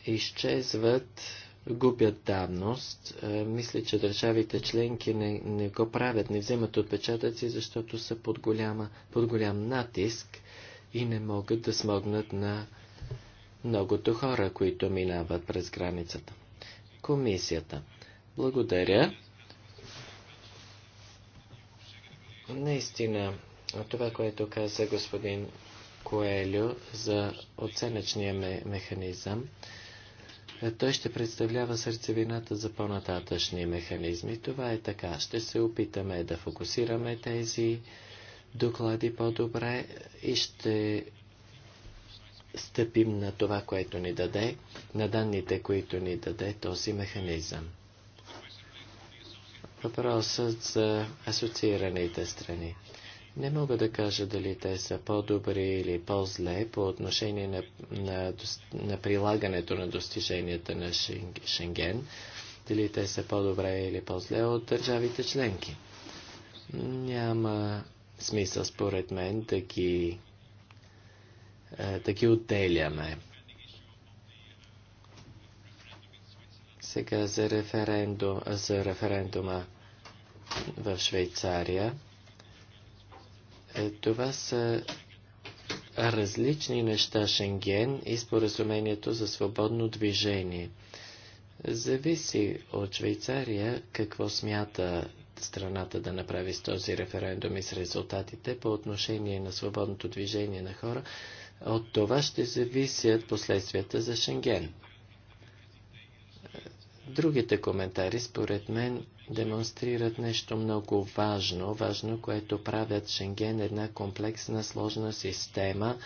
изчезват губят давност. Е, мисля, че държавите членки не, не го правят, не вземат отпечатъци, защото са под, голяма, под голям натиск и не могат да смогнат на многото хора, които минават през границата. Комисията. Благодаря. Наистина, това, което каза господин Коелю за оценъчния механизъм, той ще представлява сърцевината за по-нататъчни механизми. Това е така. Ще се опитаме да фокусираме тези доклади по-добре и ще стъпим на това, което ни даде, на данните, които ни даде този механизъм. Въпросът за асоциираните страни. Не мога да кажа дали те са по-добри или по-зле по отношение на, на, на прилагането на достиженията на Шенген, дали те са по-добре или по-зле от държавите членки. Няма смисъл според мен да ги, е, да ги отделяме. Сега за, референдум, за референдума в Швейцария. Е, това са различни неща Шенген и споразумението за свободно движение. Зависи от Швейцария какво смята страната да направи с този референдум и с резултатите по отношение на свободното движение на хора. От това ще зависят последствията за Шенген. Другите коментари, според мен, демонстрират нещо много важно, важно, което правят Шенген една комплексна, сложна система.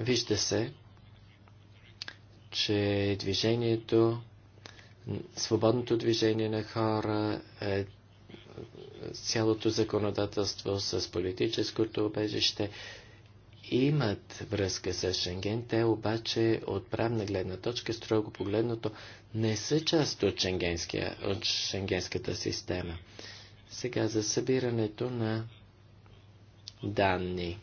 Вижда се, че движението, свободното движение на хора, е цялото законодателство с политическото обежище, имат връзка с Шенген, те обаче от правна гледна точка, строго погледното, не са част от, от шенгенската система. Сега за събирането на данни.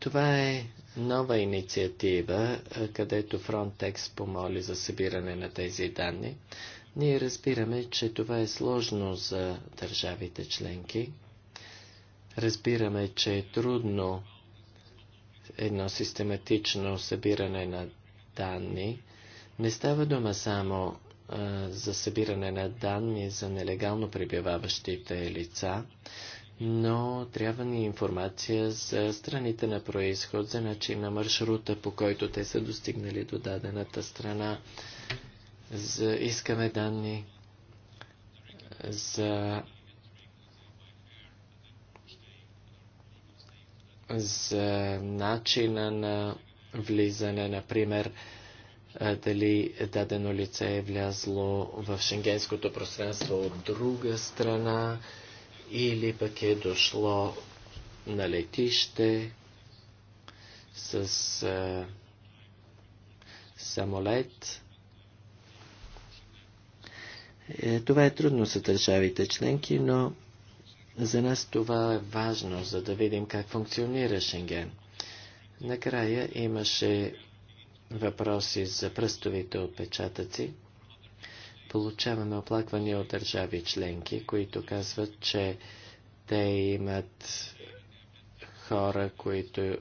Това е нова инициатива, където Frontex помоли за събиране на тези данни. Ние разбираме, че това е сложно за държавите членки. Разбираме, че е трудно едно систематично събиране на данни. Не става дума само а, за събиране на данни за нелегално прибиваващите лица, но трябва ни информация за страните на происход, за начин на маршрута, по който те са достигнали до дадената страна. За, искаме данни за за начина на влизане, например, дали дадено лице е влязло в шенгенското пространство от друга страна или пък е дошло на летище с а, самолет. Е, това е трудно за държавите членки, но за нас това е важно, за да видим как функционира Шенген. Накрая имаше въпроси за пръстовите отпечатъци. Получаваме оплаквания от държави членки, които казват, че те имат хора, които е,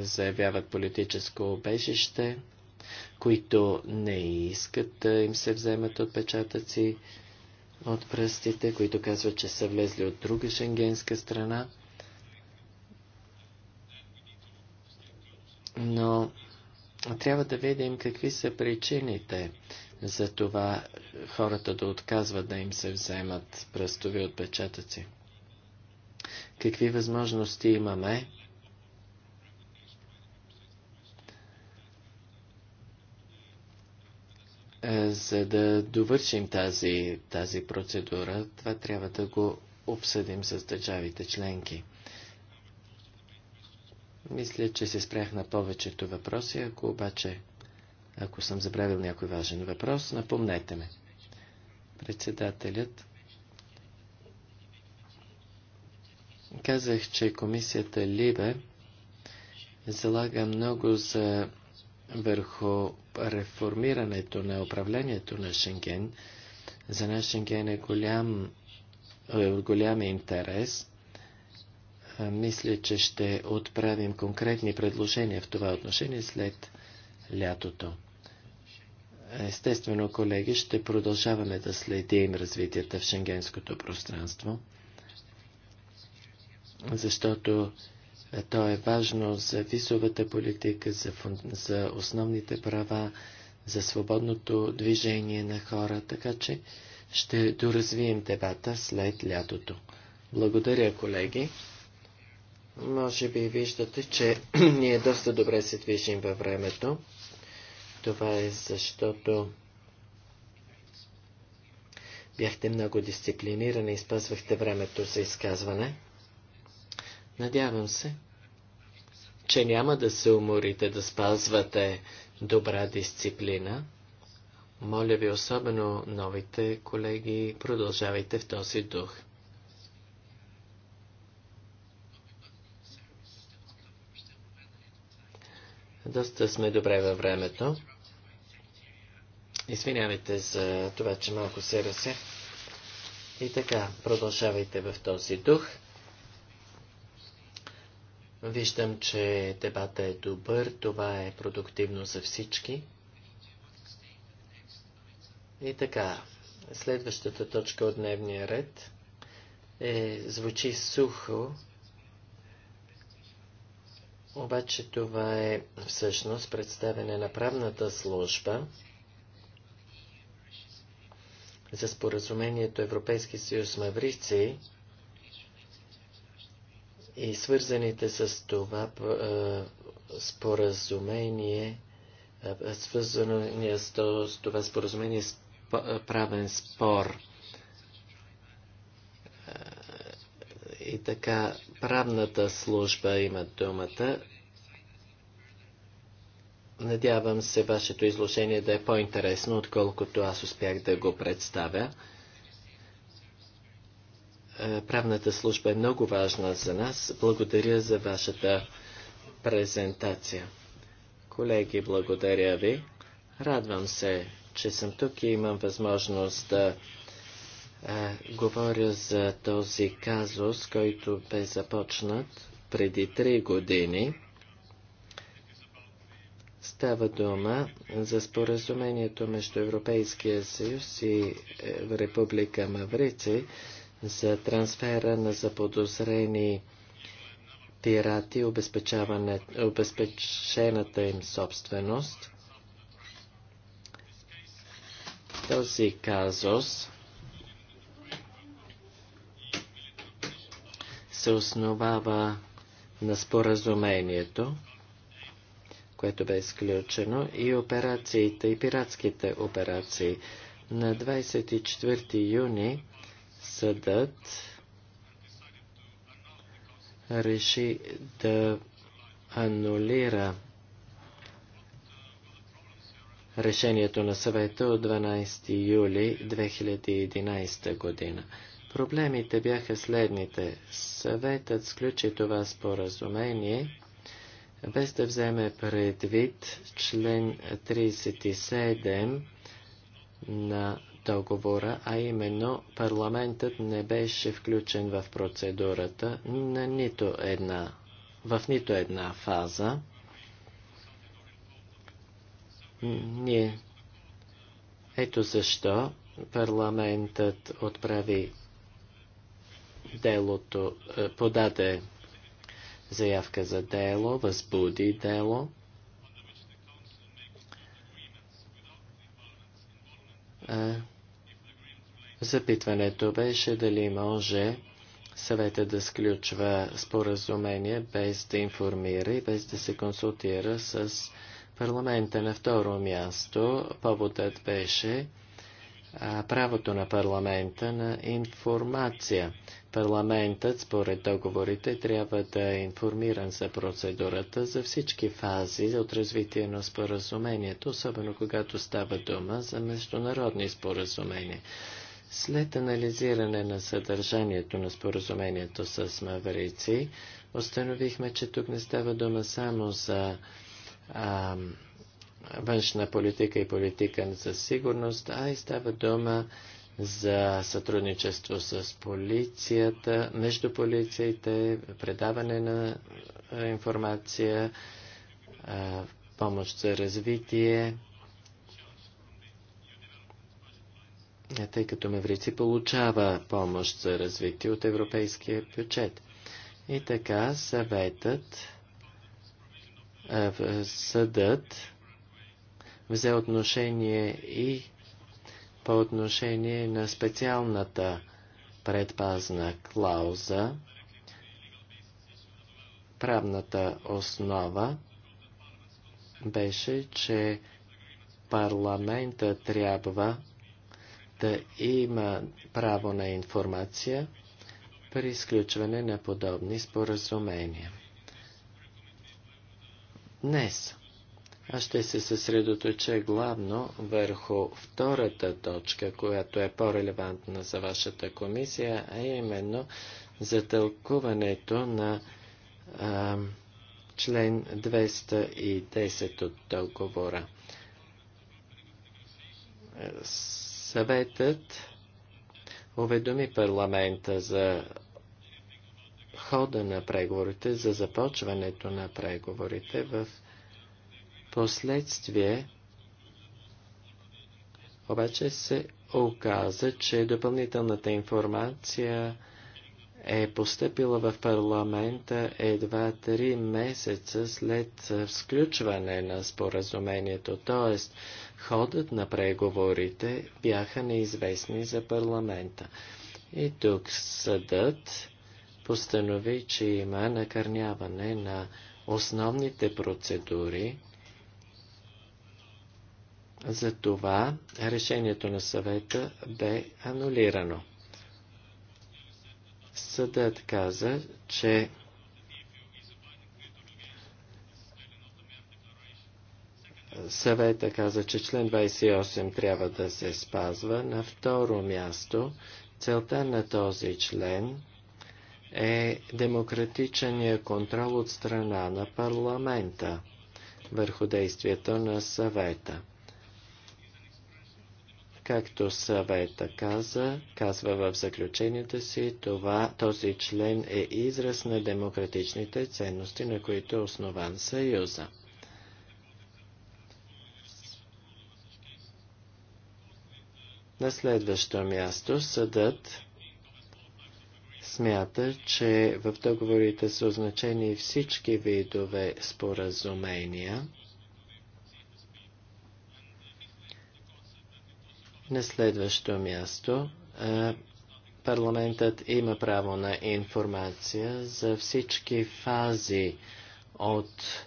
заявяват политическо обежище, които не искат да им се вземат отпечатъци от пръстите, които казват, че са влезли от друга шенгенска страна. Но трябва да видим какви са причините за това хората да отказват да им се вземат пръстови отпечатъци. Какви възможности имаме Е, за да довършим тази, тази процедура, това трябва да го обсъдим с държавите членки. Мисля, че се спрях на повечето въпроси, ако обаче, ако съм забравил някой важен въпрос, напомнете ме. Председателят казах, че комисията Либе залага много за върху реформирането на управлението на Шенген. За нас Шенген е голям, е, голям интерес. Мисля, че ще отправим конкретни предложения в това отношение след лятото. Естествено, колеги, ще продължаваме да следим развитията в шенгенското пространство, защото то е важно за визовата политика, за, фун... за основните права, за свободното движение на хора, така че ще доразвием дебата след лятото. Благодаря, колеги. Може би виждате, че ние доста добре се движим във времето. Това е защото бяхте много дисциплинирани и спазвахте времето за изказване. Надявам се, че няма да се уморите да спазвате добра дисциплина. Моля ви, особено новите колеги, продължавайте в този дух. Доста сме добре във времето. Извинявайте за това, че малко се разя. И така, продължавайте в този дух. Виждам, че дебата е добър, това е продуктивно за всички. И така, следващата точка от дневния ред е, звучи сухо, обаче това е всъщност представене на правната служба за споразумението Европейски съюз Маврици и свързаните с това споразумение, свързания с това споразумение с правен спор. И така, правната служба има думата. Надявам се вашето изложение да е по-интересно, отколкото аз успях да го представя. Е, правната служба е много важна за нас. Благодаря за вашата презентация. Колеги, благодаря ви. Радвам се, че съм тук и имам възможност да а, е, говоря за този казус, който бе започнат преди три години. Става дума за споразумението между Европейския съюз и е, Република Маврици за трансфера на заподозрени пирати, обезпечената им собственост. Този казус се основава на споразумението, което бе изключено, и операциите, и пиратските операции. На 24 юни съдът реши да анулира решението на съвета от 12 юли 2011 година. Проблемите бяха следните. Съветът сключи това споразумение, без да вземе предвид член 37 на договора, а именно парламентът не беше включен в процедурата на нито една, в нито една фаза. Ние. Ето защо парламентът отправи делото, е, подаде заявка за дело, възбуди дело. А, е, Запитването беше дали може съвета да сключва споразумение без да информира и без да се консултира с парламента. На второ място поводът беше а, правото на парламента на информация. Парламентът, според договорите, трябва да е информиран за процедурата за всички фази от развитие на споразумението, особено когато става дума за международни споразумения. След анализиране на съдържанието на споразумението с Маврици, установихме, че тук не става дума само за а, външна политика и политика за сигурност, а и става дума за сътрудничество с полицията, между полициите, предаване на информация, а, помощ за развитие тъй като меврици получава помощ за развитие от европейския бюджет. И така съветът, съдът взе отношение и по отношение на специалната предпазна клауза, правната основа беше, че парламента трябва да има право на информация при изключване на подобни споразумения. Днес аз ще се съсредоточа главно върху втората точка, която е по-релевантна за вашата комисия, а именно за тълкуването на а, член 210 от договора. С Съветът уведоми парламента за хода на преговорите, за започването на преговорите в последствие обаче се оказа, че допълнителната информация е поступила в парламента едва три месеца след сключване на споразумението, т.е. Ходът на преговорите бяха неизвестни за парламента. И тук съдът постанови, че има накърняване на основните процедури. Затова решението на съвета бе анулирано. Съдът каза, че съвета каза, че член 28 трябва да се спазва. На второ място, целта на този член е демократичния контрол от страна на парламента върху действието на съвета. Както съвета каза, казва в заключението си, това, този член е израз на демократичните ценности, на които е основан Съюза. На следващо място съдът смята, че в договорите са означени всички видове споразумения. На следващо място парламентът има право на информация за всички фази от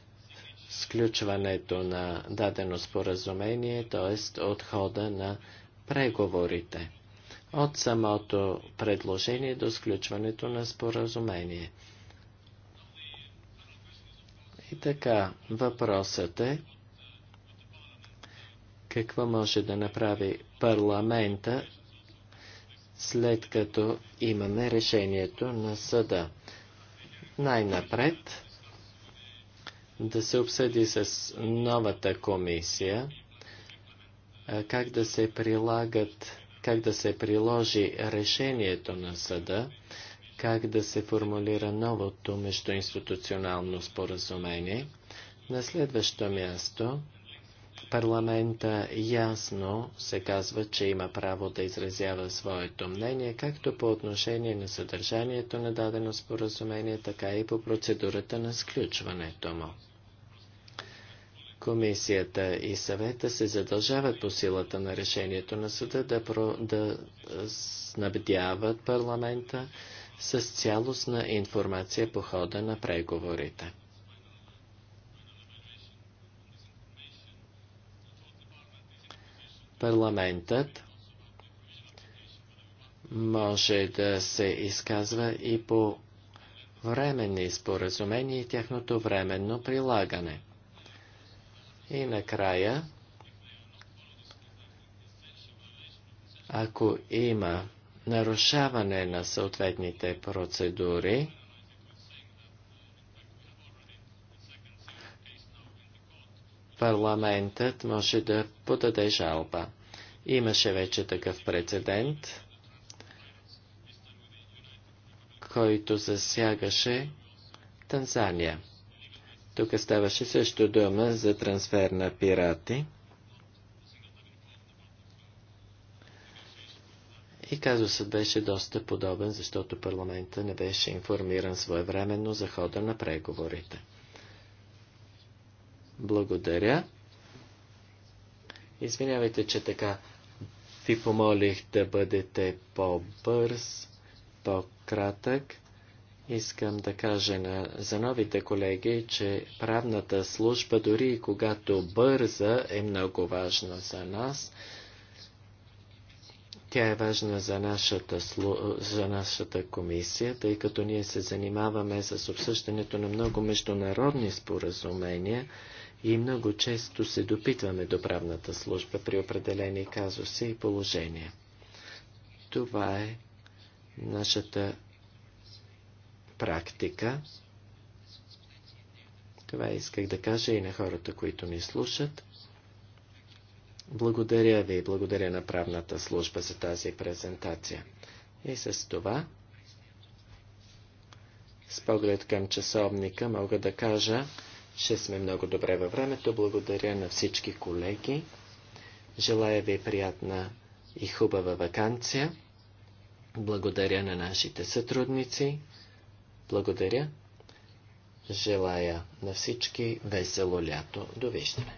сключването на дадено споразумение, т.е. от хода на преговорите от самото предложение до сключването на споразумение. И така, въпросът е какво може да направи парламента след като имаме решението на съда. Най-напред да се обсъди с новата комисия как да се прилагат, как да се приложи решението на съда, как да се формулира новото междуинституционално споразумение. На следващо място парламента ясно се казва, че има право да изразява своето мнение, както по отношение на съдържанието на дадено споразумение, така и по процедурата на сключването му. Комисията и съвета се задължават по силата на решението на съда да, про, да снабдяват парламента с цялостна информация по хода на преговорите. Парламентът може да се изказва и по временни споразумения и тяхното временно прилагане – и накрая, ако има нарушаване на съответните процедури, парламентът може да подаде жалба. Имаше вече такъв прецедент, който засягаше Танзания. Тук ставаше също дума за трансфер на пирати. И казусът беше доста подобен, защото парламента не беше информиран своевременно за хода на преговорите. Благодаря. Извинявайте, че така ви помолих да бъдете по-бърз, по-кратък. Искам да кажа на, за новите колеги, че правната служба, дори и когато бърза, е много важна за нас. Тя е важна за нашата, за нашата комисия, тъй като ние се занимаваме с обсъждането на много международни споразумения и много често се допитваме до правната служба при определени казуси и положения. Това е нашата практика. Това исках да кажа и на хората, които ни слушат. Благодаря ви и благодаря на правната служба за тази презентация. И с това, с поглед към часовника, мога да кажа, че сме много добре във времето. Благодаря на всички колеги. Желая ви приятна и хубава вакансия. Благодаря на нашите сътрудници. Благодаря. Желая на всички весело лято. Довиждане.